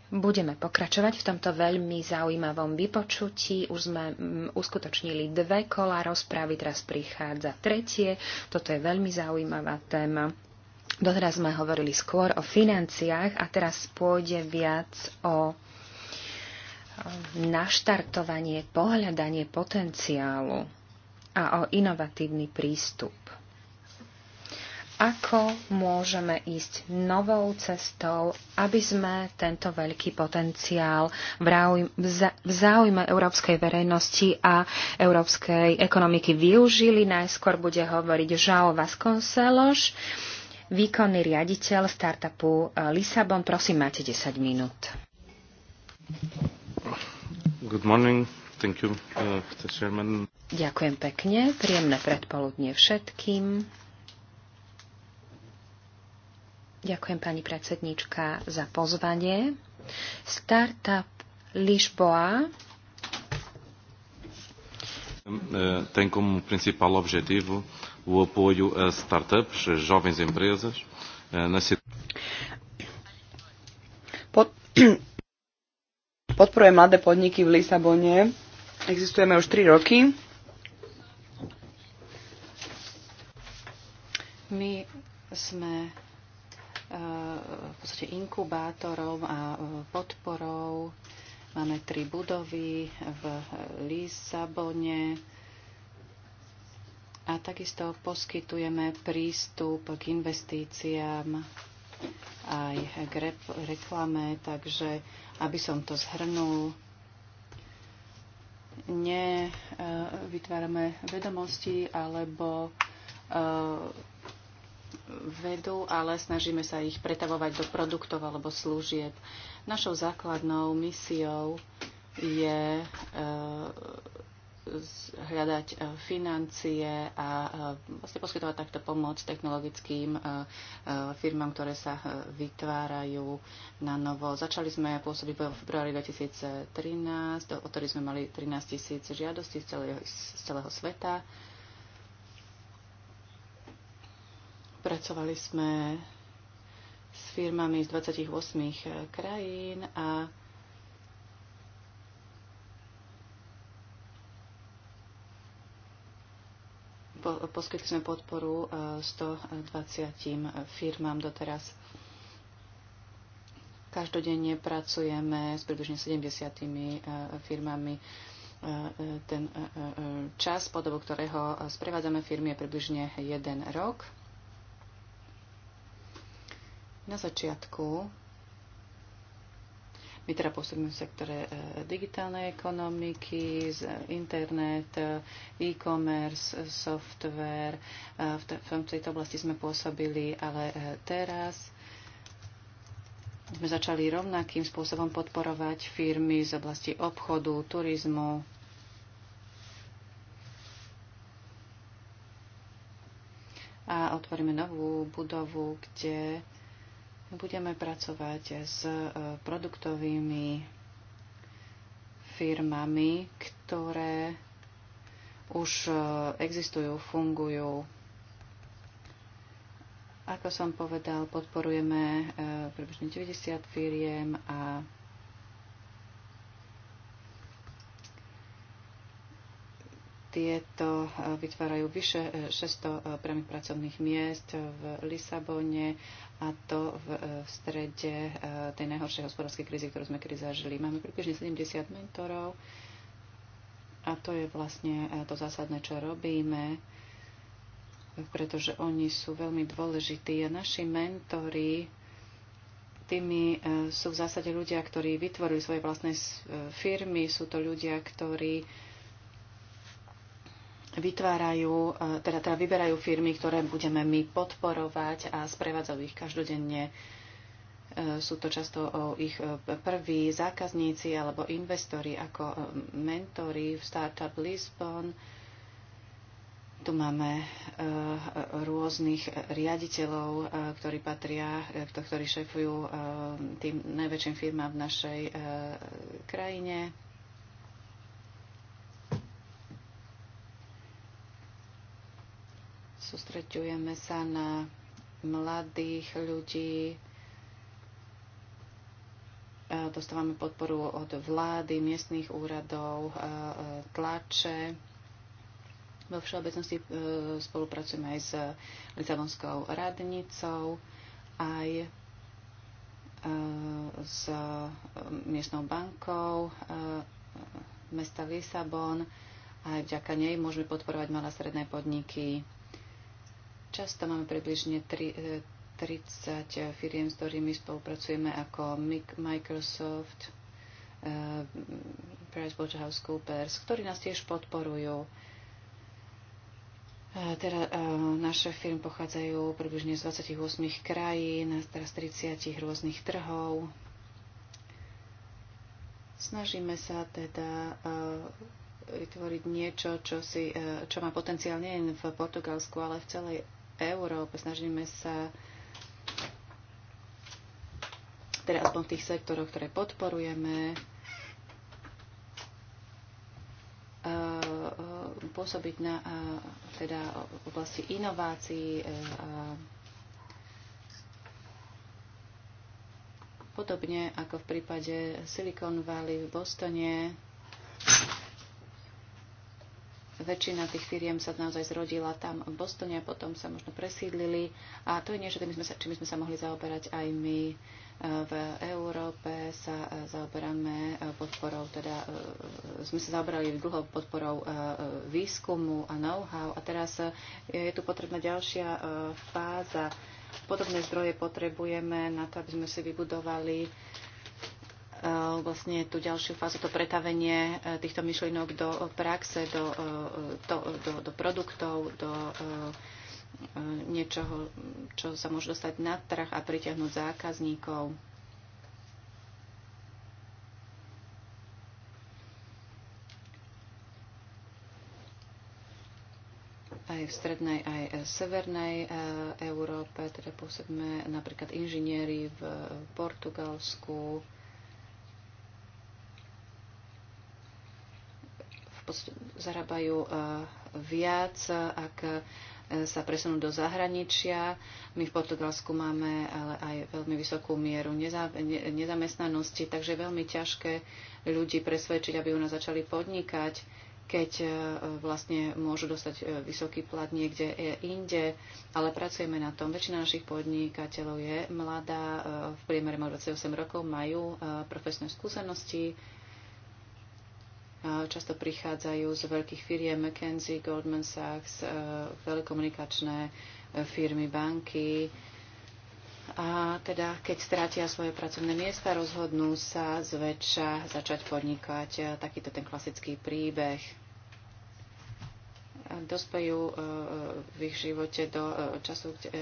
Budeme pokračovať v tomto veľmi zaujímavom vypočutí. Už sme mm, uskutočnili dve kola rozpravy, teraz prichádza tretie. Toto je veľmi zaujímavá téma. Doteraz sme hovorili skôr o financiách a teraz pôjde viac o naštartovanie, pohľadanie potenciálu a o inovatívny prístup ako môžeme ísť novou cestou, aby sme tento veľký potenciál v záujme európskej verejnosti a európskej ekonomiky využili. Najskôr bude hovoriť Žao Vasconcelos, výkonný riaditeľ startupu eh, Lisabon. Prosím, máte 10 minút. Good morning. Thank you, uh, Ďakujem pekne. Príjemné predpoludne všetkým. Ďakujem pani predsednička za pozvanie. Startup Lisboa tem como principal objetivo o apoio a startups, a jovens empresas, eh, na Pod... [coughs] Podporuje mladé podniky v Lisabone. Existujeme už 3 roky. My sme v podstate inkubátorom a e, podporou. Máme tri budovy v Lisabone a takisto poskytujeme prístup k investíciám aj k reklame, takže aby som to zhrnul, nevytvárame e, vedomosti alebo e, vedú, ale snažíme sa ich pretavovať do produktov alebo služieb. Našou základnou misiou je e, hľadať e, financie a e, vlastne poskytovať takto pomoc technologickým firmám, ktoré sa vytvárajú na novo. Začali sme pôsobiť v februári 2013, o ktorých sme mali 13 tisíc žiadostí z celého, z celého sveta Pracovali sme s firmami z 28 krajín a poskytli sme podporu 120 e, firmám doteraz. Každodenne pracujeme s približne 70 e, firmami. E, ten čas, po dobu ktorého sprevádzame firmy, je približne jeden rok. Na začiatku my teda pôsobíme v sektore e, digitálnej ekonomiky, e, internet, e, e-commerce, software. V tejto oblasti sme pôsobili, ale teraz sme začali rovnakým spôsobom podporovať firmy z oblasti obchodu, turizmu. A otvoríme novú budovu, kde budeme pracovať s e, produktovými firmami, ktoré už e, existujú, fungujú. Ako som povedal, podporujeme e, približne 90 firiem a Tieto e, vytvárajú vyše 600 e, e, priamých pracovných miest v Lisabone a to v strede tej najhoršej hospodárskej krízy, ktorú sme kedy zažili. Máme približne 70 mentorov a to je vlastne to zásadné, čo robíme pretože oni sú veľmi dôležití a naši mentori tými sú v zásade ľudia, ktorí vytvorili svoje vlastné firmy, sú to ľudia, ktorí vytvárajú, e, teda, teda vyberajú firmy, ktoré budeme my podporovať a sprevádzajú ich každodenne. E, sú to často ich e, prví zákazníci alebo investori ako mentori v Startup Lisbon. Tu máme rôznych riaditeľov, ktorí patria, ktorí šefujú tým najväčším firmám v našej krajine. Sústreďujeme sa na mladých ľudí, e, dostávame podporu od vlády, miestných úradov, e, e, tlače. Vo všeobecnosti spolupracujeme aj s Lisabonskou radnicou, aj s miestnou bankou mesta Lisabon. Aj vďaka nej môžeme podporovať malé stredné podniky Často máme približne 3, 30 e, e, firiem, s ktorými spolupracujeme ako Microsoft, e, PricewaterhouseCoopers, ktorí nás tiež podporujú. Teda naše firmy pochádzajú približne z 28 krajín, teraz 30 rôznych trhov. Snažíme sa teda vytvoriť niečo, čo, si, čo má potenciál nie len v Portugalsku, ale v celej Európe. Snažíme sa teda aspoň v tých sektoroch, ktoré podporujeme, eh, pôsobiť na eh, teda oblasti inovácií eh, a podobne ako v prípade Silicon Valley v Bostone väčšina tých firiem sa naozaj zrodila tam v Bostone a potom sa možno presídlili. A to je niečo, sme sa, čím sme sa mohli zaoberať aj my e, v Európe. Sa e, zaoberáme e, podporou, teda sme sa zaoberali dlho podporou výskumu a know-how. A teraz je tu potrebná ďalšia fáza. Podobné zdroje potrebujeme na to, aby sme si vybudovali vlastne tú ďalšiu fázu, to pretavenie e, týchto myšlienok do e, praxe, do, do, e, do, do produktov, do niečoho, čo sa môže dostať na trh a pritiahnuť zákazníkov. aj v strednej, aj v severnej Európe, teda pôsobíme napríklad inžinieri v Portugalsku, zarábajú e, viac, ak e, sa presunú do zahraničia. My v Portugalsku máme ale aj veľmi vysokú mieru nezamestnanosti, takže je veľmi ťažké ľudí presvedčiť, aby u nás začali podnikať keď e, vlastne môžu dostať vysoký plat niekde inde, ale pracujeme na tom. Väčšina našich podnikateľov je mladá, v priemere má 28 rokov, majú profesné skúsenosti, často prichádzajú z veľkých firiem McKenzie, Goldman Sachs, telekomunikačné e, firmy, banky. A teda, keď strátia svoje pracovné miesta, rozhodnú sa zväčša začať podnikať. E, takýto ten klasický príbeh. Dospejú e, v ich živote do času, kde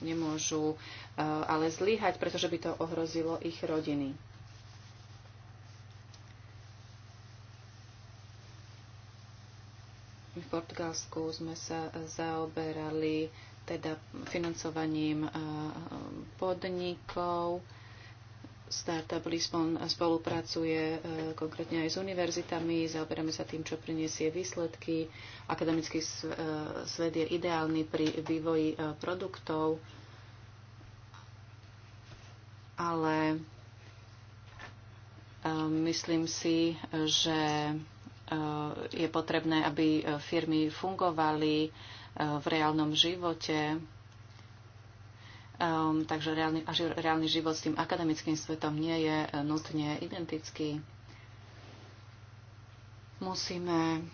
nemôžu ale zlyhať, pretože by to ohrozilo ich rodiny. Portugalsku sme sa zaoberali teda financovaním eh, podnikov. Startup Lisbon spolupracuje eh, konkrétne aj s univerzitami, zaoberáme sa tým, čo priniesie výsledky. Akademický eh, svet je ideálny pri vývoji produktov, ale myslím si, že je potrebné, aby e, firmy fungovali e, v reálnom živote. Ehm, takže reálny, až reálny život s tým akademickým svetom nie je e, nutne identický. Musíme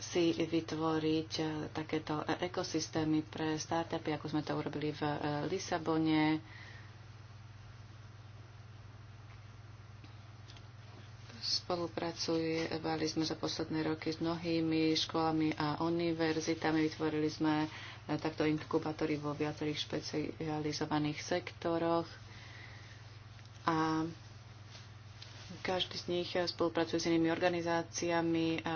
si vytvoriť takéto ekosystémy pre startupy, ako sme to urobili v Lisabone Spolupracovali sme za posledné roky s mnohými školami a univerzitami. Vytvorili sme eh, takto inkubátory vo viacerých špecializovaných sektoroch. A každý z nich eh, spolupracuje s inými organizáciami, a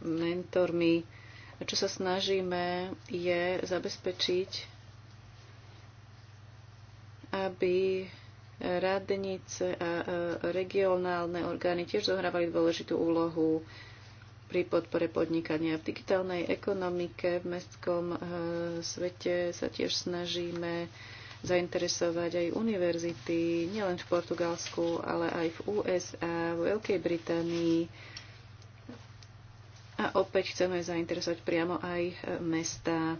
mentormi. Čo sa snažíme je zabezpečiť, aby radnice a regionálne orgány tiež zohrávali dôležitú úlohu pri podpore podnikania. V digitálnej ekonomike v mestskom e, svete sa tiež snažíme zainteresovať aj univerzity, nielen v Portugalsku, ale aj v USA, v Veľkej Británii. A opäť chceme zainteresovať priamo aj e, mesta.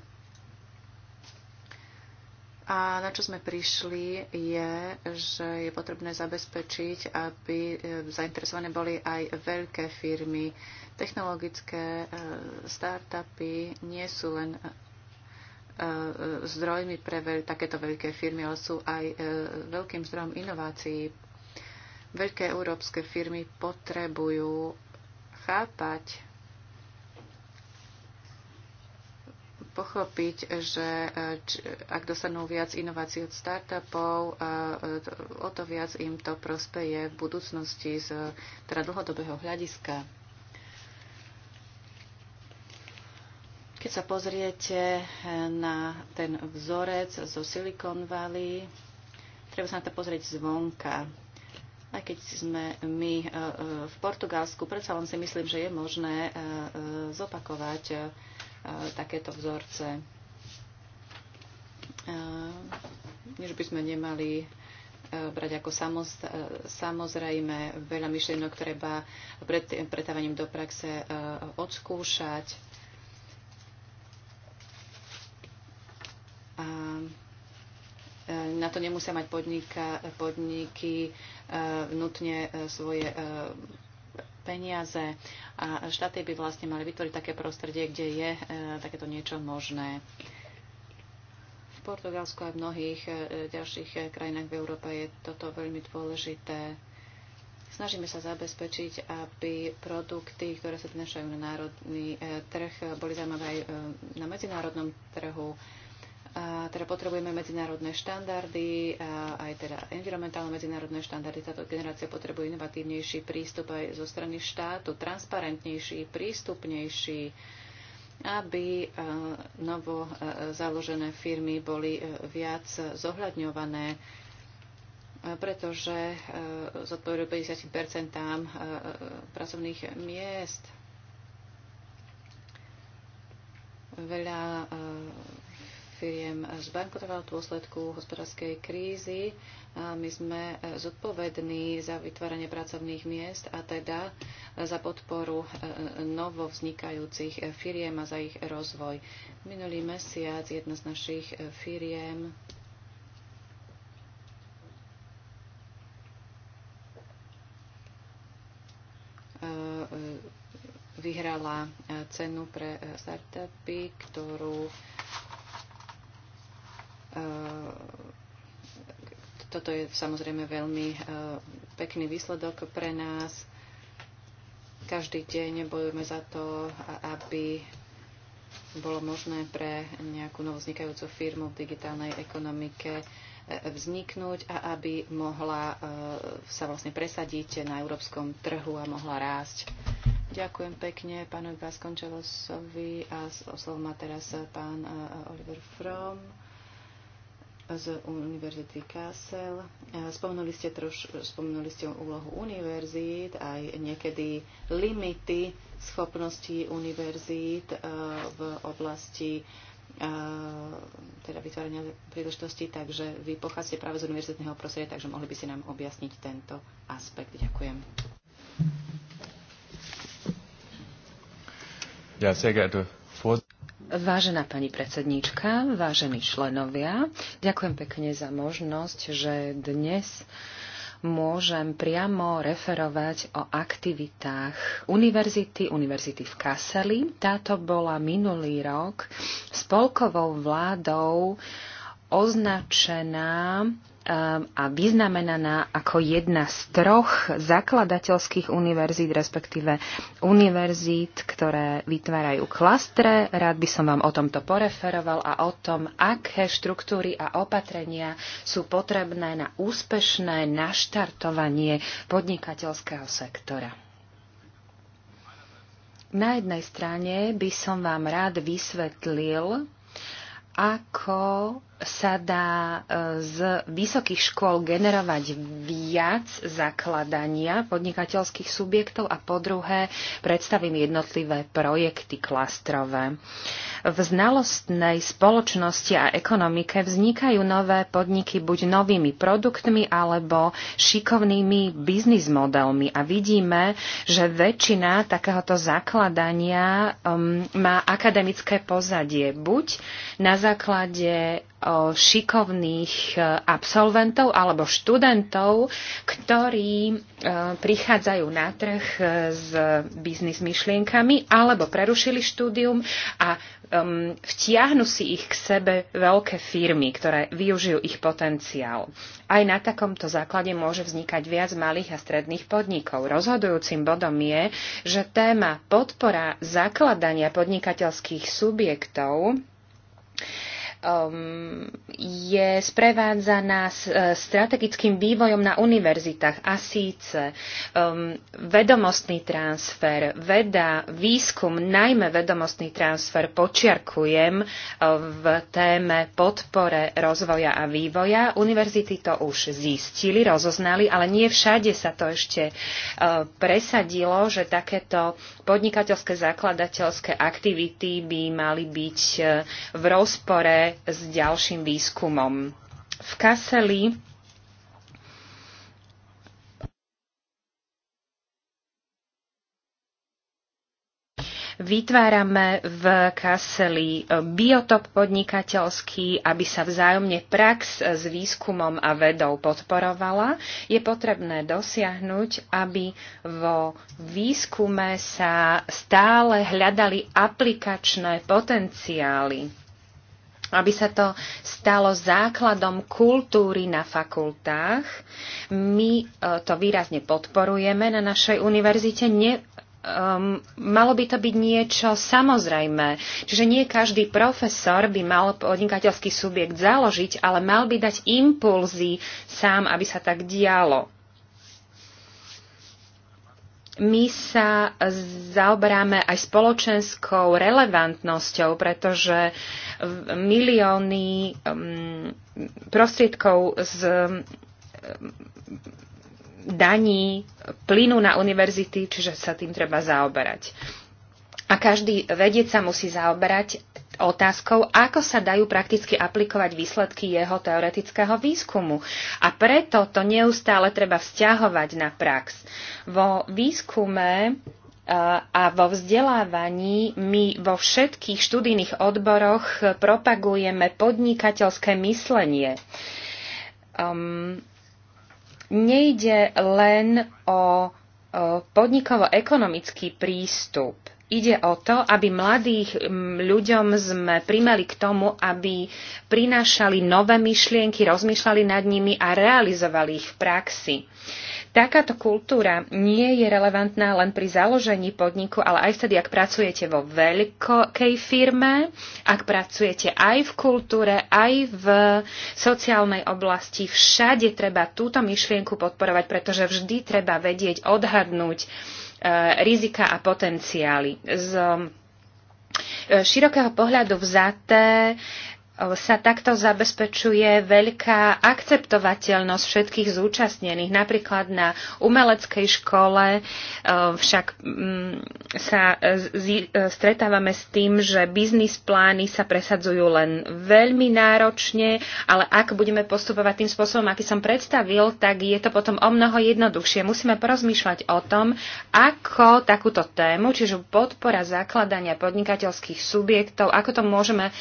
A na čo sme prišli je, že je potrebné zabezpečiť, aby e, zainteresované boli aj veľké firmy. Technologické e, startupy nie sú len e, zdrojmi pre veľ, takéto veľké firmy, ale sú aj veľkým zdrojom inovácií. Veľké európske firmy potrebujú chápať pochopiť, že eh, ak dostanú viac inovácií od startupov, eh, o to viac im to prospeje v budúcnosti z teda dlhodobého hľadiska. Keď sa pozriete eh, na ten vzorec zo Silicon Valley, treba sa na to pozrieť zvonka. Aj keď sme my v Portugalsku, predsa len si myslím, že je možné zopakovať takéto vzorce. Než by sme nemali e, brať ako samoz, e, samozrejme veľa myšlienok treba pred pretávaním do praxe e, odskúšať. A na to nemusia mať podnika, podniky nutne svoje peniaze a štáty by vlastne mali vytvoriť také prostredie, kde je e, takéto niečo možné. V Portugalsku a v mnohých e, ďalších e, krajinách v Európe je toto veľmi dôležité. Snažíme sa zabezpečiť, aby produkty, ktoré sa prinašajú na národný trh, boli zaujímavé aj na medzinárodnom trhu a teda potrebujeme medzinárodné štandardy, a aj teda environmentálne medzinárodné štandardy. Táto generácia potrebuje inovatívnejší prístup aj zo strany štátu, transparentnejší, prístupnejší, aby e, novo e, založené firmy boli e, viac zohľadňované, pretože zodpovedujú 50 pracovných miest. Veľa firiem zbankrotoval v dôsledku hospodárskej krízy. My sme zodpovední za vytváranie pracovných miest a teda za podporu e, novo vznikajúcich firiem a za ich rozvoj. Minulý mesiac jedna z našich e, firiem e, vyhrala cenu pre startupy, ktorú E, toto je samozrejme veľmi e, pekný výsledok pre nás. Každý deň bojujeme za to, aby bolo možné pre nejakú novoznikajúcu firmu v digitálnej ekonomike e, vzniknúť a aby mohla sa vlastne presadiť na európskom trhu a mohla rásť. Ďakujem pekne pánovi Vaskončelosovi a slovo má teraz pán Oliver From z Univerzity Kassel. Spomenuli ste, troš, spomenuli ste úlohu univerzít, aj niekedy limity schopností univerzít eh, v oblasti eh, teda vytvárania príležitostí, takže vy pochádzate práve z univerzitného prostredia, takže mohli by si nám objasniť tento aspekt. Ďakujem. Ja, sehr geehrte Vážená pani predsedníčka, vážení členovia, ďakujem pekne za možnosť, že dnes môžem priamo referovať o aktivitách univerzity, univerzity v Kaseli. Táto bola minulý rok spolkovou vládou označená Ehm, a vyznamenaná ako jedna z troch zakladateľských univerzít, respektíve univerzít, ktoré vytvárajú klastre. Rád by som vám o tomto poreferoval a o tom, aké štruktúry a opatrenia sú potrebné na úspešné naštartovanie podnikateľského sektora. Na jednej strane by som vám rád vysvetlil, ako sa dá e, z vysokých škôl generovať viac zakladania podnikateľských subjektov a po druhé predstavím jednotlivé projekty klastrové. V znalostnej spoločnosti a ekonomike vznikajú nové podniky buď novými produktmi alebo šikovnými biznis modelmi a vidíme, že väčšina takéhoto zakladania um, má akademické pozadie buď na základe šikovných e, absolventov alebo študentov, ktorí e, prichádzajú na trh e, s biznis myšlienkami alebo prerušili štúdium a vtiahnu si ich k sebe veľké firmy, ktoré využijú ich potenciál. Aj na takomto základe môže vznikať viac malých a stredných podnikov. Rozhodujúcim bodom je, že téma podpora zakladania podnikateľských subjektov Um, je sprevádzaná s e, strategickým vývojom na univerzitách a síce um, vedomostný transfer, veda, výskum, najmä vedomostný transfer počiarkujem e, v téme podpore rozvoja a vývoja. Univerzity to už zistili, rozoznali, ale nie všade sa to ešte e, presadilo, že takéto podnikateľské zakladateľské aktivity by mali byť v rozpore s ďalším výskumom. V Kaseli vytvárame v Kaseli biotop podnikateľský, aby sa vzájomne prax s výskumom a vedou podporovala. Je potrebné dosiahnuť, aby vo výskume sa stále hľadali aplikačné potenciály aby sa to stalo základom kultúry na fakultách. My e, to výrazne podporujeme na našej univerzite. Ne, um, malo by to byť niečo samozrejme. Čiže nie každý profesor by mal podnikateľský subjekt založiť, ale mal by dať impulzy sám, aby sa tak dialo. My sa zaoberáme aj spoločenskou relevantnosťou, pretože milióny um, prostriedkov z um, daní plynu na univerzity, čiže sa tým treba zaoberať. A každý vedec sa musí zaoberať otázkou, ako sa dajú prakticky aplikovať výsledky jeho teoretického výskumu. A preto to neustále treba vzťahovať na prax. Vo výskume e, a vo vzdelávaní my vo všetkých študijných odboroch propagujeme podnikateľské myslenie. Um, nejde len o podnikovo-ekonomický prístup Ide o to, aby mladých ľuďom sme primeli k tomu, aby prinášali nové myšlienky, rozmýšľali nad nimi a realizovali ich v praxi. Takáto kultúra nie je relevantná len pri založení podniku, ale aj vtedy, ak pracujete vo veľkej firme, ak pracujete aj v kultúre, aj v sociálnej oblasti. Všade treba túto myšlienku podporovať, pretože vždy treba vedieť, odhadnúť, Eh, rizika a potenciály. Z eh, širokého pohľadu vzaté sa takto zabezpečuje veľká akceptovateľnosť všetkých zúčastnených. Napríklad na umeleckej škole e, však mm, sa e, e, stretávame s tým, že biznis plány sa presadzujú len veľmi náročne, ale ak budeme postupovať tým spôsobom, aký som predstavil, tak je to potom o mnoho jednoduchšie. Musíme porozmýšľať o tom, ako takúto tému, čiže podpora zakladania podnikateľských subjektov, ako to môžeme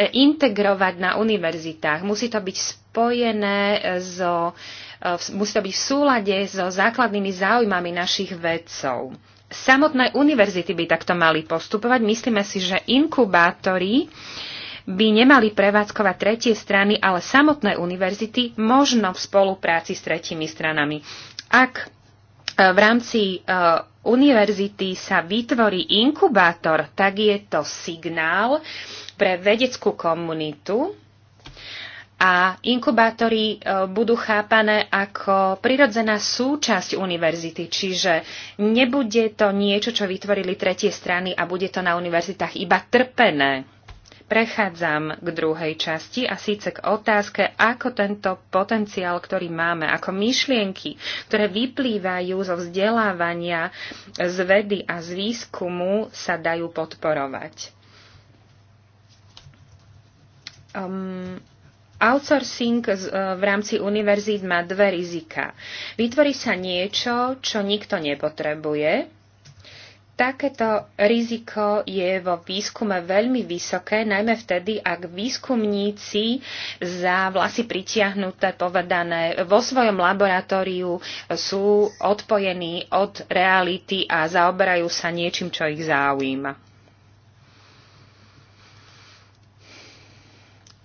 integrovať integrovať na univerzitách. Musí to byť spojené e, so, e, musí to byť v súlade so základnými záujmami našich vedcov. Samotné univerzity by takto mali postupovať. Myslíme si, že inkubátory by nemali prevádzkovať tretie strany, ale samotné univerzity možno v spolupráci s tretimi stranami. Ak e, v rámci univerzity sa vytvorí inkubátor, tak je to signál, pre vedeckú komunitu a inkubátory e, budú chápané ako prirodzená súčasť univerzity, čiže nebude to niečo, čo vytvorili tretie strany a bude to na univerzitách iba trpené. Prechádzam k druhej časti a síce k otázke, ako tento potenciál, ktorý máme, ako myšlienky, ktoré vyplývajú zo vzdelávania z vedy a z výskumu, sa dajú podporovať. Um, outsourcing eh, v rámci univerzít má dve rizika. Vytvorí sa niečo, čo nikto nepotrebuje. Takéto riziko je vo výskume veľmi vysoké, najmä vtedy, ak výskumníci za vlasy pritiahnuté povedané vo svojom laboratóriu sú odpojení od reality a zaoberajú sa niečím, čo ich zaujíma.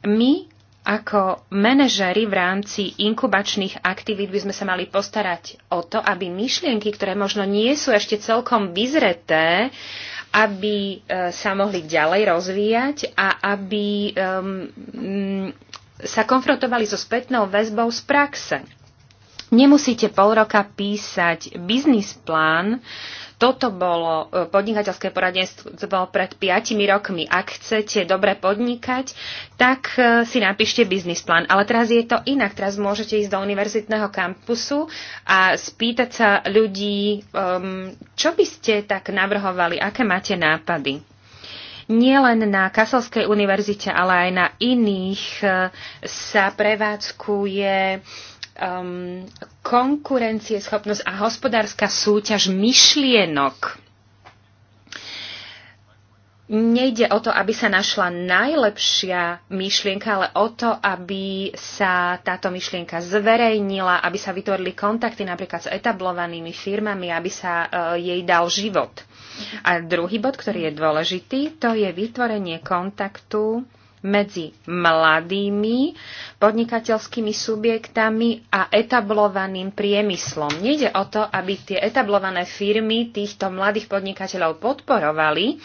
My ako manažery v rámci inkubačných aktivít by sme sa mali postarať o to, aby myšlienky, ktoré možno nie sú ešte celkom vyzreté, aby e, sa mohli ďalej rozvíjať a aby um, sa konfrontovali so spätnou väzbou z praxe. Nemusíte pol roka písať biznis plán, toto bolo e, podnikateľské poradenstvo pred 5 rokmi. Ak chcete dobre podnikať, tak e, si napíšte biznis plán. Ale teraz je to inak. Teraz môžete ísť do univerzitného kampusu a spýtať sa ľudí, ehm, čo by ste tak navrhovali, aké máte nápady len na Kaselskej univerzite, ale aj na iných e, sa prevádzkuje um, konkurencieschopnosť a hospodárska súťaž myšlienok. Nejde o to, aby sa našla najlepšia myšlienka, ale o to, aby sa táto myšlienka zverejnila, aby sa vytvorili kontakty napríklad s etablovanými firmami, aby sa uh, jej dal život. A druhý bod, ktorý je dôležitý, to je vytvorenie kontaktu medzi mladými podnikateľskými subjektami a etablovaným priemyslom. Nejde o to, aby tie etablované firmy týchto mladých podnikateľov podporovali,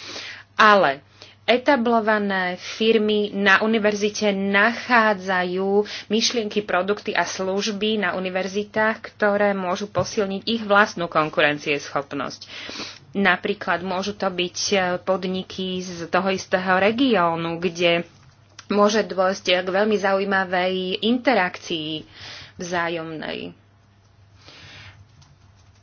ale etablované firmy na univerzite nachádzajú myšlienky, produkty a služby na univerzitách, ktoré môžu posilniť ich vlastnú konkurencieschopnosť. Napríklad môžu to byť podniky z toho istého regiónu, kde môže dôjsť k veľmi zaujímavej interakcii vzájomnej.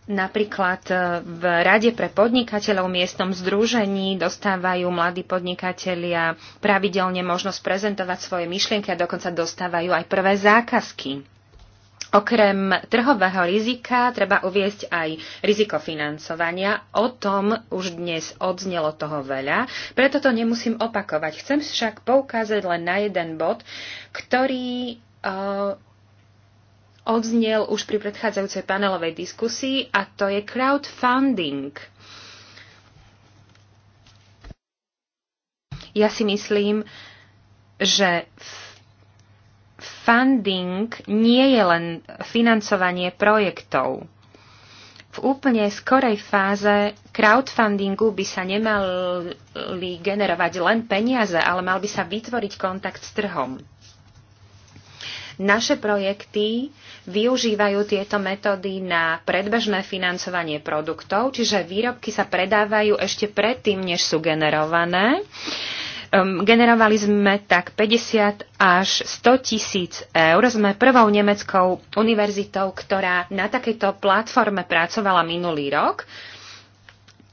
Napríklad e, v Rade pre podnikateľov v miestnom združení dostávajú mladí podnikatelia pravidelne možnosť prezentovať svoje myšlienky a dokonca dostávajú aj prvé zákazky. Okrem trhového rizika treba uviesť aj riziko financovania. O tom už dnes odznelo toho veľa, preto to nemusím opakovať. Chcem však poukázať len na jeden bod, ktorý uh, odznel už pri predchádzajúcej panelovej diskusii a to je crowdfunding. Ja si myslím, že v funding nie je len financovanie projektov. V úplne skorej fáze crowdfundingu by sa nemali generovať len peniaze, ale mal by sa vytvoriť kontakt s trhom. Naše projekty využívajú tieto metódy na predbežné financovanie produktov, čiže výrobky sa predávajú ešte predtým, než sú generované. Uh, Um, generovali sme tak 50 až 100 tisíc eur. Sme prvou nemeckou univerzitou, ktorá na takejto platforme pracovala minulý rok.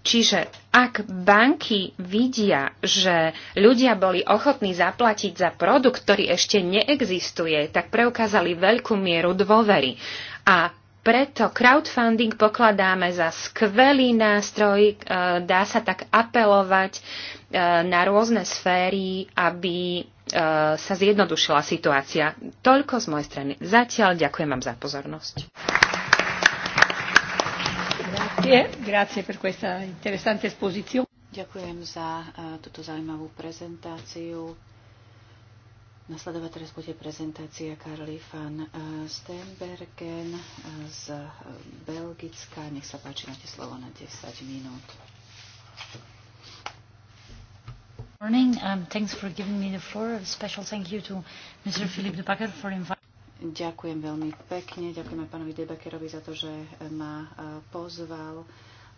Čiže ak banky vidia, že ľudia boli ochotní zaplatiť za produkt, ktorý ešte neexistuje, tak preukázali veľkú mieru dôvery. A preto crowdfunding pokladáme za skvelý nástroj, e, dá sa tak apelovať e, na rôzne sféry, aby e, sa zjednodušila situácia. Toľko z mojej strany. Zatiaľ ďakujem vám za pozornosť. Ďakujem za túto zaujímavú prezentáciu. Nasledovať teraz bude prezentácia Karly van eh, Stenbergen eh, z eh, Belgicka. Nech sa páči, máte slovo na 10 minút. Morning. Um, thanks for giving me the floor. A special thank you to Mr. de Backer for inviting Ďakujem veľmi pekne. Ďakujeme pánovi Debakerovi za to, že ma pozval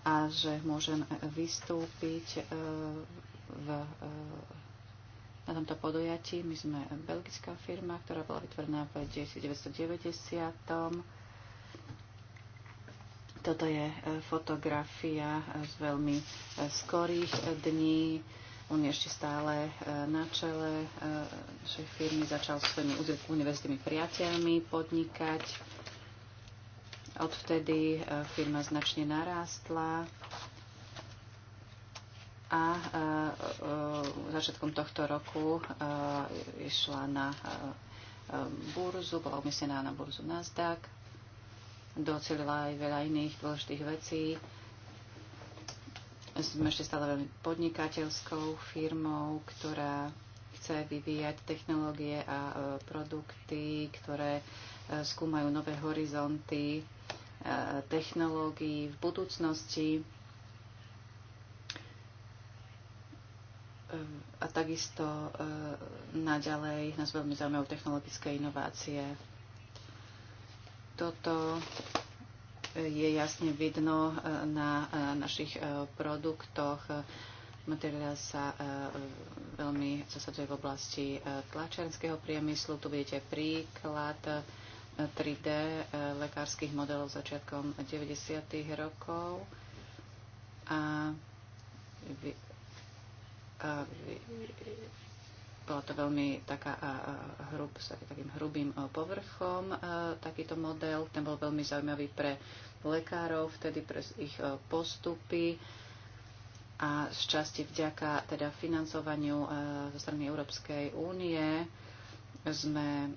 a že môžem vystúpiť v na tomto podujatí. My sme belgická firma, ktorá bola vytvorená v 1990. Toto je e, fotografia e, z veľmi e, skorých dní. On je ešte stále na čele našej firmy, začal s svojimi univerzitými priateľmi podnikať. Odvtedy firma značne narástla a e, e, začiatkom tohto roku e, išla na burzu, bola umiestnená na burzu Nasdaq, docelila aj veľa iných dôležitých vecí. Sme ešte stále veľmi podnikateľskou firmou, ktorá chce vyvíjať technológie a produkty, ktoré skúmajú nové horizonty technológií v budúcnosti a takisto eh, naďalej nás veľmi zaujímajú technologické inovácie. Toto eh, je jasne vidno eh, na našich produktoch. Materiál sa veľmi zasadzuje v oblasti tlačenského priemyslu. Tu vidíte príklad 3D lekárskych modelov začiatkom 90. rokov. A E, bola to veľmi taká hrub, s takým hrubým e, povrchom e, takýto model. Ten bol veľmi zaujímavý pre lekárov, vtedy pre ich postupy a z časti vďaka teda financovaniu zo strany Európskej únie sme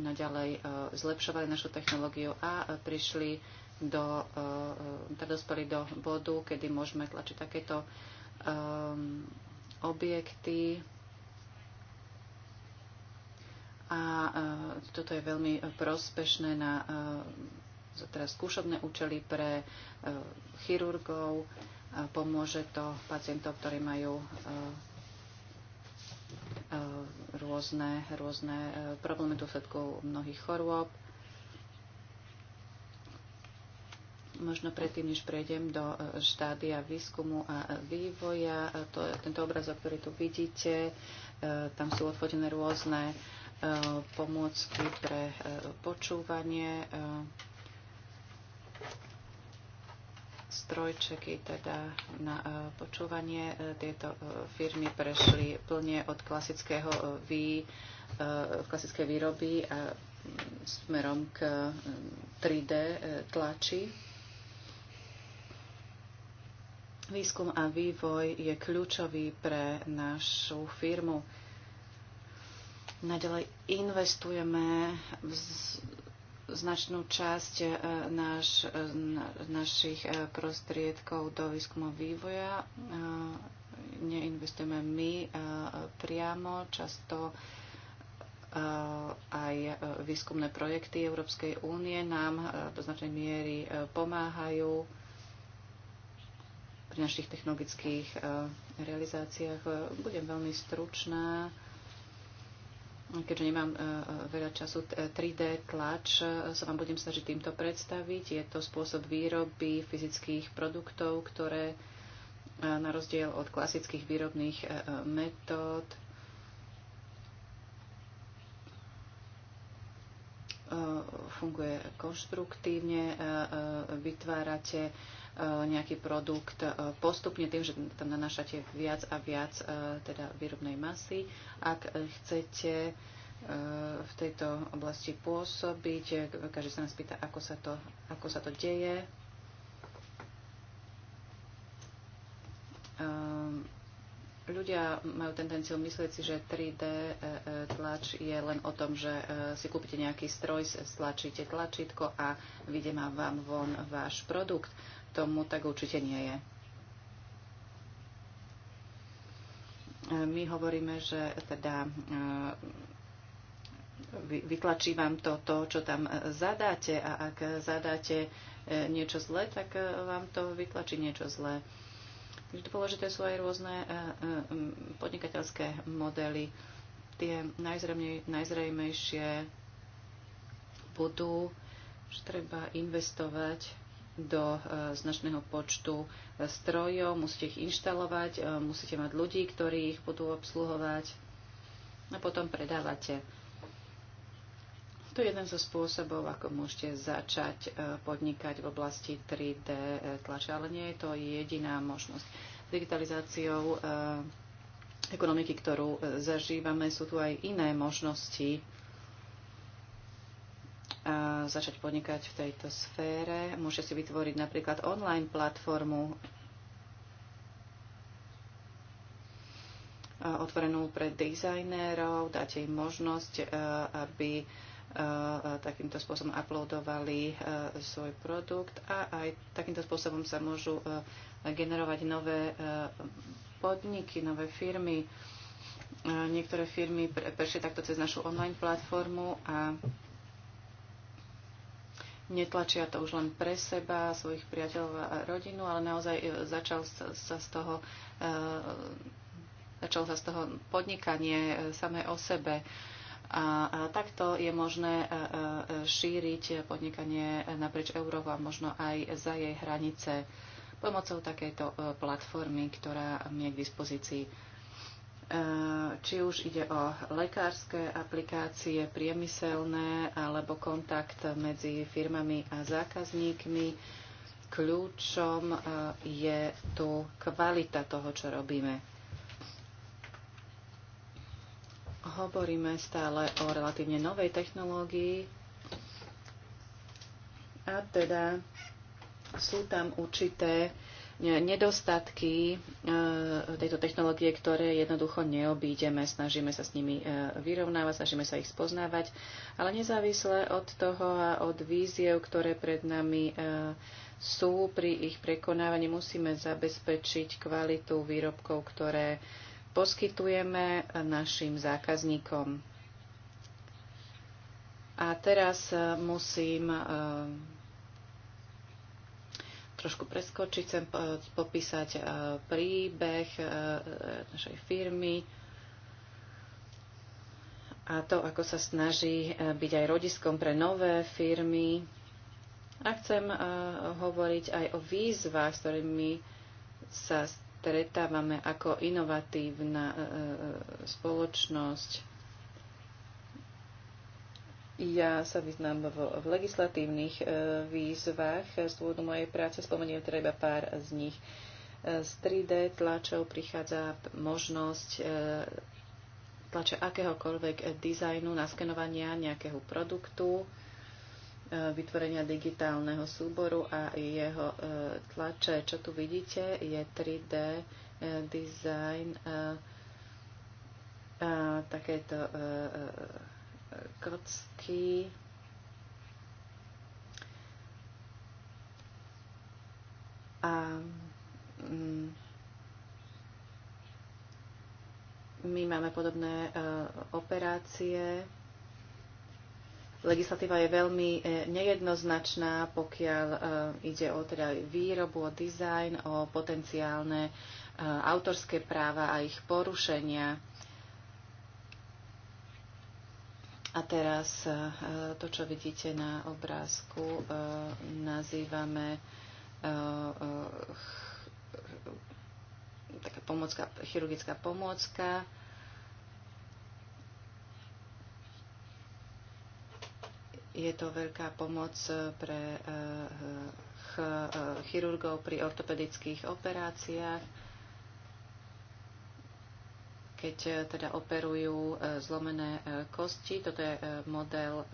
naďalej zlepšovali našu technológiu a prišli do, teda dospeli do bodu, kedy môžeme tlačiť takéto um, objekty. A uh, toto je veľmi prospešné na uh, teraz skúšobné účely pre uh, chirurgov. Uh, pomôže to pacientov, ktorí majú uh, uh rôzne, rôzne uh, problémy dôsledkov mnohých chorôb. Možno predtým, než prejdem do e, štádia výskumu a e, vývoja, e, to, tento obrazok, ktorý tu vidíte, tam sú odfotené rôzne pomôcky pre počúvanie. Strojčeky teda na počúvanie. Tieto firmy prešli plne od klasického vý, klasické výroby a smerom k 3D tlači Výskum a vývoj je kľúčový pre našu firmu. Naďalej investujeme v značnú časť e, naš, e, našich e, prostriedkov do výskumu vývoja. Neinvestujeme my priamo, často aj výskumné projekty Európskej únie nám do značnej miery pomáhajú pri našich technologických e, realizáciách. E, budem veľmi stručná, keďže nemám e, veľa času. 3D tlač sa vám budem snažiť týmto predstaviť. Je to spôsob výroby fyzických produktov, ktoré na rozdiel od klasických výrobných metód funguje konštruktívne, vytvárate E, nejaký produkt e, postupne tým, že tam nanášate viac a viac e, teda výrobnej masy. Ak chcete v tejto oblasti pôsobiť. Každý sa nás pýta, ako sa to, ako sa to deje. Ľudia majú tendenciu myslieť si, že 3D tlač je len o tom, že si kúpite nejaký stroj, stlačíte tlačítko a vyjde vám von váš produkt tomu tak určite nie je. E, my hovoríme, že teda e, vytlačí vám to, to, čo tam e, zadáte a ak zadáte niečo zlé, tak vám to vytlačí niečo zlé. Takže dôležité sú aj rôzne podnikateľské modely. Tie najzrejmejšie budú, že treba investovať do e, značného počtu e, strojov, musíte ich inštalovať, e, musíte mať ľudí, ktorí ich budú obsluhovať a potom predávate. To je jeden zo spôsobov, ako môžete začať podnikať v oblasti 3D tlače, ale nie je to jediná možnosť. Digitalizáciou ekonomiky, ktorú zažívame, sú tu aj iné možnosti začať podnikať v tejto sfére. Môže si vytvoriť napríklad online platformu otvorenú pre dizajnérov, dáte im možnosť, aby takýmto spôsobom uploadovali svoj produkt a aj takýmto spôsobom sa môžu generovať nové podniky, nové firmy. Niektoré firmy prešli takto cez našu online platformu a Netlačia to už len pre seba, svojich priateľov a rodinu, ale naozaj e, začal sa, sa z toho e, začal sa z toho podnikanie e, samé o sebe. A, a takto je možné šíriť podnikanie naprieč Európu a možno aj za jej hranice pomocou takejto platformy, ktorá mi je k dispozícii. Eh, či už ide o lekárske aplikácie, priemyselné alebo kontakt medzi firmami a zákazníkmi. Kľúčom eh, je tu kvalita toho, čo robíme. Hovoríme stále o relatívne novej technológii a teda sú tam určité nedostatky e, tejto technológie, ktoré jednoducho neobídeme. Snažíme sa s nimi e, vyrovnávať, snažíme sa ich spoznávať, ale nezávisle od toho a od víziev, ktoré pred nami e, sú pri ich prekonávaní, musíme zabezpečiť kvalitu výrobkov, ktoré poskytujeme našim zákazníkom. A teraz musím trošku preskočiť. Chcem popísať e, príbeh e, e, našej firmy a to, ako sa snaží byť aj rodiskom pre nové firmy. A chcem hovoriť aj o výzvach, s ktorými sa stretávame ako inovatívna spoločnosť ja sa vyznám v, v legislatívnych e, výzvach z dôvodu mojej práce. Spomeniem teda iba pár z nich. E, z 3D tlačov prichádza možnosť e, tlače akéhokoľvek dizajnu, naskenovania nejakého produktu, e, vytvorenia digitálneho súboru a jeho e, tlače. Čo tu vidíte, je 3D e, design, e, a, takéto e, e kurdský a mm, my máme podobné e, operácie. Legislatíva je veľmi e, nejednoznačná, pokiaľ e, ide o teda výrobu, o dizajn, o potenciálne autorské práva a ich porušenia A teraz e, to, čo vidíte na obrázku, e, nazývame e, taká pomocka, chirurgická pomôcka. Je to veľká pomoc pre chirurgov pri ortopedických operáciách keď e, teda operujú e, zlomené e, kosti. Toto je model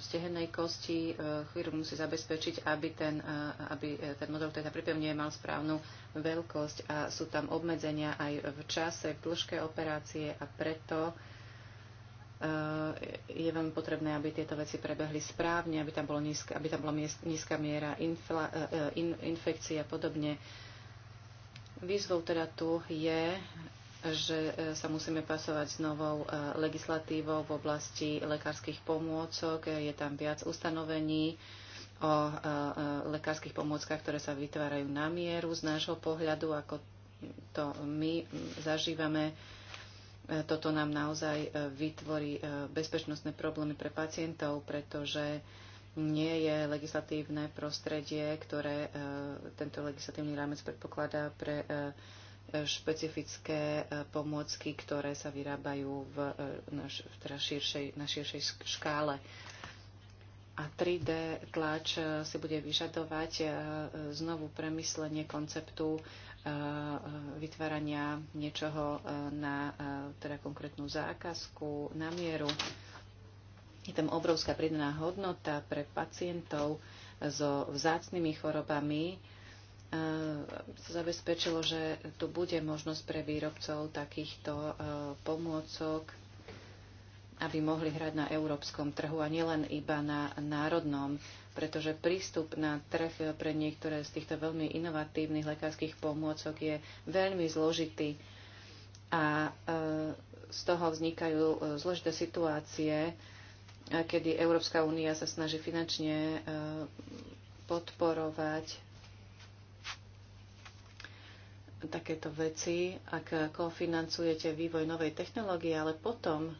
stehennej kosti. Chirurg musí zabezpečiť, aby ten, aby ten model, ktorý sa pripevňuje, mal správnu veľkosť a sú tam obmedzenia aj v čase, v dĺžke operácie a preto je veľmi potrebné, aby tieto veci prebehli správne, aby tam, bolo nízka, aby tam bola nízka miera infla, in, infekcie a podobne. Výzvou teda tu je, že e, sa musíme pasovať s novou e, legislatívou v oblasti lekárskych pomôcok. E, je tam viac ustanovení o lekárskych pomôckach, ktoré sa vytvárajú na mieru z nášho pohľadu, ako to my zažívame. Toto nám naozaj vytvorí bezpečnostné problémy pre pacientov, pretože nie je legislatívne prostredie, ktoré e, tento legislatívny rámec predpokladá pre e, e, špecifické pomôcky, ktoré sa vyrábajú v, na, teda širšej, na širšej škále. A 3D tlač si bude vyžadovať znovu premyslenie konceptu vytvárania niečoho na teda konkrétnu zákazku, na mieru. Je tam obrovská pridaná hodnota pre pacientov so vzácnymi chorobami. E, sa zabezpečilo, že tu bude možnosť pre výrobcov takýchto e, pomôcok, aby mohli hrať na európskom trhu a nielen iba na národnom, pretože prístup na trh pre niektoré z týchto veľmi inovatívnych lekárskych pomôcok je veľmi zložitý a e, z toho vznikajú zložité situácie, kedy Európska únia sa snaží finančne e, podporovať takéto veci, ak kofinancujete vývoj novej technológie, ale potom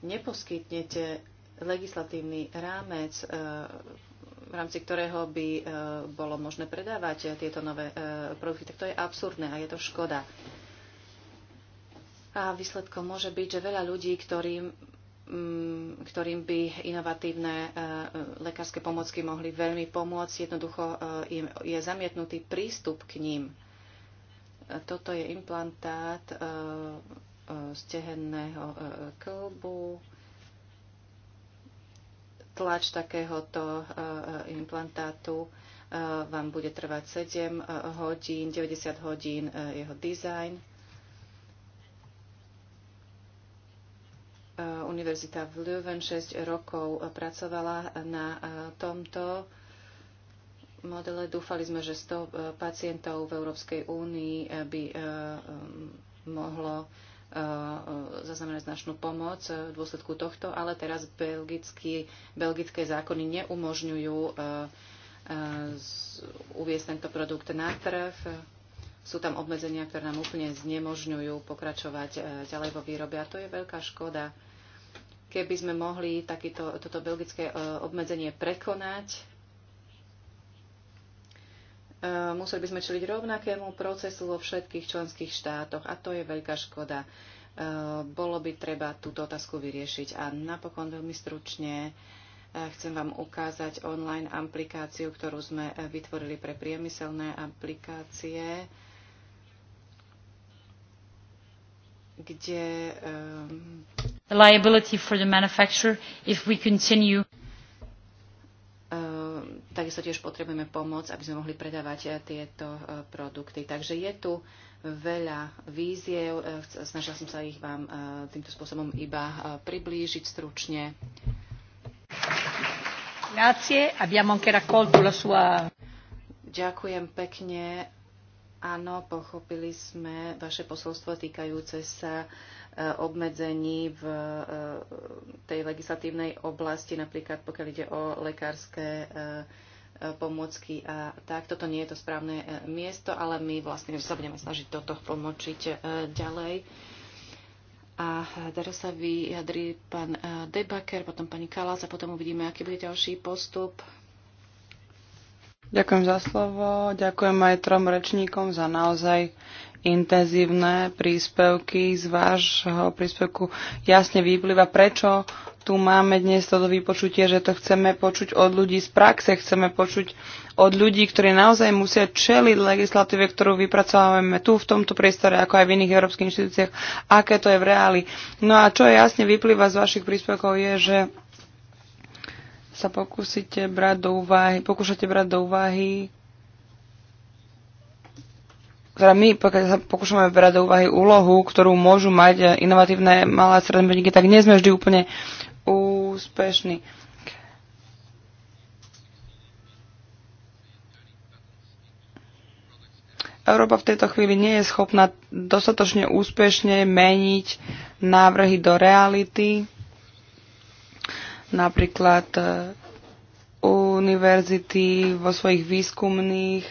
neposkytnete legislatívny rámec, e, v rámci ktorého by e, bolo možné predávať tieto nové produkty, tak to je absurdné a je to škoda. A výsledkom môže byť, že veľa ľudí, ktorým Mm, ktorým by inovatívne e, lekárske pomocky mohli veľmi pomôcť. Jednoducho e, je zamietnutý prístup k ním. E, toto je implantát stehenného klbu, tlač takéhoto implantátu vám bude trvať 7 hodín, 90 hodín jeho dizajn Eh, univerzita v Leuven 6 rokov pracovala na eh, tomto modele. Dúfali sme, že 100 eh, pacientov v Európskej únii by mm, mohlo zaznamenať značnú pomoc v dôsledku tohto, ale teraz belgický, belgické zákony neumožňujú uviesť tento produkt na trh sú tam obmedzenia, ktoré nám úplne znemožňujú pokračovať e, ďalej vo výrobe. A to je veľká škoda. Keby sme mohli takýto, toto belgické e, obmedzenie prekonať, e, museli by sme čeliť rovnakému procesu vo všetkých členských štátoch. A to je veľká škoda. Bolo by treba túto otázku vyriešiť. A napokon veľmi stručne chcem vám ukázať online aplikáciu, ktorú sme vytvorili pre priemyselné aplikácie kde um, liability for the manufacturer if we continue uh, Takisto tiež potrebujeme pomoc, aby sme mohli predávať eh, tieto uh, produkty. Takže je tu veľa víziev. Uh, Snažila som sa ich vám uh, týmto spôsobom iba uh, priblížiť stručne. Grazie, abbiamo anche raccolto la sua... Ďakujem pekne Áno, pochopili sme vaše posolstvo týkajúce sa e, obmedzení v e, tej legislatívnej oblasti, napríklad pokiaľ ide o lekárske e, pomôcky a tak. Toto nie je to správne miesto, ale my vlastne sa budeme snažiť toto pomočiť ďalej. A teraz sa vyjadri pán Debaker, potom pani Kalas a potom uvidíme, aký bude ďalší postup. Ďakujem za slovo. Ďakujem aj trom rečníkom za naozaj intenzívne príspevky z vášho príspevku jasne vyplýva, prečo tu máme dnes toto vypočutie, že to chceme počuť od ľudí z praxe, chceme počuť od ľudí, ktorí naozaj musia čeliť legislatíve, ktorú vypracovávame tu v tomto priestore, ako aj v iných európskych inštitúciách, aké to je v reáli. No a čo jasne vyplýva z vašich príspevkov je, že sa pokúsite brať do úvahy, pokúšate brať do úvahy teda my, pokiaľ sa pokúšame brať do úvahy úlohu, ktorú môžu mať inovatívne malé a stredné podniky, tak nie sme vždy úplne úspešní. Európa v tejto chvíli nie je schopná dostatočne úspešne meniť návrhy do reality napríklad e, univerzity vo svojich výskumných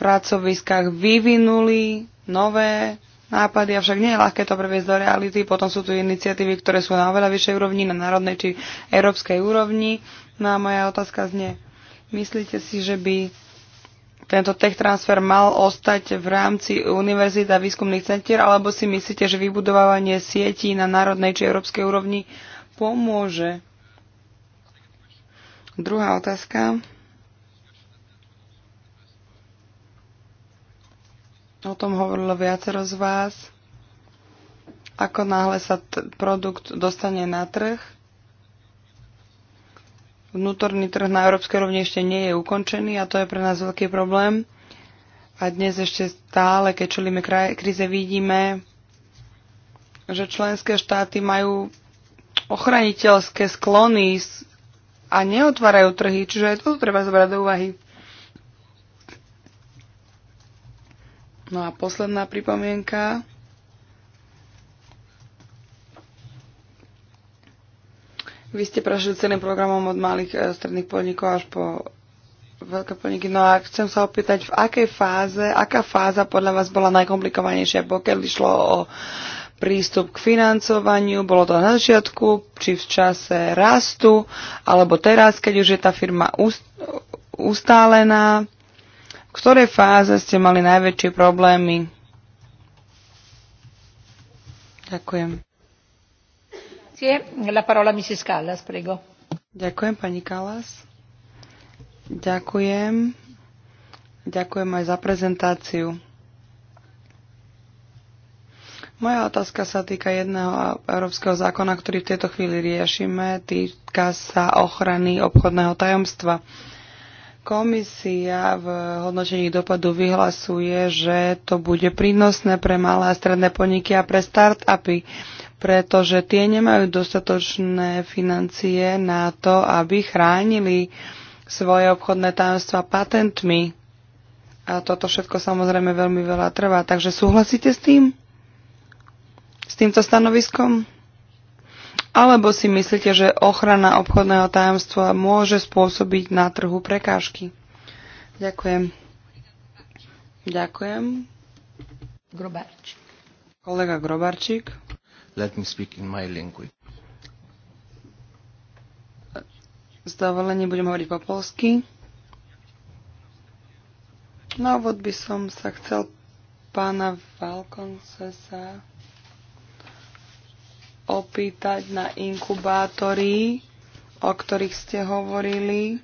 pracoviskách vyvinuli nové nápady, avšak nie je ľahké to previesť do reality. Potom sú tu iniciatívy, ktoré sú na oveľa vyššej úrovni, na národnej či európskej úrovni. No a moja otázka znie, myslíte si, že by tento tech transfer mal ostať v rámci univerzita a výskumných centier, alebo si myslíte, že vybudovávanie sietí na národnej či európskej úrovni pomôže. Druhá otázka. O tom hovorilo viacero z vás. Ako náhle sa produkt dostane na trh, vnútorný trh na európskej rovni ešte nie je ukončený a to je pre nás veľký problém. A dnes ešte stále, keď čelíme kríze, vidíme, že členské štáty majú ochraniteľské sklony a neotvárajú trhy, čiže aj to treba zobrať do úvahy. No a posledná pripomienka. Vy ste prešli celým programom od malých e, stredných podnikov až po veľké podniky. No a chcem sa opýtať, v akej fáze, aká fáza podľa vás bola najkomplikovanejšia, pokiaľ išlo o prístup k financovaniu, bolo to na začiatku, či v čase rastu, alebo teraz, keď už je tá firma ustálená. V ktorej fáze ste mali najväčšie problémy? Ďakujem. La parola Mrs. Callas, prego. Ďakujem, pani Kalas. Ďakujem. Ďakujem aj za prezentáciu. Moja otázka sa týka jedného európskeho zákona, ktorý v tejto chvíli riešime. Týka sa ochrany obchodného tajomstva. Komisia v hodnotení dopadu vyhlasuje, že to bude prínosné pre malé a stredné podniky a pre start-upy, pretože tie nemajú dostatočné financie na to, aby chránili svoje obchodné tajomstva patentmi. A toto všetko samozrejme veľmi veľa trvá. Takže súhlasíte s tým? s týmto stanoviskom? Alebo si myslíte, že ochrana obchodného tajomstva môže spôsobiť na trhu prekážky? Ďakujem. Ďakujem. Grobarčík. Kolega Grobarčík. Let me speak in my language. S dovolením budem hovoriť po polsky. no, vod by som sa chcel pána sa opýtať na inkubátory, o ktorých ste hovorili.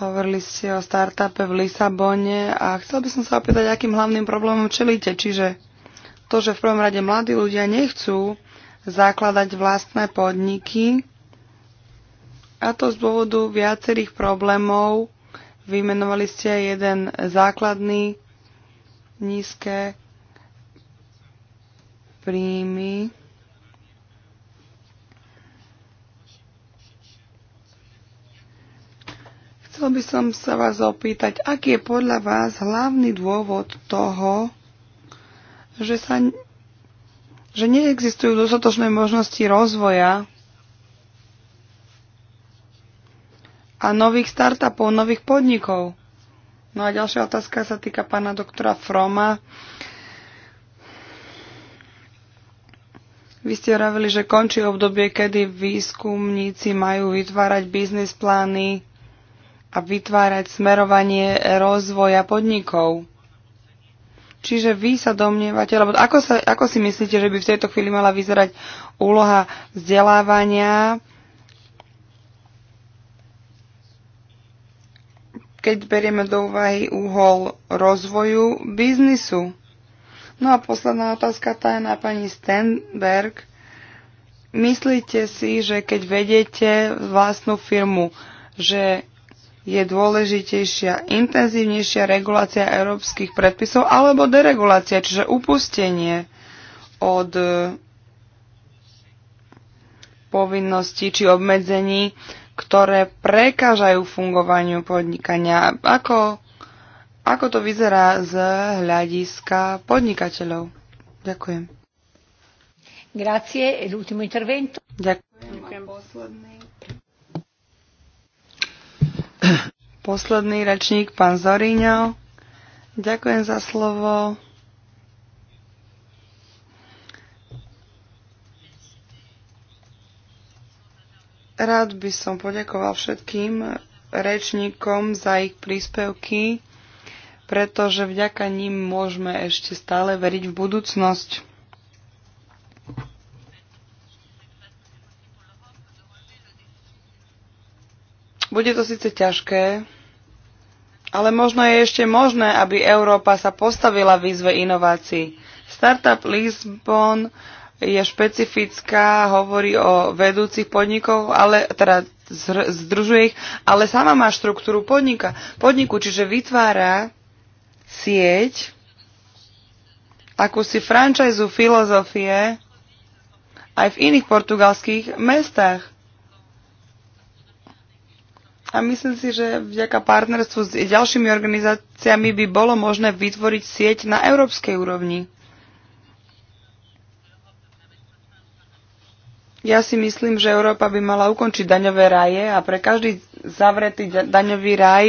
Hovorili ste o startupe v Lisabone a chcel by som sa opýtať, akým hlavným problémom čelíte. Čiže to, že v prvom rade mladí ľudia nechcú zakladať vlastné podniky, a to z dôvodu viacerých problémov. Vymenovali ste jeden základný, nízke príjmy Chcel by som sa vás opýtať, aký je podľa vás hlavný dôvod toho, že, sa, že neexistujú dostatočné možnosti rozvoja a nových startupov, nových podnikov. No a ďalšia otázka sa týka pána doktora Froma. Vy ste hovorili, že končí obdobie, kedy výskumníci majú vytvárať biznis plány a vytvárať smerovanie rozvoja podnikov. Čiže vy sa domnievate, lebo ako, sa, ako si myslíte, že by v tejto chvíli mala vyzerať úloha vzdelávania, keď berieme do úvahy úhol rozvoju biznisu? No a posledná otázka, tá je na pani Stenberg. Myslíte si, že keď vedete vlastnú firmu, že je dôležitejšia intenzívnejšia regulácia európskych predpisov alebo deregulácia, čiže upustenie od e, povinností či obmedzení, ktoré prekážajú fungovaniu podnikania. Ako ako to vyzerá z hľadiska podnikateľov? Ďakujem. Grazie, e l'ultimo intervento. Ďakujem. Ďakujem. Posledný. Posledný rečník, pán Zoriňo. Ďakujem za slovo. Rád by som poďakoval všetkým rečníkom za ich príspevky pretože vďaka ním môžeme ešte stále veriť v budúcnosť. Bude to síce ťažké, ale možno je ešte možné, aby Európa sa postavila výzve inovácií. Startup Lisbon je špecifická, hovorí o vedúcich podnikoch, ale teda združuje ich, ale sama má štruktúru podnika, podniku, čiže vytvára sieť, akúsi frančajzu filozofie aj v iných portugalských mestách. A myslím si, že vďaka partnerstvu s ďalšími organizáciami by bolo možné vytvoriť sieť na európskej úrovni. Ja si myslím, že Európa by mala ukončiť daňové raje a pre každý zavretý daňový raj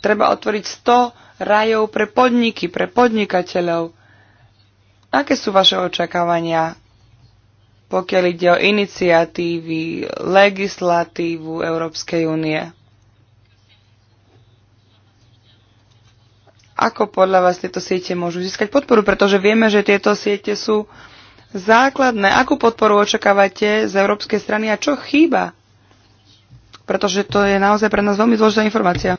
treba otvoriť 100 rajov pre podniky, pre podnikateľov. Aké sú vaše očakávania, pokiaľ ide o iniciatívy, legislatívu Európskej únie? Ako podľa vás tieto siete môžu získať podporu? Pretože vieme, že tieto siete sú základné. Akú podporu očakávate z európskej strany a čo chýba? pretože to je naozaj pre nás veľmi zložitá informácia.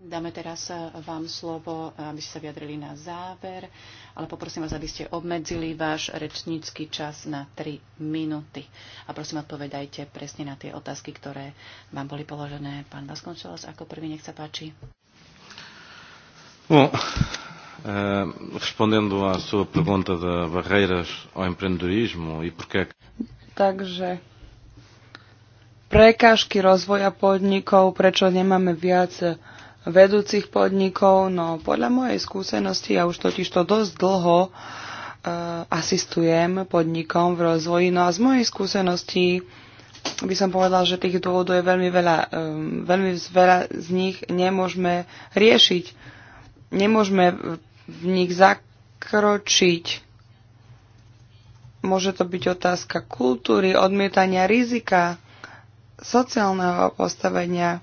Dáme teraz eh, vám slovo, eh, aby ste sa vyjadrili na záver, ale poprosím vás, aby ste obmedzili váš rečnícky čas na 3 minúty. A prosím, odpovedajte presne na tie otázky, ktoré vám boli položené. Pán Vaskončelos, ako prvý, nech sa páči. Bom, eh, respondendo a sua pergunta de barreiras ao empreendedorismo e porque é que... Takže prekážky rozvoja podnikov, prečo nemáme viac vedúcich podnikov. No podľa mojej skúsenosti, ja už totiž to dosť dlho e, asistujem podnikom v rozvoji, no a z mojej skúsenosti by som povedala, že tých dôvodov je veľmi veľa. E, veľmi veľa z nich nemôžeme riešiť. Nemôžeme v nich zakročiť. Môže to byť otázka kultúry, odmietania rizika, sociálneho postavenia.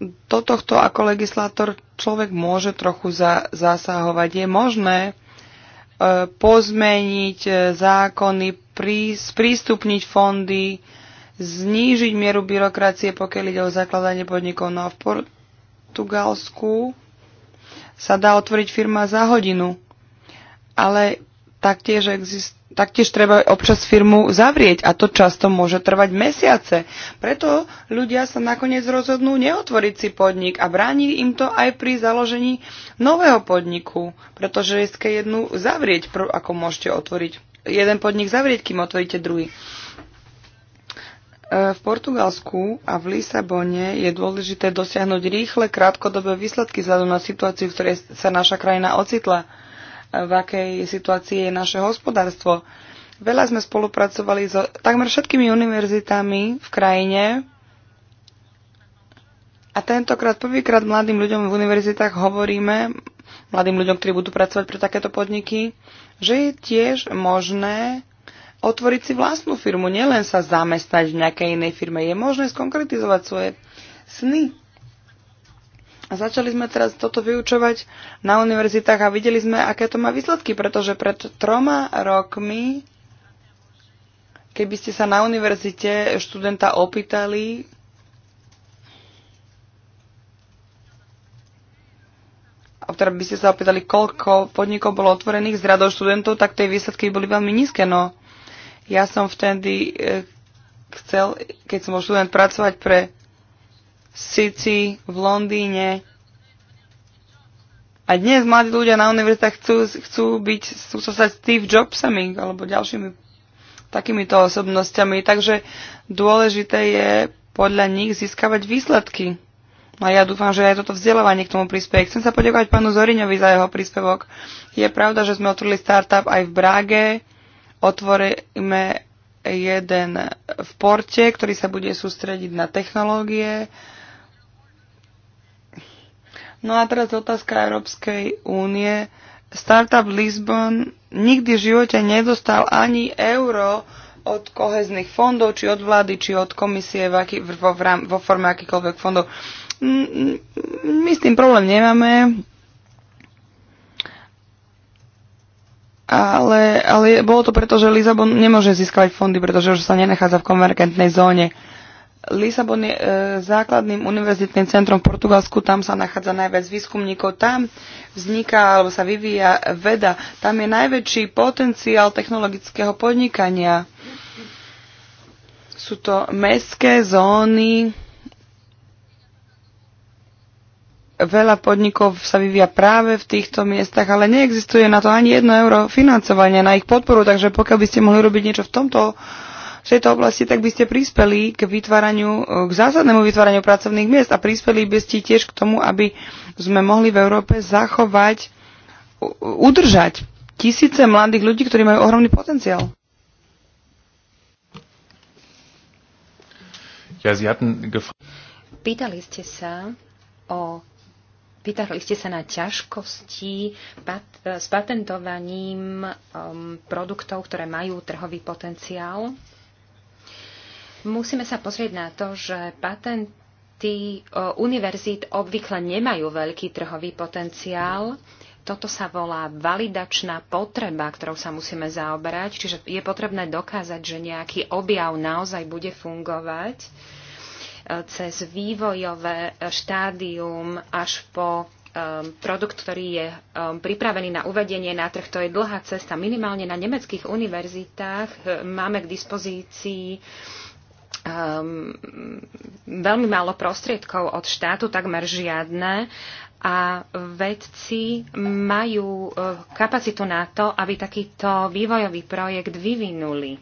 Do tohto ako legislátor človek môže trochu za, zasahovať. Je možné e, pozmeniť e, zákony, prí, sprístupniť fondy, znížiť mieru byrokracie, pokiaľ ide o zakladanie podnikov. No a v Portugalsku sa dá otvoriť firma za hodinu. Ale taktiež, exist, taktiež treba občas firmu zavrieť a to často môže trvať mesiace. Preto ľudia sa nakoniec rozhodnú neotvoriť si podnik a bráni im to aj pri založení nového podniku, pretože riske jednu zavrieť, ako môžete otvoriť. Jeden podnik zavrieť, kým otvoríte druhý. E, v Portugalsku a v Lisabone je dôležité dosiahnuť rýchle, krátkodobé výsledky vzhľadom na situáciu, v ktorej sa naša krajina ocitla v akej situácii je naše hospodárstvo. Veľa sme spolupracovali so takmer všetkými univerzitami v krajine a tentokrát prvýkrát mladým ľuďom v univerzitách hovoríme, mladým ľuďom, ktorí budú pracovať pre takéto podniky, že je tiež možné otvoriť si vlastnú firmu, nielen sa zamestnať v nejakej inej firme. Je možné skonkretizovať svoje sny a začali sme teraz toto vyučovať na univerzitách a videli sme, aké to má výsledky, pretože pred troma rokmi, keby ste sa na univerzite študenta opýtali, a teda by ste sa opýtali, koľko podnikov bolo otvorených z radov študentov, tak tie výsledky boli veľmi nízke. No, ja som vtedy eh, chcel, keď som bol študent, pracovať pre City, v Londýne. A dnes mladí ľudia na univerzitách chcú, chcú byť, chcú sa stať Steve Jobsami alebo ďalšími takýmito osobnosťami. Takže dôležité je podľa nich získavať výsledky. No a ja dúfam, že aj toto vzdelávanie k tomu prispieje. Chcem sa poďakovať pánu Zoriňovi za jeho príspevok. Je pravda, že sme otvorili startup aj v Brage. Otvoríme jeden v Porte, ktorý sa bude sústrediť na technológie. No a teraz otázka Európskej únie. Startup Lisbon nikdy v živote nedostal ani euro od kohezných fondov, či od vlády, či od komisie v aký, vo, vo forme akýkoľvek fondov. Mm, mm, my s tým problém nemáme, ale, ale bolo to preto, že Lisabon nemôže získavať fondy, pretože už sa nenachádza v konvergentnej zóne. Uh, Lisabon je e, základným univerzitným centrom v Portugalsku, tam sa nachádza najviac výskumníkov, tam vzniká alebo sa vyvíja veda, tam je najväčší potenciál technologického podnikania. Sú to mestské zóny, veľa podnikov sa vyvíja práve v týchto miestach, ale neexistuje na to ani jedno euro financovania na ich podporu, takže pokiaľ by ste mohli robiť niečo v tomto v tejto oblasti, tak by ste prispeli k vytváraniu, k zásadnému vytváraniu pracovných miest a prispeli by ste tiež k tomu, aby sme mohli v Európe zachovať, udržať tisíce mladých ľudí, ktorí majú ohromný potenciál. Ja, hatten Pýtali ste sa o Pýtali ste sa na ťažkosti pat, s patentovaním um, produktov, ktoré majú trhový potenciál. Musíme sa pozrieť na to, že patenty univerzít obvykle nemajú veľký trhový potenciál. Toto sa volá validačná potreba, ktorou sa musíme zaoberať, čiže je potrebné dokázať, že nejaký objav naozaj bude fungovať e, cez vývojové štádium až po e, produkt, ktorý je e, pripravený na uvedenie na trh. To je dlhá cesta. Minimálne na nemeckých univerzitách máme k dispozícii um, veľmi málo prostriedkov od štátu, takmer žiadne a vedci majú eh, kapacitu na to, aby takýto vývojový projekt vyvinuli.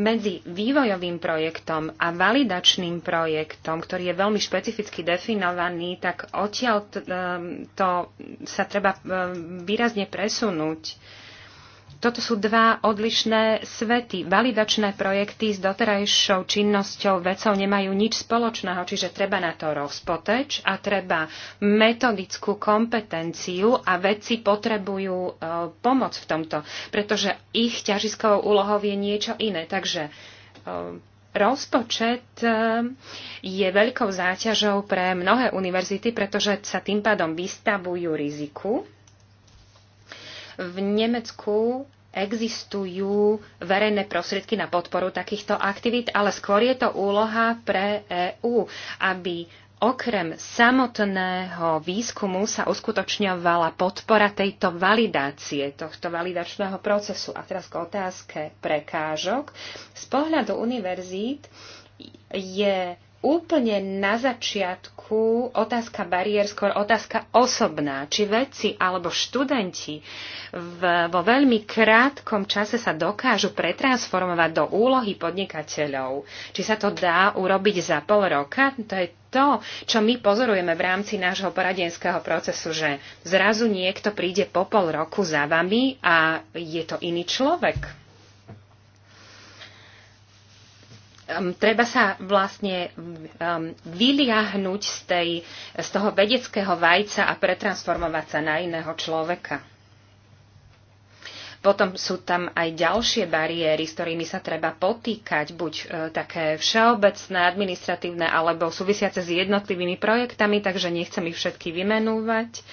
Medzi vývojovým projektom a validačným projektom, ktorý je veľmi špecificky definovaný, tak odtiaľ to, ehm, to sa treba eh, výrazne presunúť toto sú dva odlišné svety. Validačné projekty s doterajšou činnosťou vedcov nemajú nič spoločného, čiže treba na to rozpoteč a treba metodickú kompetenciu a vedci potrebujú e, pomoc v tomto, pretože ich ťažiskovou úlohou je niečo iné. Takže e, Rozpočet e, je veľkou záťažou pre mnohé univerzity, pretože sa tým pádom vystavujú riziku, v Nemecku existujú verejné prostriedky na podporu takýchto aktivít, ale skôr je to úloha pre EÚ, aby okrem samotného výskumu sa uskutočňovala podpora tejto validácie, tohto validačného procesu. A teraz k otázke prekážok. Z pohľadu univerzít je úplne na začiatku otázka bariér, skôr otázka osobná, či vedci alebo študenti v, vo veľmi krátkom čase sa dokážu pretransformovať do úlohy podnikateľov. Či sa to dá urobiť za pol roka, to je to, čo my pozorujeme v rámci nášho poradenského procesu, že zrazu niekto príde po pol roku za vami a je to iný človek. treba sa vlastne vyliahnuť z, tej, z toho vedeckého vajca a pretransformovať sa na iného človeka. Potom sú tam aj ďalšie bariéry, s ktorými sa treba potýkať, buď e, také všeobecné, administratívne, alebo súvisiace s jednotlivými projektami, takže nechcem ich všetky vymenúvať.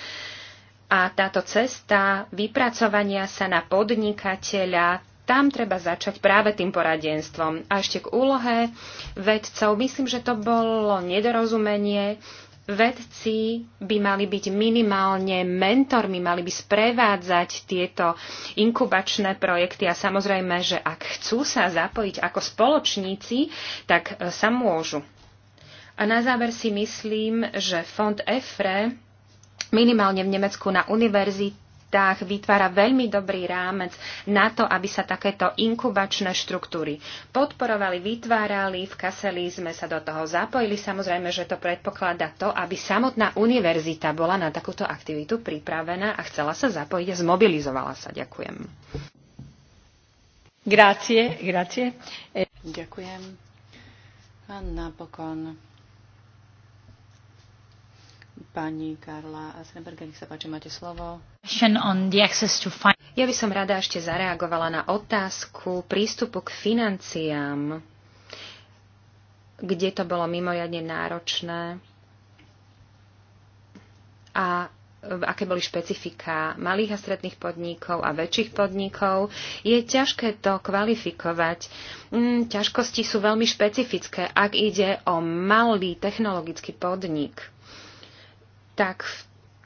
A táto cesta vypracovania sa na podnikateľa tam treba začať práve tým poradenstvom. A ešte k úlohe vedcov. Myslím, že to bolo nedorozumenie. Vedci by mali byť minimálne mentormi, mali by sprevádzať tieto inkubačné projekty a samozrejme, že ak chcú sa zapojiť ako spoločníci, tak e, sa môžu. A na záver si myslím, že fond EFRE minimálne v Nemecku na univerzite mestách vytvára veľmi dobrý rámec na to, aby sa takéto inkubačné štruktúry podporovali, vytvárali. V Kaseli sme sa do toho zapojili. Samozrejme, že to predpokladá to, aby samotná univerzita bola na takúto aktivitu pripravená a chcela sa zapojiť a zmobilizovala sa. Ďakujem. Grazie, grazie. E- Ďakujem. A napokon pani Karla Asenberger, nech sa páči, máte slovo. Ja by som rada ešte zareagovala na otázku prístupu k financiám, kde to bolo mimoriadne náročné a aké boli špecifika malých a stredných podnikov a väčších podnikov. Je ťažké to kvalifikovať. Mm, ťažkosti sú veľmi špecifické. Ak ide o malý technologický podnik, tak v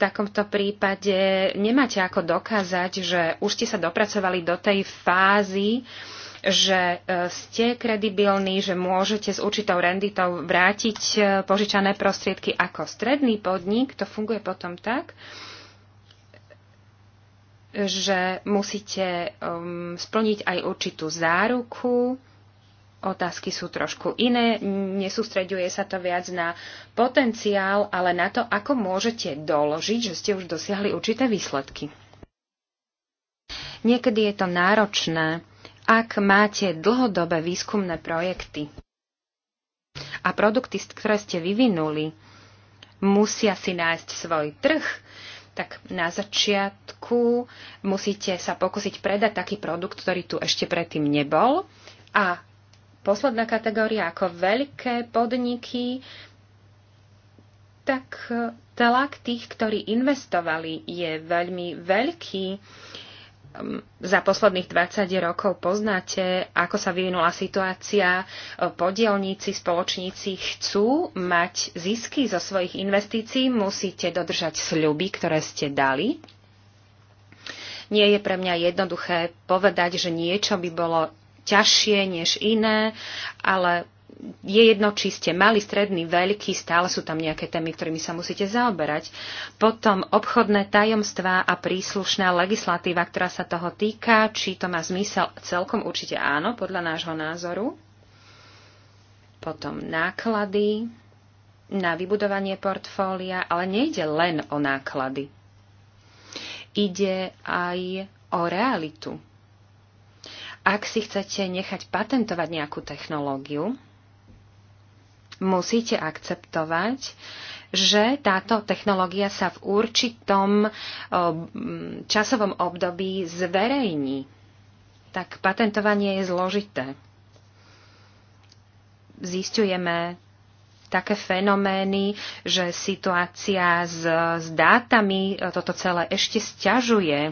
takomto prípade nemáte ako dokázať, že už ste sa dopracovali do tej fázy, že e, ste kredibilní, že môžete s určitou renditou vrátiť e, požičané prostriedky ako stredný podnik. To funguje potom tak, že musíte um, splniť aj určitú záruku, otázky sú trošku iné, nesústreďuje sa to viac na potenciál, ale na to, ako môžete doložiť, že ste už dosiahli určité výsledky. Niekedy je to náročné, ak máte dlhodobé výskumné projekty a produkty, ktoré ste vyvinuli, musia si nájsť svoj trh, tak na začiatku musíte sa pokúsiť predať taký produkt, ktorý tu ešte predtým nebol a posledná kategória ako veľké podniky, tak e, tlak tých, ktorí investovali, je veľmi veľký. Za posledných 20 rokov poznáte, ako sa vyvinula situácia. E, podielníci, spoločníci chcú mať zisky zo svojich investícií, musíte dodržať sľuby, ktoré ste dali. Nie je pre mňa jednoduché povedať, že niečo by bolo ťažšie než iné, ale je jedno, či ste mali, stredný, veľký, stále sú tam nejaké témy, ktorými sa musíte zaoberať. Potom obchodné tajomstvá a príslušná legislatíva, ktorá sa toho týka, či to má zmysel, celkom určite áno, podľa nášho názoru. Potom náklady na vybudovanie portfólia, ale nejde len o náklady. Ide aj o realitu ak si chcete nechať patentovať nejakú technológiu, musíte akceptovať, že táto technológia sa v určitom eh, časovom období zverejní. Tak patentovanie je zložité. Zistujeme také fenomény, že situácia s, s dátami eh, toto celé ešte stiažuje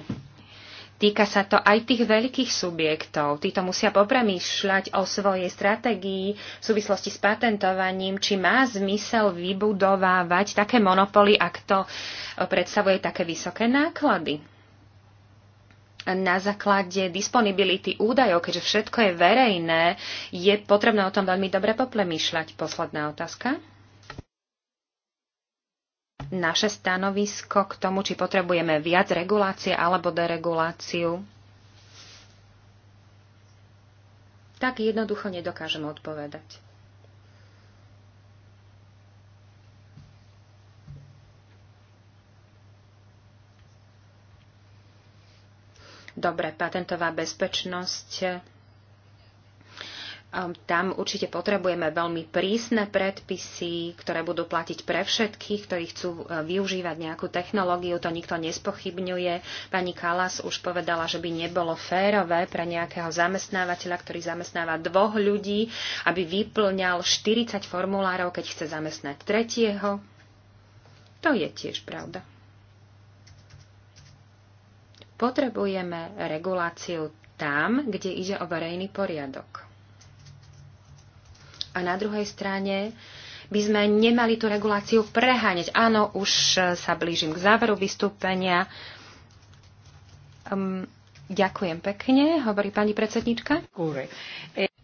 Týka sa to aj tých veľkých subjektov. Títo musia popremýšľať o svojej stratégii v súvislosti s patentovaním, či má zmysel vybudovávať také monopoly, ak to e, predstavuje také vysoké náklady. Na základe disponibility údajov, keďže všetko je verejné, je potrebné o tom veľmi dobre poplemýšľať. Posledná otázka naše stanovisko k tomu, či potrebujeme viac regulácie alebo dereguláciu, tak jednoducho nedokážem odpovedať. Dobre, patentová bezpečnosť Ehm, tam určite potrebujeme veľmi prísne predpisy, ktoré budú platiť pre všetkých, ktorí chcú e, využívať nejakú technológiu. To nikto nespochybňuje. Pani Kalas už povedala, že by nebolo férové pre nejakého zamestnávateľa, ktorý zamestnáva dvoch ľudí, aby vyplňal 40 formulárov, keď chce zamestnať tretieho. To je tiež pravda. Potrebujeme reguláciu tam, kde ide o verejný poriadok a na druhej strane by sme nemali tú reguláciu preháňať. Áno, už e, sa blížim k záveru vystúpenia. Um, ďakujem pekne, hovorí pani predsednička. Kúre.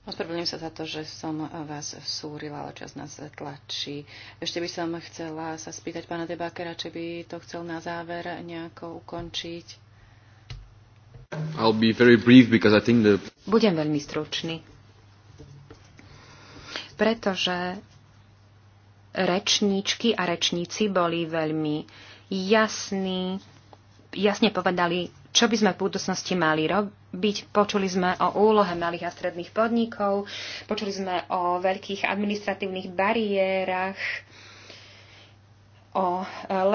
Ospravedlňujem sa za to, že som e, vás súrila, ale čas nás tlačí. Ešte by som chcela sa spýtať pána Debakera, či by to chcel na záver nejako ukončiť. I'll be very brief because I think the... Budem veľmi stručný pretože rečníčky a rečníci boli veľmi jasní, jasne povedali, čo by sme v budúcnosti mali robiť. Počuli sme o úlohe malých a stredných podnikov, počuli sme o veľkých administratívnych bariérach, o e,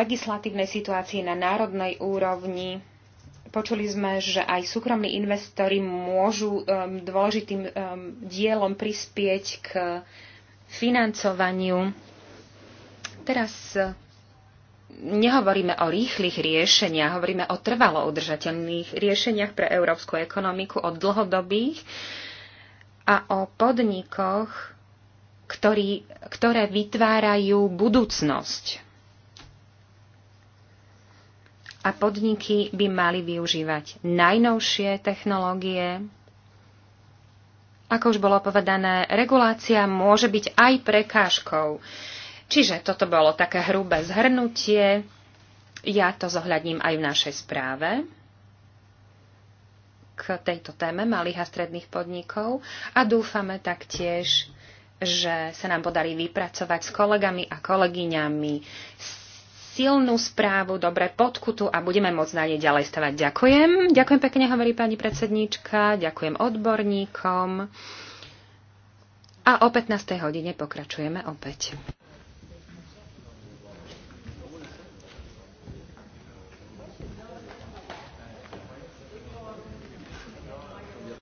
legislatívnej situácii na národnej úrovni. Počuli sme, že aj súkromní investori môžu um, dôležitým um, dielom prispieť k financovaniu. Teraz uh, nehovoríme o rýchlych riešeniach, hovoríme o trvalo udržateľných riešeniach pre európsku ekonomiku, o dlhodobých a o podnikoch, ktorý, ktoré vytvárajú budúcnosť a podniky by mali využívať najnovšie technológie. Ako už bolo povedané, regulácia môže byť aj prekážkou. Čiže toto bolo také hrubé zhrnutie. Ja to zohľadním aj v našej správe k tejto téme malých a stredných podnikov a dúfame taktiež, že sa nám podarí vypracovať s kolegami a kolegyňami silnú správu, dobre podkutu a budeme môcť na nej ďalej stavať. Ďakujem. Ďakujem pekne, hovorí pani predsedníčka. Ďakujem odborníkom. A o 15. hodine pokračujeme opäť.